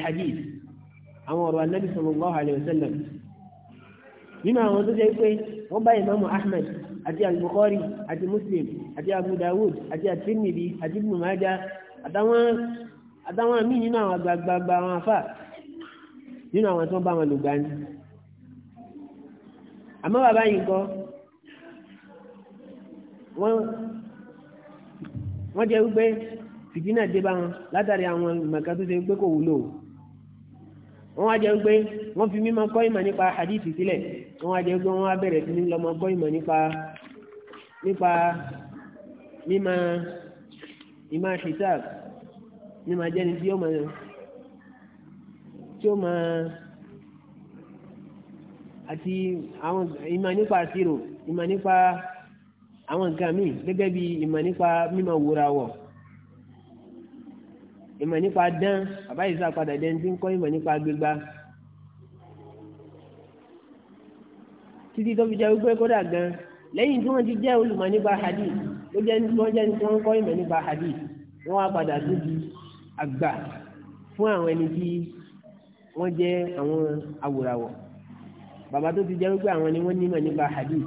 àwọn ọ̀rọ̀ anábì sallallahu alaihi wasallam nínú àwọn tó jẹ́ pé wọ́n bá ìmáàmù ahmed àti al-bukhari àti muslim àti abu dawud àti at-tirmidhi àti ibn majah àtàwọn míì nínú àwọn àgbàgbà àwọn afá nínú àwọn tó bá wọn lò gbani àmọ́ bàbá yìí kọ́ wọ́n jẹ́ wípé fìtínà dé bá wọn látàrí àwọn ìmọ̀ká tó ṣe wípé kò wúlò o wọ́n wá jẹ́ pé wọ́n fi mímọ̀ kọ́ ìmọ̀ nípa hadithi sílẹ̀ wọ́n wá jẹ́ pé wọ́n wá bẹ̀rẹ̀ sí ní lọ́mọ kọ́ ìmọ̀ nípa nípa mímọ̀ ìmọ̀ hisab mímọ̀ jẹ́ni tí ó mọ̀ tí ó mọ̀ àti àwọn ìmọ̀ nípa àṣírò ìmọ̀ nípa àwọn nǹkan míì gẹ́gẹ́ bí ìmọ̀ nípa mímọ̀ wúra wọ̀ ìmọ̀ nípa dán bàbá yìí sàpadà dẹ́n tí ń kọ́ ìmọ̀ nípa gbégbá. títí tó fi jẹ́ wípé kódà gan lẹ́yìn tí wọ́n ti jẹ́ olùmọ̀ nípa hadith ló jẹ́ wọ́n jẹ́ tí wọ́n kọ́ ìmọ̀ nípa hadith wọ́n wá padà síbi àgbà fún àwọn ẹni tí wọ́n jẹ́ àwọn awòràwọ̀ bàbá tó ti jẹ́ wípé àwọn ni wọ́n nímọ̀ nípa hadith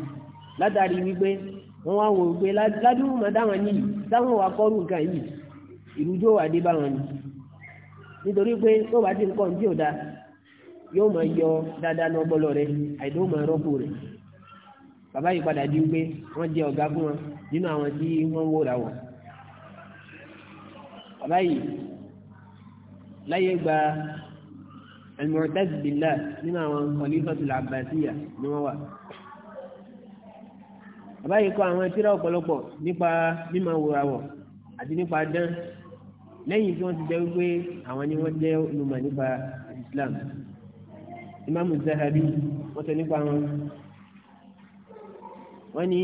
látàrí wípé wọ́n wá wò wípé ládùúgbò mọ̀ dáwọn yìí táwọn wà kọ́rù nǹkan yìí ìrújó wà dé báwọn ni nítorí pé tó bá ti ń kọ́ ní ọ̀dà yóò máa yọ dáadáa ní ọpọlọ rẹ àìdó máa rọ́pò rẹ bàbá yìí padà di pé wọ́n jẹ́ ọ̀gá fún wọn nínú àwọn tí wọ́n wóra wọ̀ bàbá yìí láyé gba al nínú àwọn Khalifatul Abbasiyya ni wọ́n wà bàbá yìí kọ àwọn tírà ọ̀pọ̀lọpọ̀ nípa mímọ̀ wòra wọ̀ àti nípa dán lẹ́yìn tí wọ́n ti jẹ́ wípé àwọn ni wọ́n jẹ́ olùmọ̀ nípa Islam imaamu Zahabi wọ́n sọ nípa wọn wọ́n ní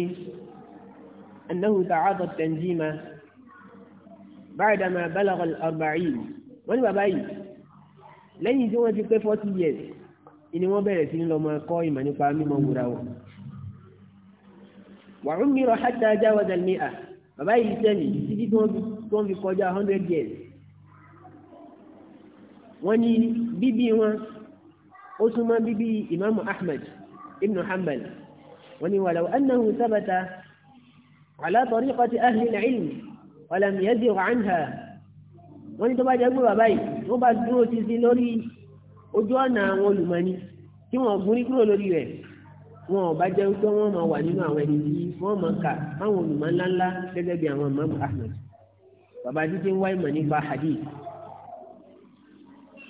annahu ta'ata tanjima ba'dama balagha al-arba'in wọ́n ní bàbá yìí lẹ́yìn tí wọ́n ti pé forty years ni wọ́n bẹ̀rẹ̀ sí ní lọ máa kọ́ ìmọ̀ nípa mímọ̀ wúra wọn wa umira hatta jawaza al bàbá yìí sẹ́ni títí tí wọ́n fi tó ń fi kọjá hundred years wọ́n ní bíbí wọn ó súnmọ́ bíbí ìmáàmù Ahmad ibn Hanbal wọ́n ní wàlàwọ́ annahu sábàtà ala tariqati ahli al-ilm walam yazigh anha wọ́n ní tó bá jẹ́ gbé bàbá yìí wọ́n bá dúró ti sí lórí ojú ọ̀nà àwọn olùmọ̀ni tí wọ́n gún ní kúrò lórí rẹ̀ wọn ò bá jẹ́ pé wọ́n máa wà nínú àwọn ẹni wọ́n máa kà fáwọn olùmọ̀ ńláńlá gẹ́gẹ́ bí àwọn Imam Ahmad bàbá títí ń wá ìmọ̀ nípa hadith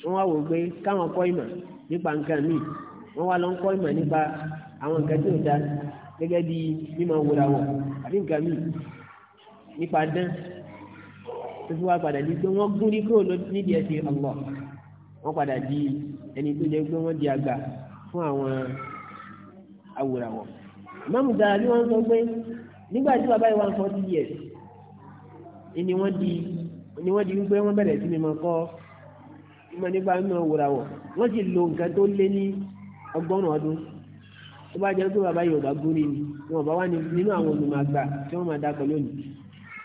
wọ́n wá wò pé káwọn kọ́ ìmọ̀ nípa nǹkan míì wọ́n wá lọ ń kọ́ ìmọ̀ nípa àwọn nǹkan tí ò da gẹ́gẹ́ bí mímọ wòra wọ̀ àbí nǹkan míì nípa dán tó fi wá padà di pé wọ́n gún ní kúrò nídìí ẹ̀sìn Allah wọ́n padà di ẹni tó jẹ́ pé wọ́n di àgbà fún àwọn awòràwọ̀. ìmáàmù dára ni wọ́n sọ pé nígbà tí bàbá yìí wá ń fọ́ sí díẹ̀ ni wọ́n di ni wọ́n di wípé wọ́n bẹ̀rẹ̀ sí ni mọ̀ kọ́ ìmọ̀ nípa mímọ̀ wòrà wọ̀ wọ́n sì lo nǹkan tó lé ní ọgọ́rùn-ún ọdún tó bá jẹ́ pé bàbá Yorùbá gúnni ni wọn bá wà nínú àwọn olùmọ̀ àgbà tí wọ́n máa dákọ̀ lónìí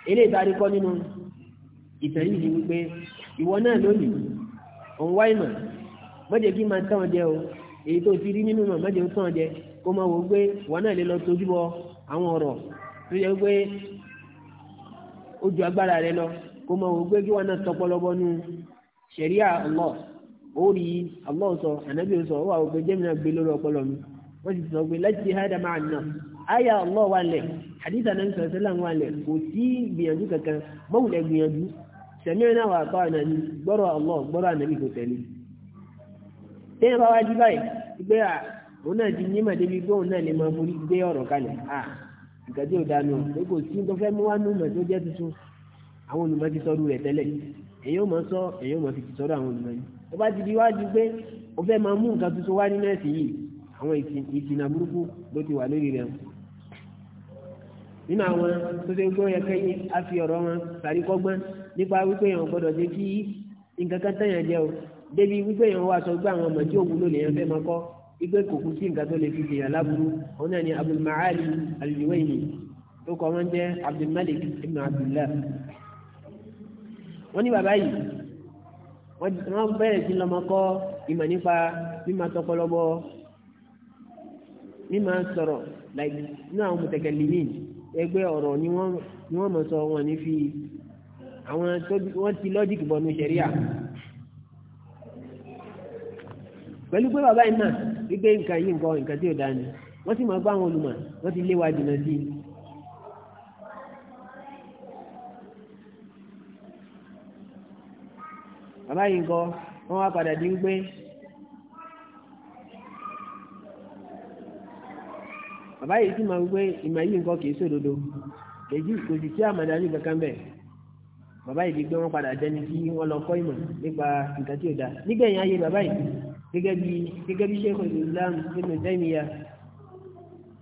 eléyìí tá a rí kọ́ nínú ìtàn yìí ni wípé ìwọ náà lónìí òun wá ìmọ̀ mọ́jẹ́ kí máa tán ọ jẹ o èyí tó ti rí nínú mọ̀ mọ́jẹ́ ó tán ọ jẹ kó máa wò ó pé ìwọ náà lè lọ tójú bọ àwọn ọ̀rọ̀ tó yẹ pé ó ju agbára rẹ lọ kó mọ òun pé kí wọn náà tọpọlọpọ nu ṣẹríà ọlọ ó rí ọlọ sọ ànábì sọ ó wà ó pé jẹmínà gbé lórí ọpọlọ mi wọn sì sọ pé láti hádà máa nà àyà ọlọ wà lẹ hadith anabi sọ sẹlẹ wà lẹ kò sí gbìyànjú kankan mọwulẹ gbìyànjú sẹmí náà wà kọ ànàní gbọrọ ọlọ gbọrọ ànàbì kò tẹlẹ tẹyẹ bá wá jí báyìí gbé à òun náà ti ní màdébí gbóhùn náà lè máa nǹkan tí ò dànù pé kò sí tó fẹ́ mú wá nù mọ̀ tó jẹ́ tuntun àwọn olùmọ̀ ti sọ́dún rẹ̀ tẹ́lẹ̀ èyí ò mọ̀ sọ èyí ò mọ̀ fi ti sọ́dún àwọn olùmọ̀ yìí tó bá ti di wájú pé ó fẹ́ máa mú nǹkan tuntun wá nínú ẹ̀sìn yìí àwọn ìsìnà burúkú ló ti wà lórí rẹ̀ nínú àwọn tó ṣe ń gbọ́ yẹ kẹ́yìn á fi ọ̀rọ̀ wọn sàrí kọ́gbọ́n nípa wípé èèyàn gbọ́dọ̀ jẹ́ kí nǹkan kan tẹ̀yàn jẹ́ o débi wípé èèyàn wá sọ gbé àwọn ọmọ tí òwúlò lèèyàn fẹ́ máa kọ́ ipe kò kú sí nǹkan tó lè fi fìyàn láburú òun náà ni Abul Ma'ali al-Juwayni tó kọ́ wọn jẹ́ Abdul Malik ibn Abdullah wọ́n ní bàbá yìí wọ́n bẹ̀rẹ̀ sí lọ́mọ kọ́ ìmọ̀ nípa mímọ tọpọlọbọ mímọ sọ̀rọ̀ like ní àwọn mutakallimin ẹgbẹ́ ọ̀rọ̀ ni wọ́n mọ̀ sọ wọn ní fi àwọn tó wọ́n ti lọ́jìkì bọ̀ ní ṣẹ̀ríà pẹ̀lú pé bàbá yìí náà gbígbé nǹkan yìí nǹkan nǹkan tí ò dáa ni wọ́n sì máa gbá àwọn olùmọ̀ wọ́n ti lé wa sí bàbá yìí nǹkan wọ́n wá padà di wípé bàbá yìí sì máa wípé ìmọ̀ yìí nǹkan kì í sòdodo èyí kò sì sí àmàdánù kankan bẹ́ẹ̀ bàbá yìí di pé wọ́n padà dẹni tí wọ́n lọ kọ́ ìmọ̀ nípa nǹkan tí ò dáa nígbẹ̀yìn ayé bàbá yìí gẹ́gẹ́ bí gẹ́gẹ́ bí Sheikhul Islam Ibn Taymiyyah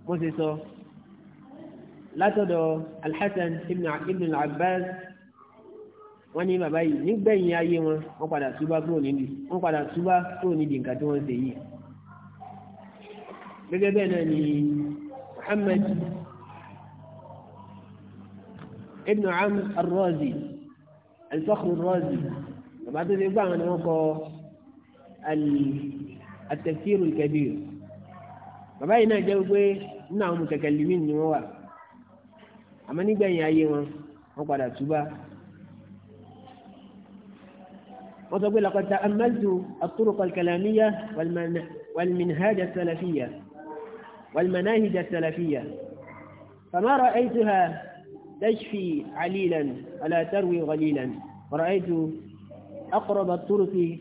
mo ṣe sọ látọ̀dọ̀ Al-Hasan Ibn Al-Abbas wọ́n ní bàbá yìí nígbẹ̀yìn ayé wọn wọ́n padà túbá kúrò nídìí wọ́n padà túbá kúrò nídìí nǹkan tí wọ́n ṣe yìí gẹ́gẹ́ bẹ́ẹ̀ náà ni Muhammad Ibn Amr ar Al-Fakhr Ar-Razi bàbá tó ṣe gbà wọn ni wọ́n kọ́ التفسير الكبير بابا ينا جاوبو متكلمين نيوا اما ني بان ياي و او قدا تقول لقد تاملت الطرق الكلاميه والمن والمنهاج السلفيه والمناهج السلفيه فما رايتها تشفي عليلا ولا تروي غليلا ورايت اقرب الطرق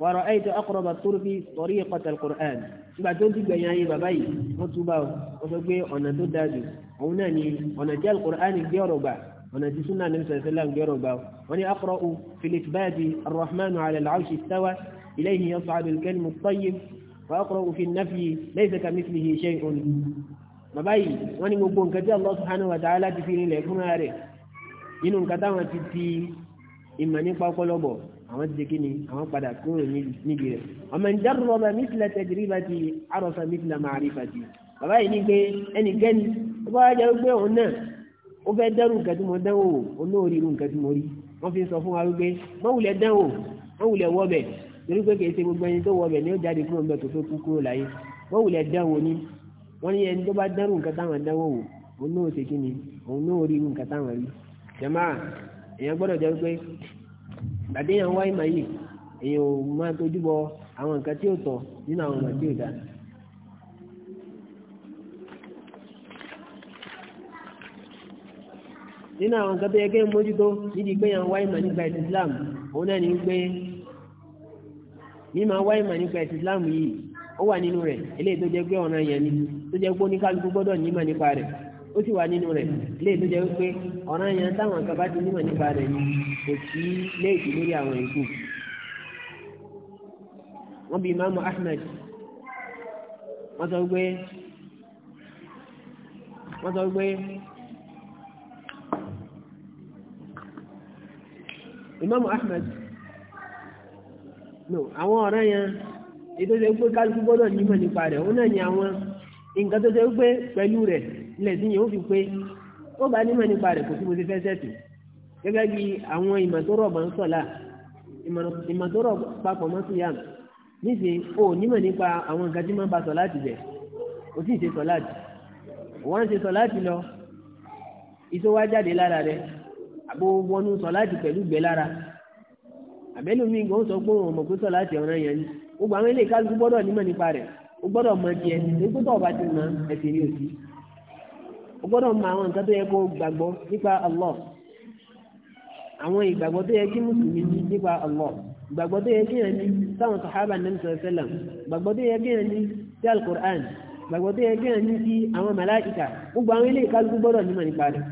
ورأيت أقرب الطرق طريقة القرآن nígbà tó ti gbẹ̀yìn ayé bàbá yìí wọ́n tún bá ọ wọ́n sọ pé ọ̀nà tó dáa jù òun náà ni ọ̀nà tí alukur'ani gbé ọ̀rọ̀ gbà ọ̀nà tí sunna nabi sallallahu gbé ọ̀rọ̀ gbà wọ́n ní aqra'u filifbaadi arrahmanu ala al'arshi istawa ilayhi yas'adu al-kalimu àwọn ti kí ni àwọn padà kúrò níbi rẹ̀ ọmọ ìjárọ̀bà mísìlẹ̀ tẹ̀jìrìbà ti àròsọ mísìlẹ̀ máa rí fàtì bàbá yìí ní pé ẹnikẹ́ni ó bá jẹ́ pé òun náà ó fẹ́ dẹ́rù nǹkan tí mo dánwò olóòrí irú nǹkan tí mo rí wọ́n fi sọ fún wa wípé wọ́n wulẹ̀ dánwò wọ́n wulẹ̀ wọ́bẹ̀ torí pé kìí ṣe gbogbo ẹni tó wọ́bẹ̀ ni ó jáde kúrò ń bẹ tó fẹ́ kú kúrò láyé wọ́n wulẹ̀ dánwò ni wọ́n èèyàn gbọ́dọ̀ jẹ́ pé gbàdé yẹn wáyé màá yìí èyàn ò máa tójú bọ àwọn nǹkan tí ò tọ́ nínú àwọn nǹkan tí ò dáa. nínú àwọn nǹkan tó yẹ kí n mójútó níbi pé yàn wáyé nípa ẹ̀sìn Islam òun náà ní pé mímọ wáyé mà nípa ẹ̀sìn Islam yìí ó wà nínú rẹ̀ eléyìí tó jẹ́ ni tó jẹ́ pé ó sì wà nínú rẹ̀ léè tó jẹ́ wípé ọ̀ràn yẹn táwọn kan bá ti nímọ̀ nípa rẹ̀ kò sí léèdì lórí àwọn ìkú. wọ́n bí imaamu ahmed wọ́n sọ wípé wọ́n sọ wípé imaamu ahmed no àwọn ọ̀ràn yẹn ètò ìṣègùn kálukú gbọ́dọ̀ nímọ̀ nípa rẹ̀ òun náà ni àwọn nǹkan tó ṣe wípé pẹ̀lú rẹ̀ ilẹ̀ tí yẹn ó fi pé ó bá nímọ̀ nípa rẹ̀ kò sí mo ti fẹ́ sẹ́tù gẹ́gẹ́ bí àwọn ìmọ̀ tó rọ̀ mọ́ ń sọ̀lá ìmọ̀ tó rọ̀ papọ̀ mọ́ síyà níṣẹ́ o nímọ̀ nípa àwọn nǹkan tí máa ń ba sọ̀lá ti bẹ̀ o sì ṣe sọ̀lá ti wọ́n ń ṣe sọ̀lá ti lọ iṣó wá jáde lára rẹ̀ àbò wọnú sọ̀lá ti pẹ̀lú gbẹ lára àbẹ́lómi gan sọ pé òun mọ̀ pé sọ̀lá ti ọ̀ràn yẹn ni gbogbo àwọn ilé ìkálukú gbọ́dọ̀ nímọ̀ nípa rẹ̀ ó gbọ́dọ̀ mọ tiẹ̀ nígbà tó ọba ti mọ ẹ̀sìn ní òsì o gbọ́dọ̀ mọ àwọn nǹkan tó yẹ kó gbàgbọ́ nípa Allah àwọn ìgbàgbọ́ tó yẹ kí mùsùlùmí ní nípa Allah ìgbàgbọ́ tó yẹ kí yẹn ní sáwọn sàhábà nàbì sọ̀rọ̀ sẹ́lẹ̀m ìgbàgbọ́ tó yẹ kí yẹn ní sí alukur'an ìgbàgbọ́ tó yẹ kí yẹn ní sí àwọn màláìkà gbogbo àwọn ilé ìkálukú gbọ́dọ̀ nímọ̀ nípa rẹ̀.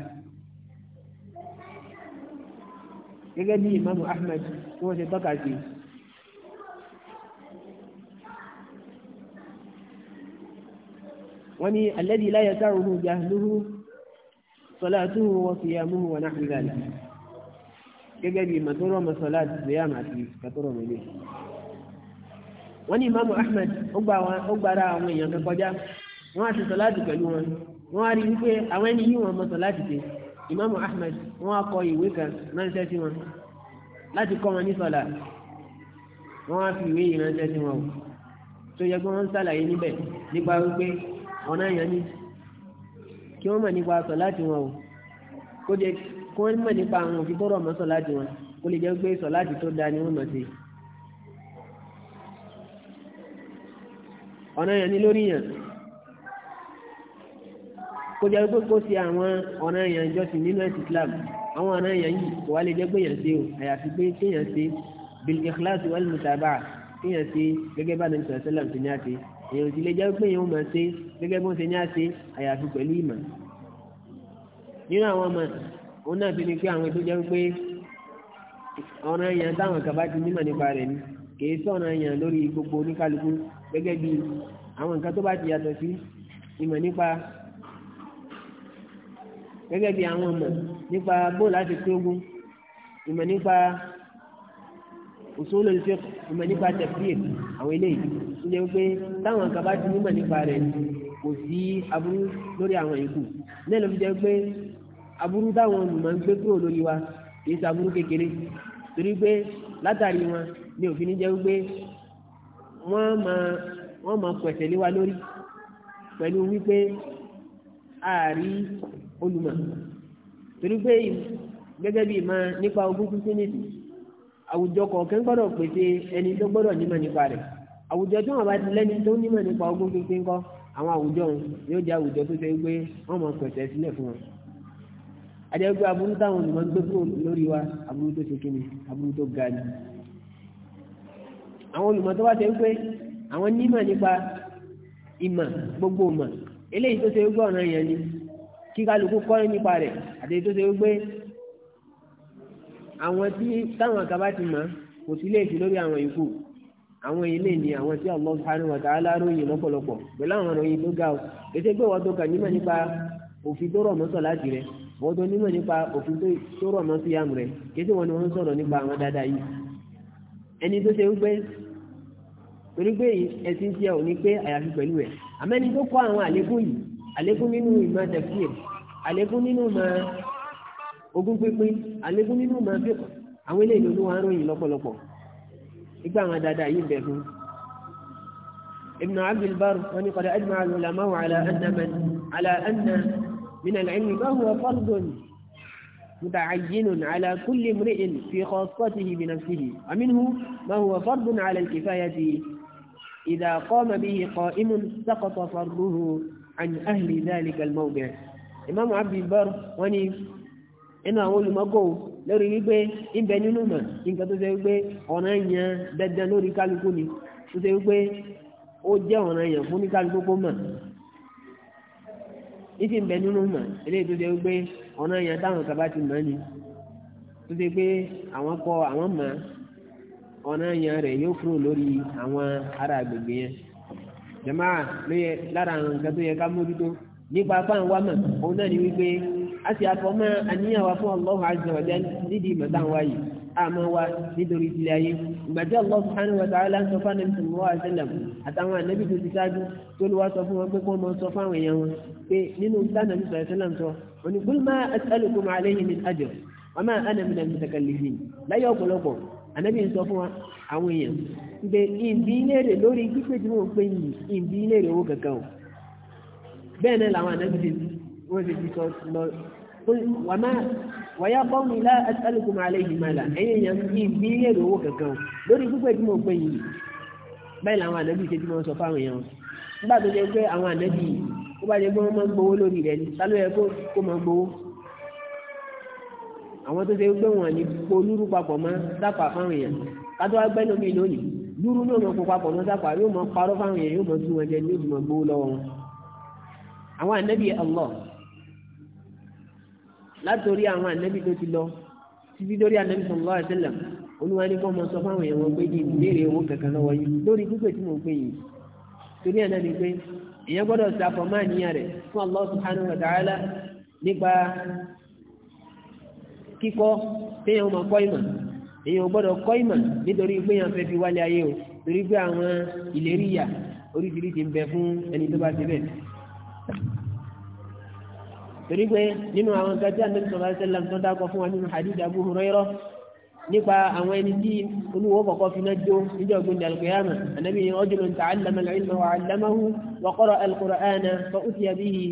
gẹ́gẹ́ bí Imam Ahmad tí wọ́n ṣe tọ́ka sí i wọ́n ní alẹ́dì láyé sáàrùn jahluhu salatuhu wa siyamuhu wa nahwi dhalika gẹ́gẹ́ bí màtọ́rọ̀ masọ́lá ziyam àti kàtọ́rọ̀ mẹ́lẹ̀ wọ́n ní imaamu ahmed ó gbára àwọn èèyàn kan kọjá wọ́n á kọ ìwé kan ránṣẹ́ sí wọn láti kọ́ wọn ní sọ̀là wọ́n á fi ìwé yìí ránṣẹ́ wọn tó yẹ kí níbẹ̀ nípa wípé ọ̀nà èèyàn ní kí wọ́n mọ̀ nípa sọ láti wọn o kó jẹ́ kí wọ́n mọ̀ nípa àwọn òfin tó rọ̀ mọ́ sọ láti wọn kó lè jẹ́ pé sọ láti tó da ni wọ́n mọ̀ sí. ọ̀nà èèyàn ní lórí yàn kó jẹ́ pé kó ṣe àwọn ọ̀nà èèyàn ìjọsìn nínú ẹ̀sìn Islam àwọn ọ̀nà èèyàn yìí kò wá lè jẹ́ pé èèyàn ṣe o àyàfi pé kéèyàn ṣe bil ikhlas wal mutaba'a kéèyàn ṣe gẹ́gẹ́ bá nàìjíríà sẹ́lẹ̀ èèyàn ti lè jẹ́ pé èèyàn mọ̀ ṣe gẹ́gẹ́ bó ṣe ní àṣe àyàfi pẹ̀lú ìmọ̀ nínú àwọn ọmọ òun náà ti ní pé àwọn tó jẹ́ pé ọ̀ràn èèyàn táwọn kan bá ti nímọ̀ nípa rẹ̀ ni kìí sọ̀rọ̀ èèyàn lórí gbogbo oníkálukú gẹ́gẹ́ bí àwọn nǹkan tó bá ti yàtọ̀ sí ìmọ̀ nípa gẹ́gẹ́ bí àwọn ọmọ nípa bó láti pé ogun ìmọ̀ nípa usulul fiqh ìmọ̀ nípa tafsir àwọn eléyìí ń jẹ́ pé táwọn nǹkan bá ti nímọ̀ nípa rẹ̀ kò sí aburú lórí àwọn ìkù náà ló fi jẹ́ pé aburú táwọn olùmọ̀ ń gbé kúrò lórí wa kì í ṣaburú kékeré torí pé látàrí wọn ni òfin jẹ́ pé wọ́n máa wọ́n máa pẹ̀sẹ̀ lé wa lórí pẹ̀lú wípé ààrí olùmọ̀ torí pé gẹ́gẹ́ bí ìmọ̀ nípa ogún tuntun nìdí àwùjọ kọ̀ọ̀kan gbọ́dọ̀ pèsè ẹni tó gbọ́dọ̀ nímọ̀ nípa rẹ̀ àwùjọ tí wọn bá ti lẹ́ni tó nímọ̀ nípa ogún pínpín kọ́ àwọn àwùjọ yóò jẹ́ àwùjọ tó ṣe pé wọ́n mọ̀ pẹ̀sẹ̀ sílẹ̀ fún wọn. àjẹ́ pé aburú táwọn olùmọ̀ ń gbé kúrò lórí wa aburú tó ṣe kíni aburú tó ga ni. àwọn olùmọ̀ tó wá ṣe ń pé àwọn nímọ̀ nípa ìmọ̀ gbogbo ìmọ̀ eléyìí tó ṣe gbé ọ̀nà yẹn ni kí kálukú kọ́ nípa rẹ̀ àti tó ṣe gbé àwọn tí táwọn àkàbá ti mọ̀ kò àwọn ilé ni àwọn tí Allah subhanahu wa ta'ala ròyìn lọ́pọ̀lọpọ̀ pẹ̀lú àwọn ìròyìn tó ga ọ ètò ìgbé wọn tó kà nímọ̀ nípa òfin tó rọ̀ mọ́ sọ̀láàtì rẹ wọn tó nímọ̀ nípa òfin tó rọ̀ mọ́ síyàmù rẹ kété wọn ni wọn ń sọ̀rọ̀ nípa àwọn dáadáa yìí ẹni tó ṣe wípé torí pé ẹ̀sìn tiẹ̀ ò ní pé àyàfi pẹ̀lú ẹ̀ àmẹ́ni tó kọ́ àwọn àlékún yìí àlékún nínú ìmọ̀ igbá àwọn dáadáa ابن عبد البر وأن قد أجمع العلماء على أن من على أن من العلم فهو فرض متعين على كل امرئ في خاصته بنفسه ومنه ما هو فرض على الكفاية إذا قام به قائم سقط فرضه عن أهل ذلك الموضع إمام عبد البر وني إنه أقول مقو lórí wípé ìbẹ̀ nínú mọ̀ nǹkan tó ṣe wípé ọ̀nà yẹn dandan lórí kálukú ni tó ṣe wípé ó jẹ́ ọ̀nà yẹn fún ní kálukú kó mọ̀ ìsì ń nínú mọ̀ tó ṣe wípé ọ̀nà táwọn kaba ti mọ̀ ni tó ṣe pé àwọn kọ àwọn mọ̀ ọ̀nà yẹn rẹ̀ yóò kúrò lórí àwọn ará agbègbè yẹn jàmáà ló yẹ lára tó yẹ ká mójútó nípa fáwọn wá mọ̀ ni a sì àfọmọ́ àníyàn wa fún Allahu azza wa jalla nídìí ìmọ̀tàn wáyé àmọ́ wa nítorí ìdílé ayé ìgbàjẹ́ Allah subhanahu wa ta'ala ń sọ fún ànábì sallallahu alaihi wasallam àtàwọn ànábì tó ti ṣáájú tó lè wá sọ fún wọn pé kí wọ́n mọ sọ fáwọn èèyàn wọn pé nínú ìtànàbí sallallahu alaihi sọ òní qul ma as'alukum alayhi min ajr wa ma ana min al láyé ọ̀pọ̀lọpọ̀ ànábì sọ fún wa àwọn èèyàn bẹ́ẹ̀ náà wọ́n ti fi sọ lọ wàmá wàyá kọ́mi lá asálùkùn aláìhì màlà ẹ̀yìn yẹn kí n bí èrè owó kankan o lórí pípẹ́ tí mo pè yìí báyìí làwọn ànábì ṣe tí wọ́n sọ fáwọn èèyàn nígbà tó jẹ pé àwọn ànábì ó bá jẹ pé wọ́n máa ń gbowó lórí kó gbowó ní po lúrú papọ̀ mọ́ sápà fáwọn èèyàn kátó látòrí àwọn ànábì tó ti lọ títí dórí ànábì sallallahu alaihi wasallam olúwa ní kọ́ mọ sọ fáwọn èèyàn wọn pé kí n owó kankan lọ́wọ́ yìí lórí tí mo pè yìí torí ẹ̀ náà ni pé èèyàn gbọ́dọ̀ ṣàfọ̀ máa níyàn rẹ̀ fún Allah kikọ wa nípa kíkọ́ téèyàn máa kọ́ ìmọ̀ èèyàn gbọ́dọ̀ kọ́ ìmọ̀ nítorí pé èèyàn fẹ́ o torí pé àwọn ìlérí ìyà oríṣiríṣi ń bẹ fún ẹni tó bá ti bẹ̀. torí pé nínú àwọn nǹkan tí ànábì sọ̀rọ̀ àṣẹlẹ̀ tó dákọ̀ fún wa nínú hadith Abu Hurairah nípa àwọn ẹni tí olúwo kọ̀kọ́ fi náà jó níjọ́ gbogbo alkiyama ànábì ni rajulun ta'allama al-ilma wa 'allamahu wa qara'a al àná fa ó utiya bihi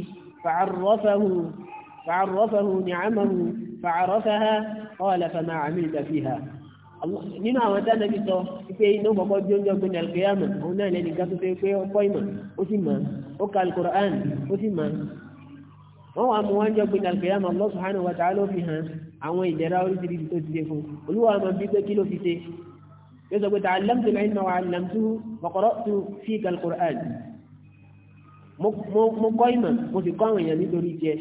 fa'arrafahu fa'arrafahu ni'amahu fa'arafaha qala fama 'amilta ha nínú àwọn tánàbí sọ pé iná kọ̀kọ́ jó ń jọgbìn alkiyama òun náà lẹ́nìkan tó fẹ́ pé ó kọ́ ìmọ̀ ó sì mọ̀ ó ka al àná ó sì mọ̀ wọ́n wà mú wọ́n jọ pé alkiyama Allah subhanahu wa ta'ala fi hàn àwọn ìdẹ̀ra oríṣiríṣi tó ti dé fún olúwa ma bí pé kí ló fi ṣe yóò sọ pé ta'allamtu al-ilma wa 'allamtuhu wa qara'tu fika al-Qur'an mo kọ́ ìmọ̀ mo sì kọ́ àwọn èèyàn nítorí jẹ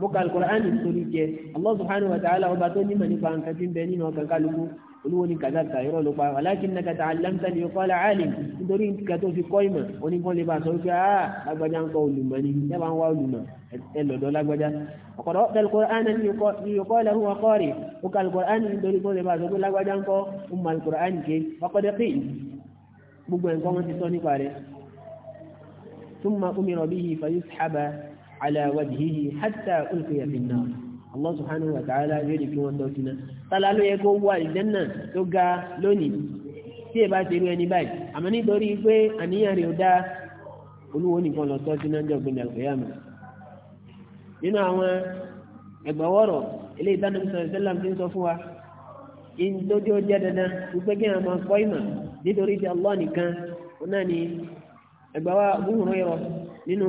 mo ka al nítorí jẹ Allah subhanahu wa ta'ala ọba tó nímọ̀ nípa nǹkan tí ń bẹ nínú ọkàn kálukú olúwo ní kàdáàkà irọ́ ló pa aláàkín náà kàtà aláǹtàlì ìkọ́lá alim nítorí nǹkan tó fi kọ́ ìmọ̀ oníkan lè bá sọ wípé ah lágbájá ń kọ́ olùmọ̀ ni ẹ bá ń wá olùmọ̀ ẹ lọ́dọ̀ lágbájá ọ̀kọ̀dọ̀ tẹlifọ̀rán ní ìkọ́lẹ̀ fún ọkọ rẹ̀ ó ka alukọ̀rán nítorí kan lè bá sọ pé lágbájá ń kọ́ ó mọ alukọ̀rán ké ọkọ̀dẹ́ pé gbogbo nǹkan wọn ti sọ nípa tala ló yẹ kó wà ìjẹ́nà tó ga lónìí tí ẹ bá ti rú ẹni báyìí àmọ́ nítorí pé àníyàn rẹ̀ ó dá olúwo nìkan lọ sọ́ọ́ sínú ẹjọ́ gbẹ̀dẹ̀ àgbẹ̀yàmù nínú àwọn ẹgbàwọ́rọ̀ ilé ìtànàmì sọ̀rọ̀ sẹ́lá ti ń sọ fún wa in tó tí dandan wípé kí àwọn akọ́ ìmọ̀ nítorí ti Allah nìkan ó náà ni ẹgbàwá Abu Hurairah nínú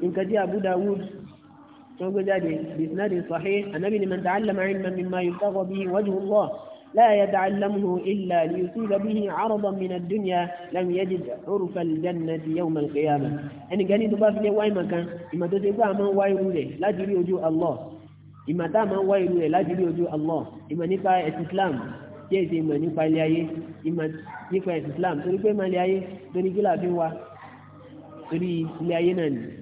nǹkan tí Abu Dawud tó gbé jáde bisnadi sahih anabi ni man ta'allama ilman mimma yubtagha bihi wajhu Allah la yata'allamuhu illa liyusiba bihi 'aradan min ad-dunya lam yajid 'urfa al-jannati yawm al-qiyamah ẹni gani tó bá fi lé wáyé makan ìmọ̀ tó ti gbà máa ń wáyé rẹ̀ láti rí ojú Allah ìmọ̀ tá máa ń wáyé rẹ̀ láti rí ojú Allah ìmọ̀ nípa ẹ̀sìn Islam jẹ́ ìṣe ìmọ̀ nípa ilé ayé ìmọ̀ nípa ẹ̀sìn Islam torí pé máa ilé ayé torí gíláàfin wa torí ilé ayé náà nìyí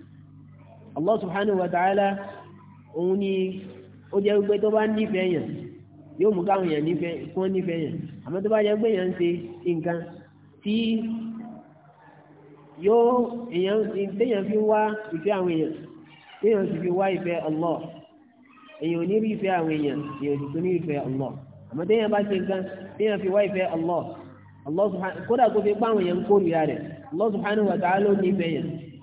Allah subhanahu wa ta'ala òun ni ó jẹ́ wípé tó bá nífẹ̀ẹ́ yàn yóò mú káwọn èèyàn nífẹ̀ẹ́ kí wọ́n nífẹ̀ẹ́ yàn àmọ́ tó bá jẹ́ pé èèyàn ń ṣe nǹkan tí yóò èèyàn téèyàn fi wá ìfẹ́ àwọn èèyàn téèyàn sì fi wá ìfẹ́ Allah èèyàn ò ní rí ìfẹ́ àwọn èèyàn èèyàn sì tún ní ìfẹ́ Allah àmọ́ téèyàn bá ṣe nǹkan téèyàn fi wá ìfẹ́ Allah kódà kó fi pa àwọn èèyàn kórìíra rẹ̀ Allah subhanahu wa ta'ala ló ní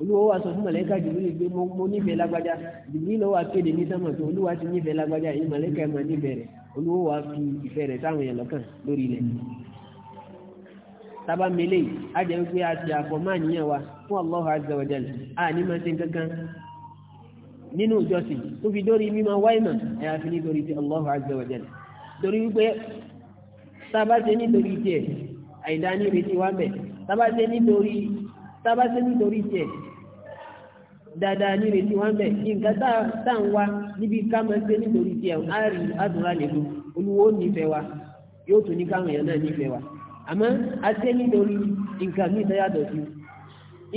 olúwa wà sọ fún mọ̀lẹ́kà jìbìrì pé mo nífẹ̀ẹ́ lágbájá jìbìrì lọ́wọ́ akéde ní sánmọ̀ tó olúwa ti nífẹ̀ẹ́ lágbájá yìí mọ̀lẹ́kà ẹ̀ mọ̀ nífẹ̀ẹ́ rẹ̀ olúwa wà fi ìfẹ́ rẹ̀ sáwọn èèyàn lọ́kàn lórí ilẹ̀ tába mele ajẹ́ wípé a ti àpọ̀ máa níyàn wa fún Allah azza wa jalla a ní máa ṣe kankan nínú ìjọsìn tó fi dórí mímọ wáìmọ̀ ẹ̀yà fi nítorí ti Allah azza torí wípé tába ṣe nítorí tiẹ̀ àìdá ní ìrètí wa bẹ̀ tába ṣe nítorí tiẹ̀ dáadáa ní ìrètí wọn bẹ̀ nǹkan tá à ń wá níbi ká máa ṣe nítorí tiẹ̀ á rí àdúrà lẹ́nu olúwo nífẹ̀ẹ́ wa yóò tún ní káwọn èèyàn náà nífẹ̀ẹ́ wa àmọ́ a ṣe nítorí nǹkan míì tó yàtọ̀ sí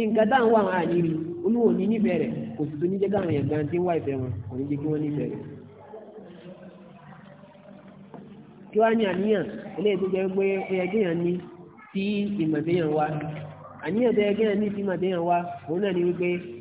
nǹkan tá à ń wá àwọn àníri olúwo ní nífẹ̀ẹ́ rẹ̀ kò sì tún ní jẹ́ káwọn èèyàn gan tí ń wá ìfẹ́ wọn kò ní jẹ́ kí wọ́n nífẹ̀ẹ́ rẹ̀ kí wá ní àníyàn eléyìí tó jẹ́ pé ó yẹ kéèyàn ní tí ìmọ̀tẹ́yàn àníyàn tó yẹ kéèyàn ní tí ìmọ̀tẹ́yàn wá òun náà ní wípé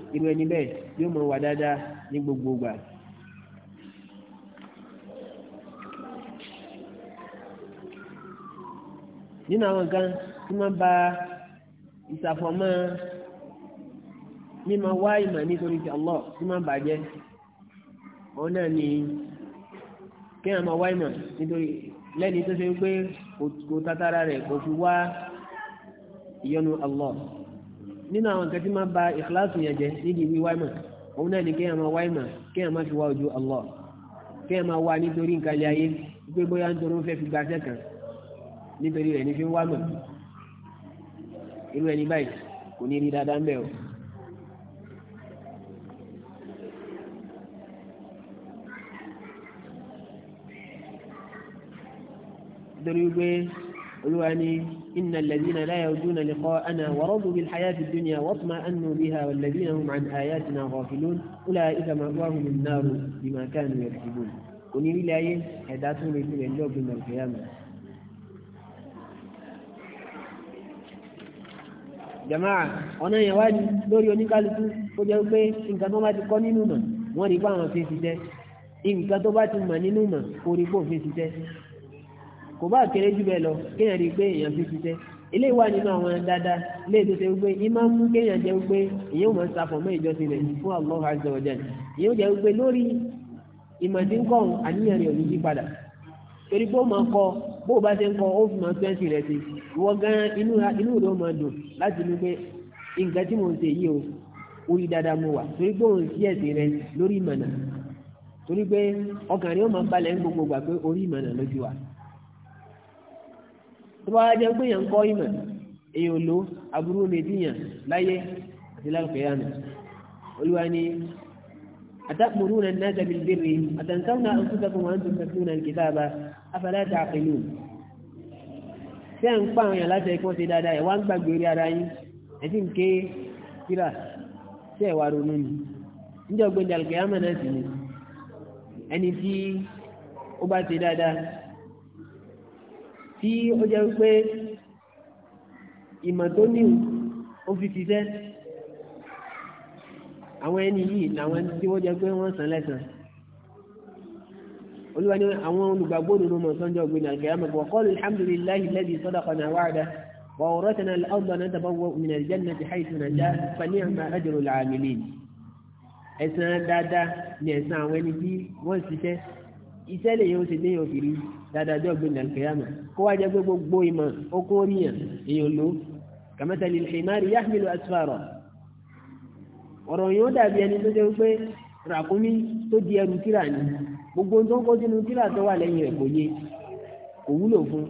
irú ẹni bẹ́ẹ̀ yóò mọ wà dáadáa ní gbogbo gbà. nínú àwọn nǹkan tí wọ́n ba ìsàfọ̀mọ́ mímọ wá ìmọ̀ nítorí ti Allah tí wọ́n bàjẹ́ òun náà ni kí wọ́n mọ wá ìmọ̀ nítorí lẹ́ni tó ṣe pé kò tatara rẹ̀ kò fi wá ìyọnu Allah nínú àwọn nǹkan tí máa ba ìkìláàsù yẹn jẹ nídìí wí wáìmọ̀ òun náà ni kéèyàn máa wáìmọ̀ kéèyàn máa fi wá ojú Allah kéèyàn máa wá nítorí nǹkan ilé ayé pé bóyá nítorí ó fẹ́ fi gbaṣẹ́ kan nítorí rẹ̀ ní fi ń wáìmọ̀ irú ẹni báyìí kò ní rí dáadáa ń bẹ̀ o. nítorí pé olúwa ni innal ladhina la yarjuna liqa'ana wa radu bil hayati dunya watma'annu biha wal ladhina hum an ayatina ghafilun ula'ika ma'wahum an-nar bima kanu yaktubun onírílẹ̀ ayé ẹ̀dá tó lè tilẹ̀ lọ́gbìn nàìjíríà jamaa ọ̀nà yẹn wá ní lórí oníkálukú ó jẹ́ pé nǹkan tó bá ti kọ́ nínú mọ̀ wọ́n rí bá àwọn fi ṣiṣẹ́ nǹkan tó bá ti mọ̀ nínú mọ̀ kò rí bó fi ṣiṣẹ́ kò bá kéré jù bẹ́ẹ̀ lọ kéèyàn rí i pé èèyàn fi ṣiṣẹ́ ilé ìwà nínú àwọn dáadáa ilé ètò wípé ìmọ̀ mú kéèyàn jẹ́ wípé èyí ò mọ̀ ń sapọ̀ mọ́ ìjọsìn rẹ̀ fún Allah azza wa jalla jẹ́ wípé lórí ìmọ̀dínkọ̀n àníyàn rẹ̀ ò ní yí torí pé ó kọ bó bá ṣe ń kọ ó fi o dáadáa torí pé òun sí ẹ̀sìn rẹ̀ lórí ìmọ̀nà torí pé ọkàn rẹ̀ tó bá jẹ́ pé èèyàn ń kọ́ ìmọ̀ èèyàn ló aburú lè dìyàn láyé àti lálùkẹ́yà nù olúwa ni أتأمرون الناس بالبر أتنسون أنفسكم وأنتم تتلون الكتاب أفلا تعقلون ṣé ń pa àwọn èèyàn láti ẹ̀kọ́ ṣe dáadáa ẹ̀ wá ń gbàgbé orí ara yín ẹ̀sì ń ké síra ṣé ẹ̀wà ronú ni níjọ́ gbẹ̀dẹ̀ àlùkò náà sì ni ẹni tí ó bá ṣe dáadáa tí ó jẹ́ wípé ìmọ̀ tó ní ó fi ti tẹ́ àwọn ẹni yìí làwọn tí wọ́n jẹ́ pé wọ́n san lẹ́san olúwa ni àwọn olùgbàgbọ́ òdodo mọ̀ sọ́njọ́ ọ̀gbìn àgbẹ̀ àmọ̀gbọ̀ kọ́lù alhamdulillahi alladhi sadaqana wa'da wa awratana al-arda natabawwa'u min al-jannati haythu nasha' fa ni'ma ajru al-'amilin ẹ̀san dáadáa ni ẹ̀san àwọn ẹni tí wọ́n ṣiṣẹ́ iṣẹ́ lè yóò ṣe lé yóò fi rí dáadáa jọ gbé nàìjíríà kìyàmà kó wá jẹ́ pé gbogbo ìmọ̀ okun oríyàn èèyàn ló kàmẹ́tàlì ìhìmárì yahmilu asfara ọ̀rọ̀ yóò dàbí ẹni tó jẹ́ pé ràkúnmí tó di ẹrù tíra ni gbogbo tó ń kó sínú tíra tó wà lẹ́yìn rẹ̀ kò yé kò wúlò fún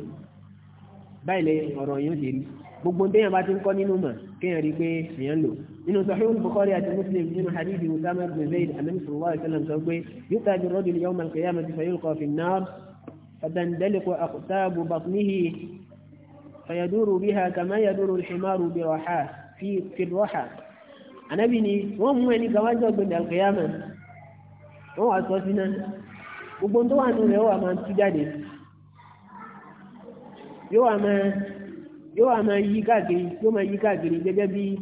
báyìí lẹ ọ̀rọ̀ yóò ṣe rí gbogbo téèyàn bá ti ń kọ́ nínú mọ̀ kéèyàn rí pé èèyàn lò nínú sahihul bukhari àti muslim nínú hadithi usama ibn zayd anabi sallallahu alaihi wasallam sọ pé yóò ju rajul yawm al-qiyamati fayulqa fi an-nar fatandaliqu aqtabu batnihi fayaduru biha kama yaduru al-himaru bi raha fi fi raha anabi ni wọ́n mú ẹni kan wájú ọgbẹ̀dẹ̀ al-qiyama wọ́n wá sọ sínú gbogbo tó wà nínú rẹ̀ wà máa tú jáde yóò wà máa yí káàkiri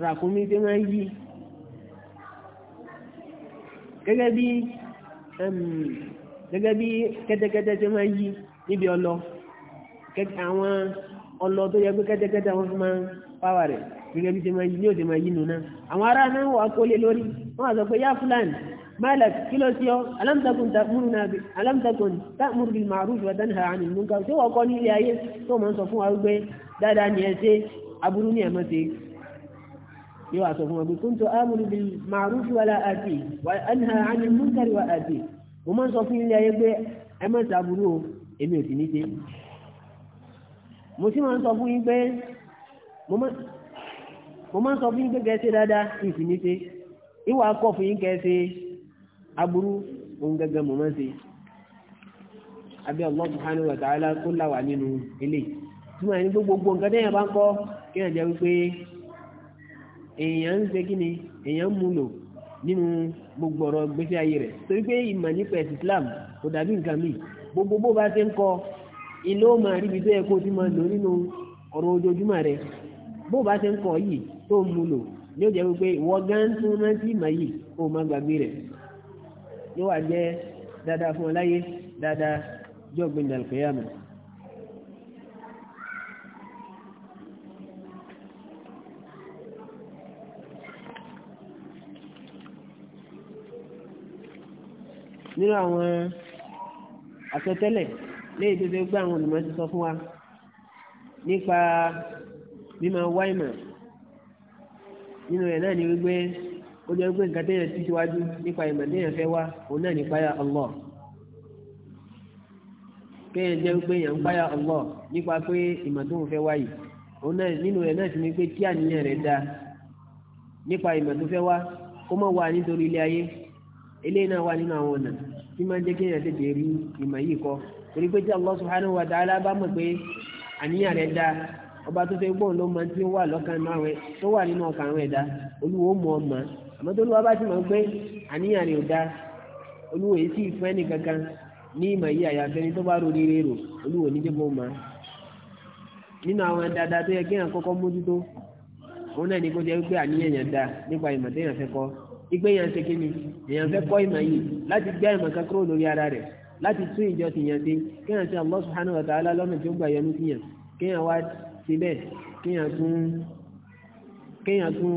ràkúnmí tí wọ́n yí gẹ́gẹ́ bí gẹ́gẹ́ bí kẹ́tẹ́kẹ́tẹ́ tí wọ́n yí níbi ọlọ àwọn ọlọ tó yẹ pé kẹ́tẹ́kẹ́tẹ́ wọn fi máa ń pàwà rẹ̀ gẹ́gẹ́ bí ní òde máa yí nùná àwọn ará náà wà kó lé lórí wọ́n àzọ pé yá fúlàní malak kí ló sí ọ alámtakùn ta'muru bil ma'ruf wa tanha 'anil tí wọ́n kọ́ ní ilé ayé tó mọ́ sọ fún wa wípé dáadáa ni ẹ ṣe aburú ni ẹ má yóò wá sọ fún wọn pé kuntu amuru bil ma'ruf wala àti wa anha 'anil munkari wa àti mo máa ń sọ fún ilé ayé pé ẹ má ṣàbúrò o èmi ò sì ní ṣe mo sì máa ń sọ fún yín pé mo máa ń sọ fún yín pé kẹsẹ dáadáa kì í ní ṣe ìwà akọ fún yín kẹsẹ aburú òun gẹ́gẹ́ mo máa ṣe àbí Allah subhanahu wa ta'ala kó nínú ilé tí mo gbogbo nǹkan tẹ́yìn bá ń kọ́ kí èèyàn ń ṣe kí ni èèyàn mú lò nínú gbogbo ọ̀rọ̀ gbèsè ayé rẹ̀ torí pé ìmọ̀ nípa ẹ̀sìn Islam kò dàbí nǹkan míì gbogbo bó bá ṣe ń kọ ilé ó máa ríbi tó yẹ kó ti máa lò nínú ọ̀rọ̀ ojoojúmọ́ rẹ̀ bó bá ṣe ń kọ yìí tó mú lò ní jẹ́ wípé ìwọ gán tún rántí ìmọ̀ yìí kó o máa gbàgbé rẹ̀ yóò wá jẹ́ dáadáa fún ọ láyé dáadáa jọ́gbìn dàlùkẹ́yàmù nínú àwọn àsọtẹ́lẹ̀ léyìí tó ṣe gbé àwọn olùmọ̀ ti sọ fún wa nípa mímọ wáìmọ̀ nínú rẹ̀ náà ni wípé ó jẹ́ wípé nǹkan téèyàn ti ṣíwájú nípa ìmọ̀ téèyàn fẹ́ wá òun náà ní páyà Allah kéèyàn jẹ́ wípé èèyàn ń páyà Allah nípa pé ìmọ̀ tó ń fẹ́ wá yìí òun náà nínú rẹ̀ náà ti ní pé kí àníyàn rẹ̀ dáa nípa ìmọ̀ tó fẹ́ wá kó mọ̀ wá nítorí ilé ayé ele náà wà nínú àwọn ọ̀nà tí máa ń jẹ́ kí èèyàn tètè rí ìmọ̀ yìí kọ́ torí pé tí Allah subhanahu wa ta'ala bá mọ̀ pé àníyàn rẹ̀ dáa ọba tó fẹ́ gbọ́n ló máa ti wà lọ́kàn náà rẹ̀ tó wà nínú ọkàn rẹ̀ dá olúwo mọ̀ ọ́ mọ̀ àmọ́ tó bá ti mọ̀ pé àníyàn rẹ̀ ò dáa olúwo yìí sì fún ẹnì kankan ní ìmọ̀ yìí àyàfẹ́ ni tó bá ro rere rò olúwo ní débò mọ̀ nínú ìgbé yẹn ṣe kí ni èèyàn fẹ́ kọ́ ìmọ̀ yìí láti gbé ìmọ̀ kan kúrò lórí ara rẹ̀ láti tún ìjọ tìyàn sí kéèyàn sí Allah subhanahu wa ta'ala lọ́nà tí ó gbà yẹnu tìyàn kéèyàn wá sí bẹ́ẹ̀ kéèyàn tún kéèyàn tún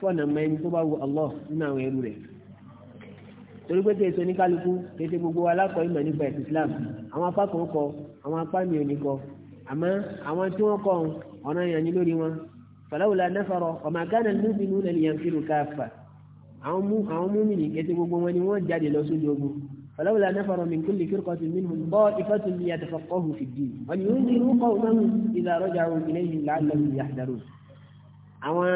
fọ̀nà mẹ́ni tó bá wu Allah nínú àwọn ẹrú rẹ̀ torí pé tẹ̀sán ní kálukú tètè gbogbo alákọ̀ọ́ ìmọ̀ nípa ẹ̀sìn Islam àwọn apá kan kọ àwọn apá mi ò ní kọ àmọ́ àwọn tí wọ́n kọ ọ̀nà ìyànjú lórí wọn falawla nafara wa ma kana al-mu'minuna liyanfiru kaffa àwọn mú àwọn mú mi ní kẹsí gbogbo wọn ni wọ́n jáde lọ sójú ogun falawla nafara min kulli firqatin minhum ta'ifatun liyatafaqqahu fi ddin wa liyunziru qawmahum idha raja'u ilayhim la'allahum yahdharun àwọn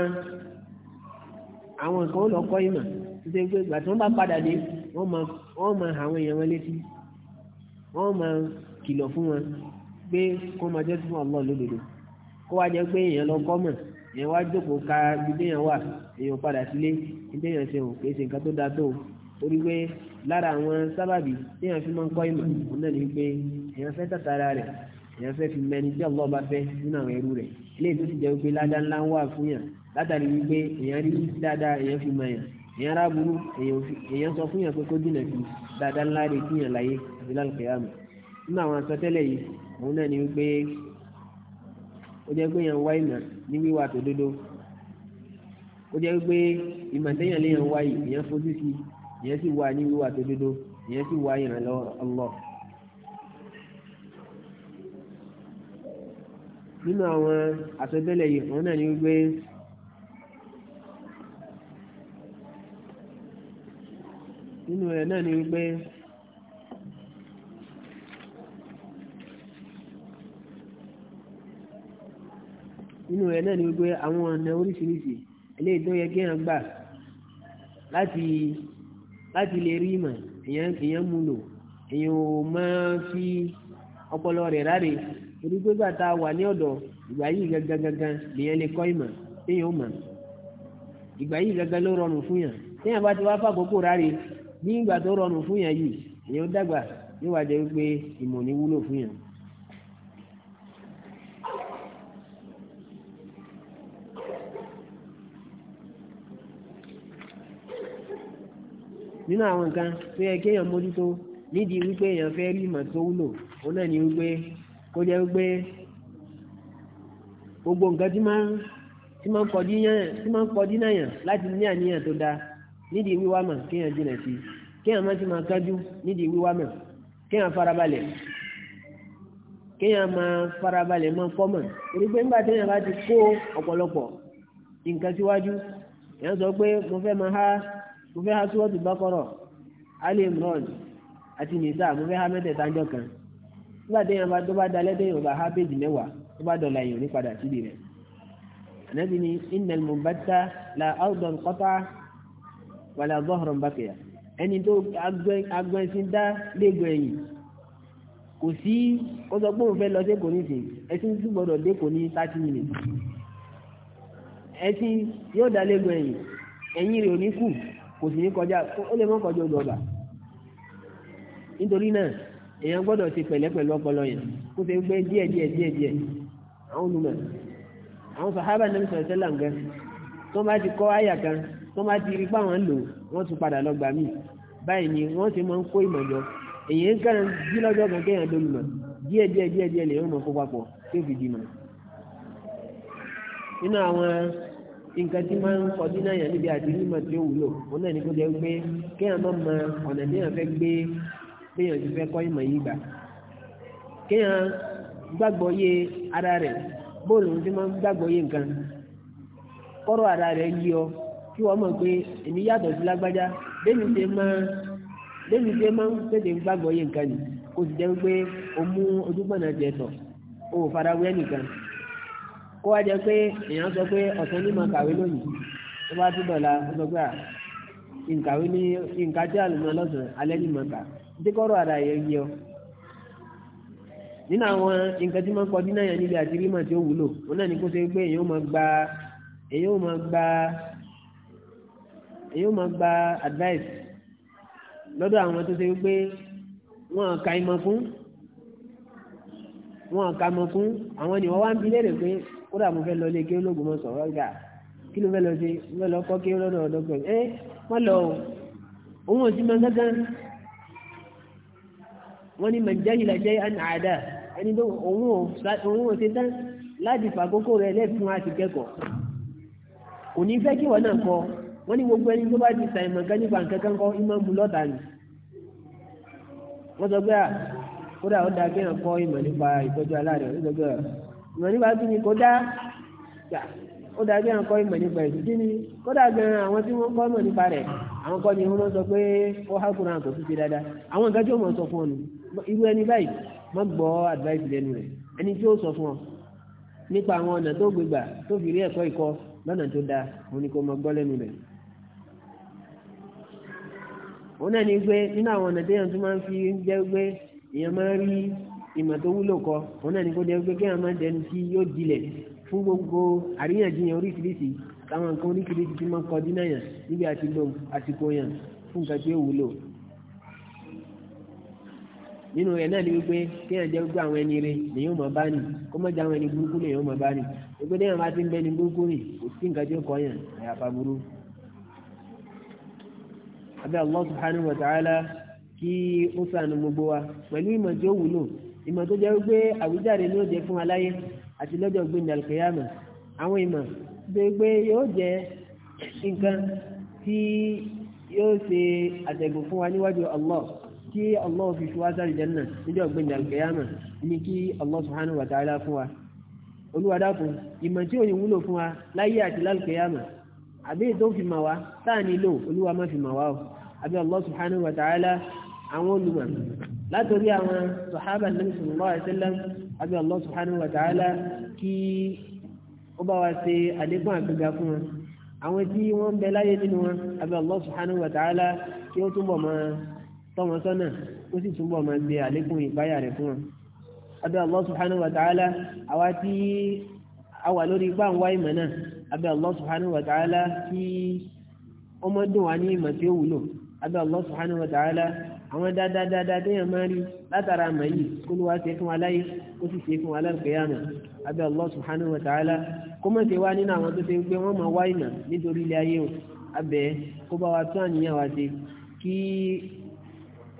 àwọn kan lọ kọ́ ìmọ̀ títí pé ìgbà tí wọ́n bá padà dé wọ́n máa wọ́n àwọn èèyàn wọn létí wọ́n máa kìlọ̀ fún wọn pé kó máa jẹ́ fún Allah lódodo kó wá jẹ́ pé èèyàn lọ kọ́ mọ̀ yẹn wá jókòó ka ibi yẹn wà èèyàn padà sílé ibi yẹn ṣe ò kìí ṣe nǹkan tó dáa tó o torí pé lára àwọn sábàbí tí yẹn fi máa ń kọ́ ìmọ̀ òun náà ní pé èèyàn fẹ́ tàtàrà rẹ̀ èèyàn fẹ́ fi mẹni tí Allah bá fẹ́ nínú àwọn ẹrú rẹ̀ eléyìí tó ti jẹ́ wípé ládàá ńlá ń wà fún yàn látàrí wípé èèyàn rí dáadáa èèyàn fi mọ̀ yàn èèyàn ráburú èèyàn sọ fún yàn pé kó dínà fi dáadáa ńlá rẹ̀ kí yàn láyé àbí lálùkẹ́yàmù nínú àwọn àsọtẹ́lẹ̀ yìí òun náà ní wípé ó jẹ́ pé yẹn ń wá ìmọ̀ ní wíwà tó dódó ó jẹ́ pé ìmọ̀ téèyàn lè yẹn wá yìí ìyẹn fojú sí ìyẹn sì wá ní wíwà tó dódó ìyẹn sì wá ìrànlọ́wọ́ Allah. nínú àwọn àsọtẹ́lẹ̀ yìí wọn náà ní wípé nínú rẹ̀ náà ní wípé. nínú rẹ̀ náà ni gbogbo àwọn ọ̀nà oríṣiríṣi eléyìí tó yẹ kí èèyàn gbà láti láti lè rí ìmọ̀ èèyàn èèyàn mú lò èèyàn ò máa fi ọpọlọ rẹ̀ ráre torí pé bàtà wà ní ọ̀dọ̀ ìgbà yìí gangan gangan lèèyàn lè kọ́ ìmọ̀ téèyàn ó mọ̀ ìgbà yìí gangan ló rọrùn fún yàn téèyàn bá ti wá fàkókò ráre ní ìgbà tó rọrùn fún yàn yìí èèyàn dàgbà níwájú wípé ìmọ̀ ní wúlò fún yàn. nínú àwọn nǹkan tó yẹ kéèyàn mójútó nídìí wípé èèyàn fẹ́ rí ìmọ̀ tó wúlò òun náà ni wípé kó jẹ́ wípé gbogbo nǹkan tí máa ń tí máa ń kọjú yẹn tí máa ń kọjú náà yàn láti ní àníyàn tó dáa nídìí wíwá mọ̀ kéèyàn jìnà sí kéèyàn má ti máa kájú nídìí wíwá mọ̀ kéèyàn farabalẹ̀ kéèyàn máa farabalẹ̀ máa fọ́ mọ̀ torí pé nígbà téèyàn bá ti kó ọ̀pọ̀lọpọ̀ nǹkan síwájú èèyàn sọ pé mo fẹ́ máa há mo fẹ́ ha súwọ́tù bákọ́rọ̀ alẹ́ imran àti nìta mo fẹ́ ha mẹ́tẹ̀ẹ̀ta jọ kan nígbà téèyàn bá tó bá dalẹ́ téèyàn bá ha péjì mẹ́wàá tó bá dọ̀la èèyàn ní padà síbi rẹ̀ ànábi ni innal mubatta la ardan qata wàlà zọ́hùrọ̀ bákẹ́yà ẹni tó agbẹ́sìn dá léegun ẹ̀yìn kò sí ó sọ pé òun fẹ́ lọ sí èkó ní ìsìn ẹ̀sìn tún gbọ́dọ̀ dé kò ní thirty minutes yóò dá léegun ẹ̀yìn ẹ̀yìn rẹ̀ ò ní kù kò sì ní kọjá ó lè mọ́ kọjá odò ọba nítorí náà èèyàn gbọ́dọ̀ ti pẹ̀lẹ́ pẹ̀lú ọpọlọ yẹn kó ṣe gbé díẹ̀ díẹ̀ díẹ̀ díẹ̀ àwọn olùmọ̀ àwọn sàhábà náà sọ̀rọ̀ sẹ́là ń gẹ́ tó bá ti kọ́ àyà kan tó bá ti rí pa wọn lò wọ́n tún padà lọ gbà mí báyìí ni wọ́n ti máa ń kó ìmọ̀ jọ èèyàn kan jí lọ́jọ́ kan kéèyàn ló lùmọ̀ díẹ̀ díẹ̀ díẹ̀ díẹ̀ lèèyàn mọ̀ kó papọ̀ tó fi dì mọ̀ nínú àwọn nǹkan tí máa ń sọ dínà yẹn níbi àdínní mà tí ó wúlò òun náà ní kó jẹ́ pé kéèyàn má mọ ọ̀nà téèyàn fẹ́ gbé téèyàn ti fẹ́ kọ́ ìmọ̀ yìí gbà kéèyàn gbàgbọ́ yé ara rẹ̀ bóòlù tí máa ń gbàgbọ́ yé nǹkan kọ́rọ̀ ara rẹ̀ yí ọ kí wọ́n mọ̀ pé èmi yàtọ̀ sí lágbájá débi ṣe máa débi ṣe ń tètè gbàgbọ́ yé nǹkan nì kó sì jẹ́ pé o mú ojúgbọ̀nà jẹ sọ o ò farawé nìkan kó wá jẹ pé èèyàn sọ pé ọ̀sán ní máa kàwé lónìí tó bá tún dọ̀la ó sọ pé à nkàwé ní nkà tí àlùmọ́ lọ́sàn-án alẹ́ ní máa kà tí kọ́rọ̀ àdá yẹ yí ọ. nínú àwọn nǹkan tí máa ń kọ dínà yẹn níbi àti rímà tí ó wúlò wọn náà ní kó ṣe pé èèyàn máa gba èèyàn máa gba èèyàn máa gba advice lọ́dọ̀ àwọn tó ṣe pé wọ́n ka ìmọ̀ fún wọ́n ka mọ̀ fún àwọn ènìyàn wá ń bi léèrè pé kódà mo fẹ́ lọ ilé kí ológun mọ sọ̀rọ̀ ìgbà kí ló fẹ́ lọ sí mo fẹ́ lọ kọ́ kí lọ́dọ̀ ọ̀dọ́gbẹ̀ ẹ má lọ o òun ò sí mọ gángan wọ́n ní mọ̀jáhìlá jẹ́ àdá ẹni tó òun ò ṣe tán láti fàkókò rẹ̀ lẹ́fún àti kẹ́kọ̀ọ́ kò ní fẹ́ kí wọ́n náà kọ́ wọ́n ní gbogbo ẹni tó bá ti sàìmọ̀ kan nípa nǹkan kan kọ́ ìmọ̀ ń bu lọ́ta nì wọ́n sọ pé à kódà ó dáa kí wọ́n kọ́ ìmọ̀ nípa ìtọ́jú aláàrẹ̀ ó sọ pé ìmọ̀ nípa kí ni kódà gbà ó dàbí àwọn kọ́ ìmọ̀ nípa ìlú kí ni kódà gan àwọn tí wọ́n kọ́ ìmọ̀ nípa rẹ̀ àwọn kọ́ ni wọ́n sọ pé ó há kúrò àwọn kò dáadáa àwọn nǹkan tí ó mọ̀ sọ fún irú ẹni advice lẹ́nu rẹ̀ ẹni tí ó sọ fún ọ nípa àwọn ọ̀nà tó tó fi rí ẹ̀kọ́ lọ́nà tó dáa òun ni kò gbọ́ lẹ́nu rẹ̀ òun náà ni ìmọ̀ tó wúlò kọ òun náà ni kó jẹ́ pé kí àwọn máa dẹnu tí yóò dilẹ̀ fún gbogbo àríyànjiyàn oríṣiríṣi táwọn nǹkan oríṣiríṣi ti máa ń kọjú náà yàn níbi àti lo àsìkò yàn fún nǹkan tí ó wúlò. nínú rẹ̀ náà ni wípé kí àwọn jẹ́ gbogbo àwọn ẹni rẹ̀ lèyìn ọmọ bá nì kó má jẹ́ àwọn ẹni burúkú lèyìn ọmọ bá nì wípé déyàn bá ti ń bẹ́ni burúkú rìn kò sí nǹkan tí ó kọ yàn àyàfà burú. abẹ́ Allah subhanahu wa ta'ala kí ó sànù gbogbo wa pẹ̀lú ìmọ̀ tí ó wúlò ìmọ̀ tó jẹ́ wípé àwíjàre ni ó jẹ́ fún aláyé àti lọ́jọ́ gbẹ̀ndẹ̀ àlùkìyàmọ̀ àwọn ìmọ̀ tó jẹ́ yóò jẹ́ nǹkan tí yóò ṣe àtẹ̀gùn fún wa níwájú Allah kí Allah fi fi wá sáré jẹ́nà níjọ́ gbẹ̀ndẹ̀ àlùkìyàmọ̀ ni kí Allah subhanahu wa ta'ala fún wa olúwa dákun ìmọ̀ tí ò ní wúlò fún wa láyé àti lálùkìyàmọ̀ àbí ètò Allah subhanahu wa àwọn olùmọ̀ látòrí àwọn sọ̀hábà nàbí sallallahu alaihi wasallam àbí Allah subhanahu wa ta'ala kí ó bá wa ṣe àlékún àgbéga fún wọn àwọn tí wọ́n ń bẹ láyé nínú wọn àbí Allah subhanahu wa ta'ala kí ó túnbọ̀ máa tọ́ wọn sọ́nà ó sì túnbọ̀ máa gbé àlékún ìpáyà rẹ̀ fún wọn àbí Allah subhanahu wa ta'ala àwa tí a wà lórí ipá ń wá ìmọ̀ náà àbí Allah subhanahu wa ta'ala kí ọmọdún wa ní ìmọ̀ tí ó wúlò àbí Allah subhanahu wa ta'ala àwọn dáadáa téèyàn máa rí látara àmà yìí kó ló wá ṣe fún aláyé ó sì ṣe fún aláìkẹyàmà abẹ́ Allah subhanahu wa ta'ala kó mọ̀ ṣe wá nínú àwọn tó ṣe pé wọ́n máa wá ìmà nítorí ilé ayé o abẹ́ kó bá wa tún àníyàn wa ṣe kí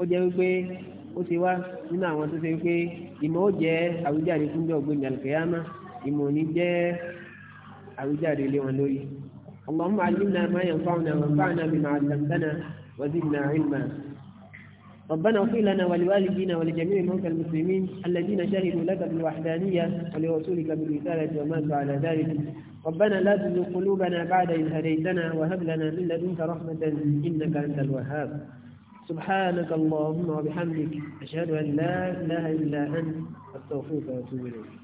ó jẹ́ wípé ó ṣe wá nínú àwọn tó ṣe pé ìmọ̀ ó jẹ́ àwùjáde fúnjọ́ ògbóni aláìkẹyàmà ìmọ̀ ní jẹ́ àwùjáde lé wọn lórí اللهم علمنا ما ينفعنا وانفعنا بما علمتنا وزدنا علما ربنا اغفر لنا ولوالدينا ولجميع موتى المسلمين الذين شهدوا لك بالوحدانية ولرسولك بالرسالة وماتوا على ذلك ربنا لا تزغ قلوبنا بعد إذ هديتنا وهب لنا من لدنك رحمة إنك أنت الوهاب سبحانك اللهم وبحمدك أشهد أن لا إله إلا أنت أستغفرك وأتوب إليك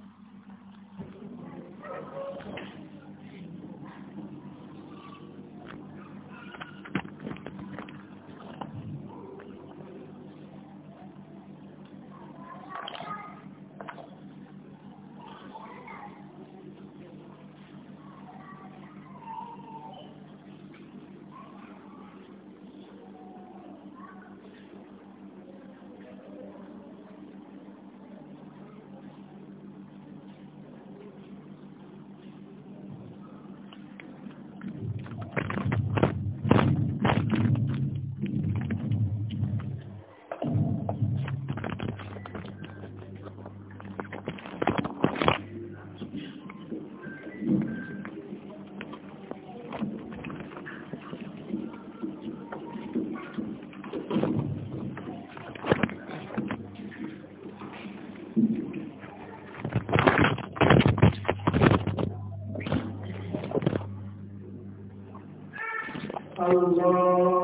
الله